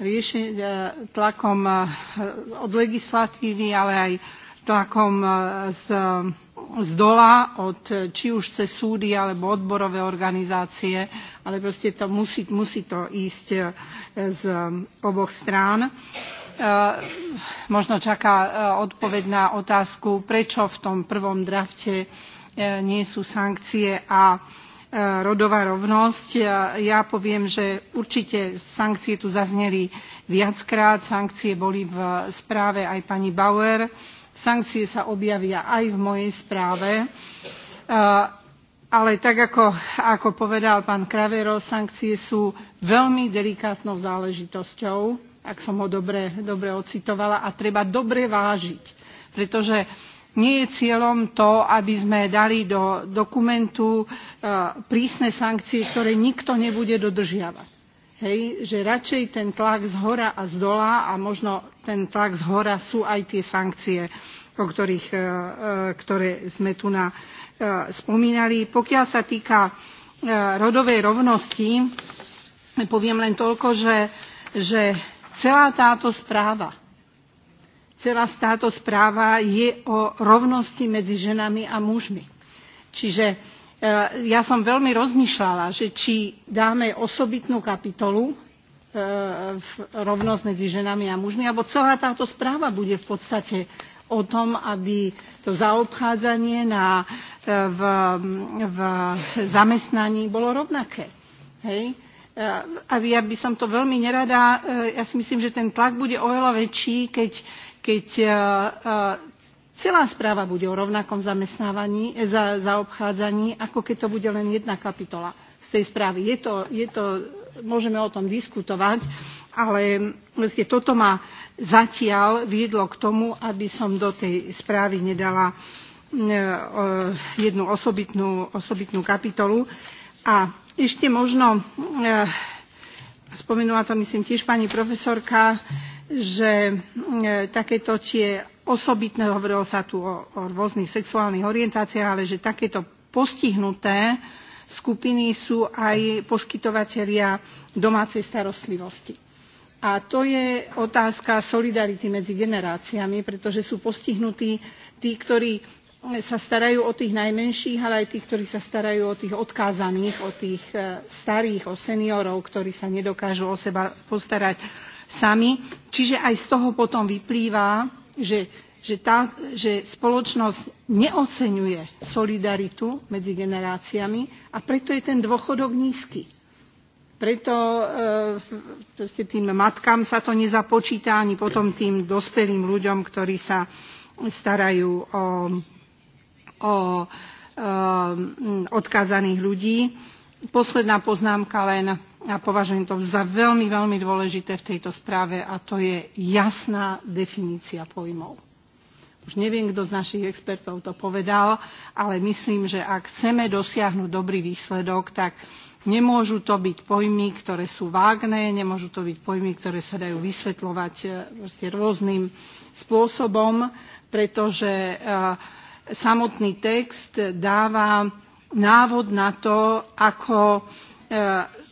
Riešenie tlakom od legislatívy, ale aj tlakom z z dola, od, či už cez súdy alebo odborové organizácie, ale proste to musí, musí to ísť e, z oboch strán. E, možno čaká e, odpoveď na otázku, prečo v tom prvom drafte nie sú sankcie a rodová rovnosť. Ja poviem, že určite sankcie tu zazneli viackrát. Sankcie boli v správe aj pani Bauer Sankcie sa objavia aj v mojej správe. Ale tak ako, ako povedal pán Kravero, sankcie sú veľmi delikátnou záležitosťou, ak som ho dobre, dobre ocitovala, a treba dobre vážiť, pretože nie je cieľom to, aby sme dali do dokumentu prísne sankcie, ktoré nikto nebude dodržiavať Hej, že radšej ten tlak z hora a z dola a možno ten tlak z hora sú aj tie sankcie, o ktorých, e, e, ktoré sme tu na, e, spomínali. Pokiaľ sa týka rodovej rovnosti, poviem len toľko, že, že celá táto správa, celá táto správa je o rovnosti medzi ženami a mužmi. Čiže Eh, ja som veľmi rozmýšľala, že či dáme osobitnú kapitolu eh, v rovnosť medzi ženami a mužmi, alebo celá táto správa bude v podstate o tom, aby to zaobchádzanie na, eh, v, v zamestnaní bolo rovnaké. Hej? A ja by som to veľmi nerada, ja si myslím, že ten tlak bude oveľa väčší, keď, keď celá správa bude o rovnakom zamestnávaní e, za, zaobchádzaní ako keď to bude len jedna kapitola z tej správy. Je to, je to, môžeme o tom diskutovať ale vlastne toto ma zatiaľ viedlo k tomu aby som do tej správy nedala e, jednu osobitnú, osobitnú kapitolu. A ešte možno, e, spomenula to myslím tiež pani profesorka, že takéto tie osobitné, hovorilo sa tu o, o rôznych sexuálnych orientáciách, ale že takéto postihnuté skupiny sú aj poskytovateľia domácej starostlivosti. A to je otázka solidarity medzi generáciami, pretože sú postihnutí tí, ktorí sa starajú o tých najmenších, ale aj tí, ktorí sa starajú o tých odkázaných, o tých e, starých, o seniorov, ktorí sa nedokážu o seba postarať sami. Čiže aj z toho potom vyplýva že, že, tá, že spoločnosť neoceňuje solidaritu medzi generáciami a preto je ten dôchodok nízky. Preto e, tým matkám sa to nezapočíta ani potom tým dospelým ľuďom, ktorí sa starajú o, o e, odkázaných ľudí. Posledná poznámka len a považujem to za veľmi, veľmi dôležité v tejto správe a to je jasná definícia pojmov. Už neviem, kto z našich expertov to povedal, ale myslím, že ak chceme dosiahnuť dobrý výsledok, tak nemôžu to byť pojmy, ktoré sú vágne, nemôžu to byť pojmy, ktoré sa dajú vysvetľovať eh, rôznym spôsobom, pretože eh, samotný text dáva návod na to, ako eh,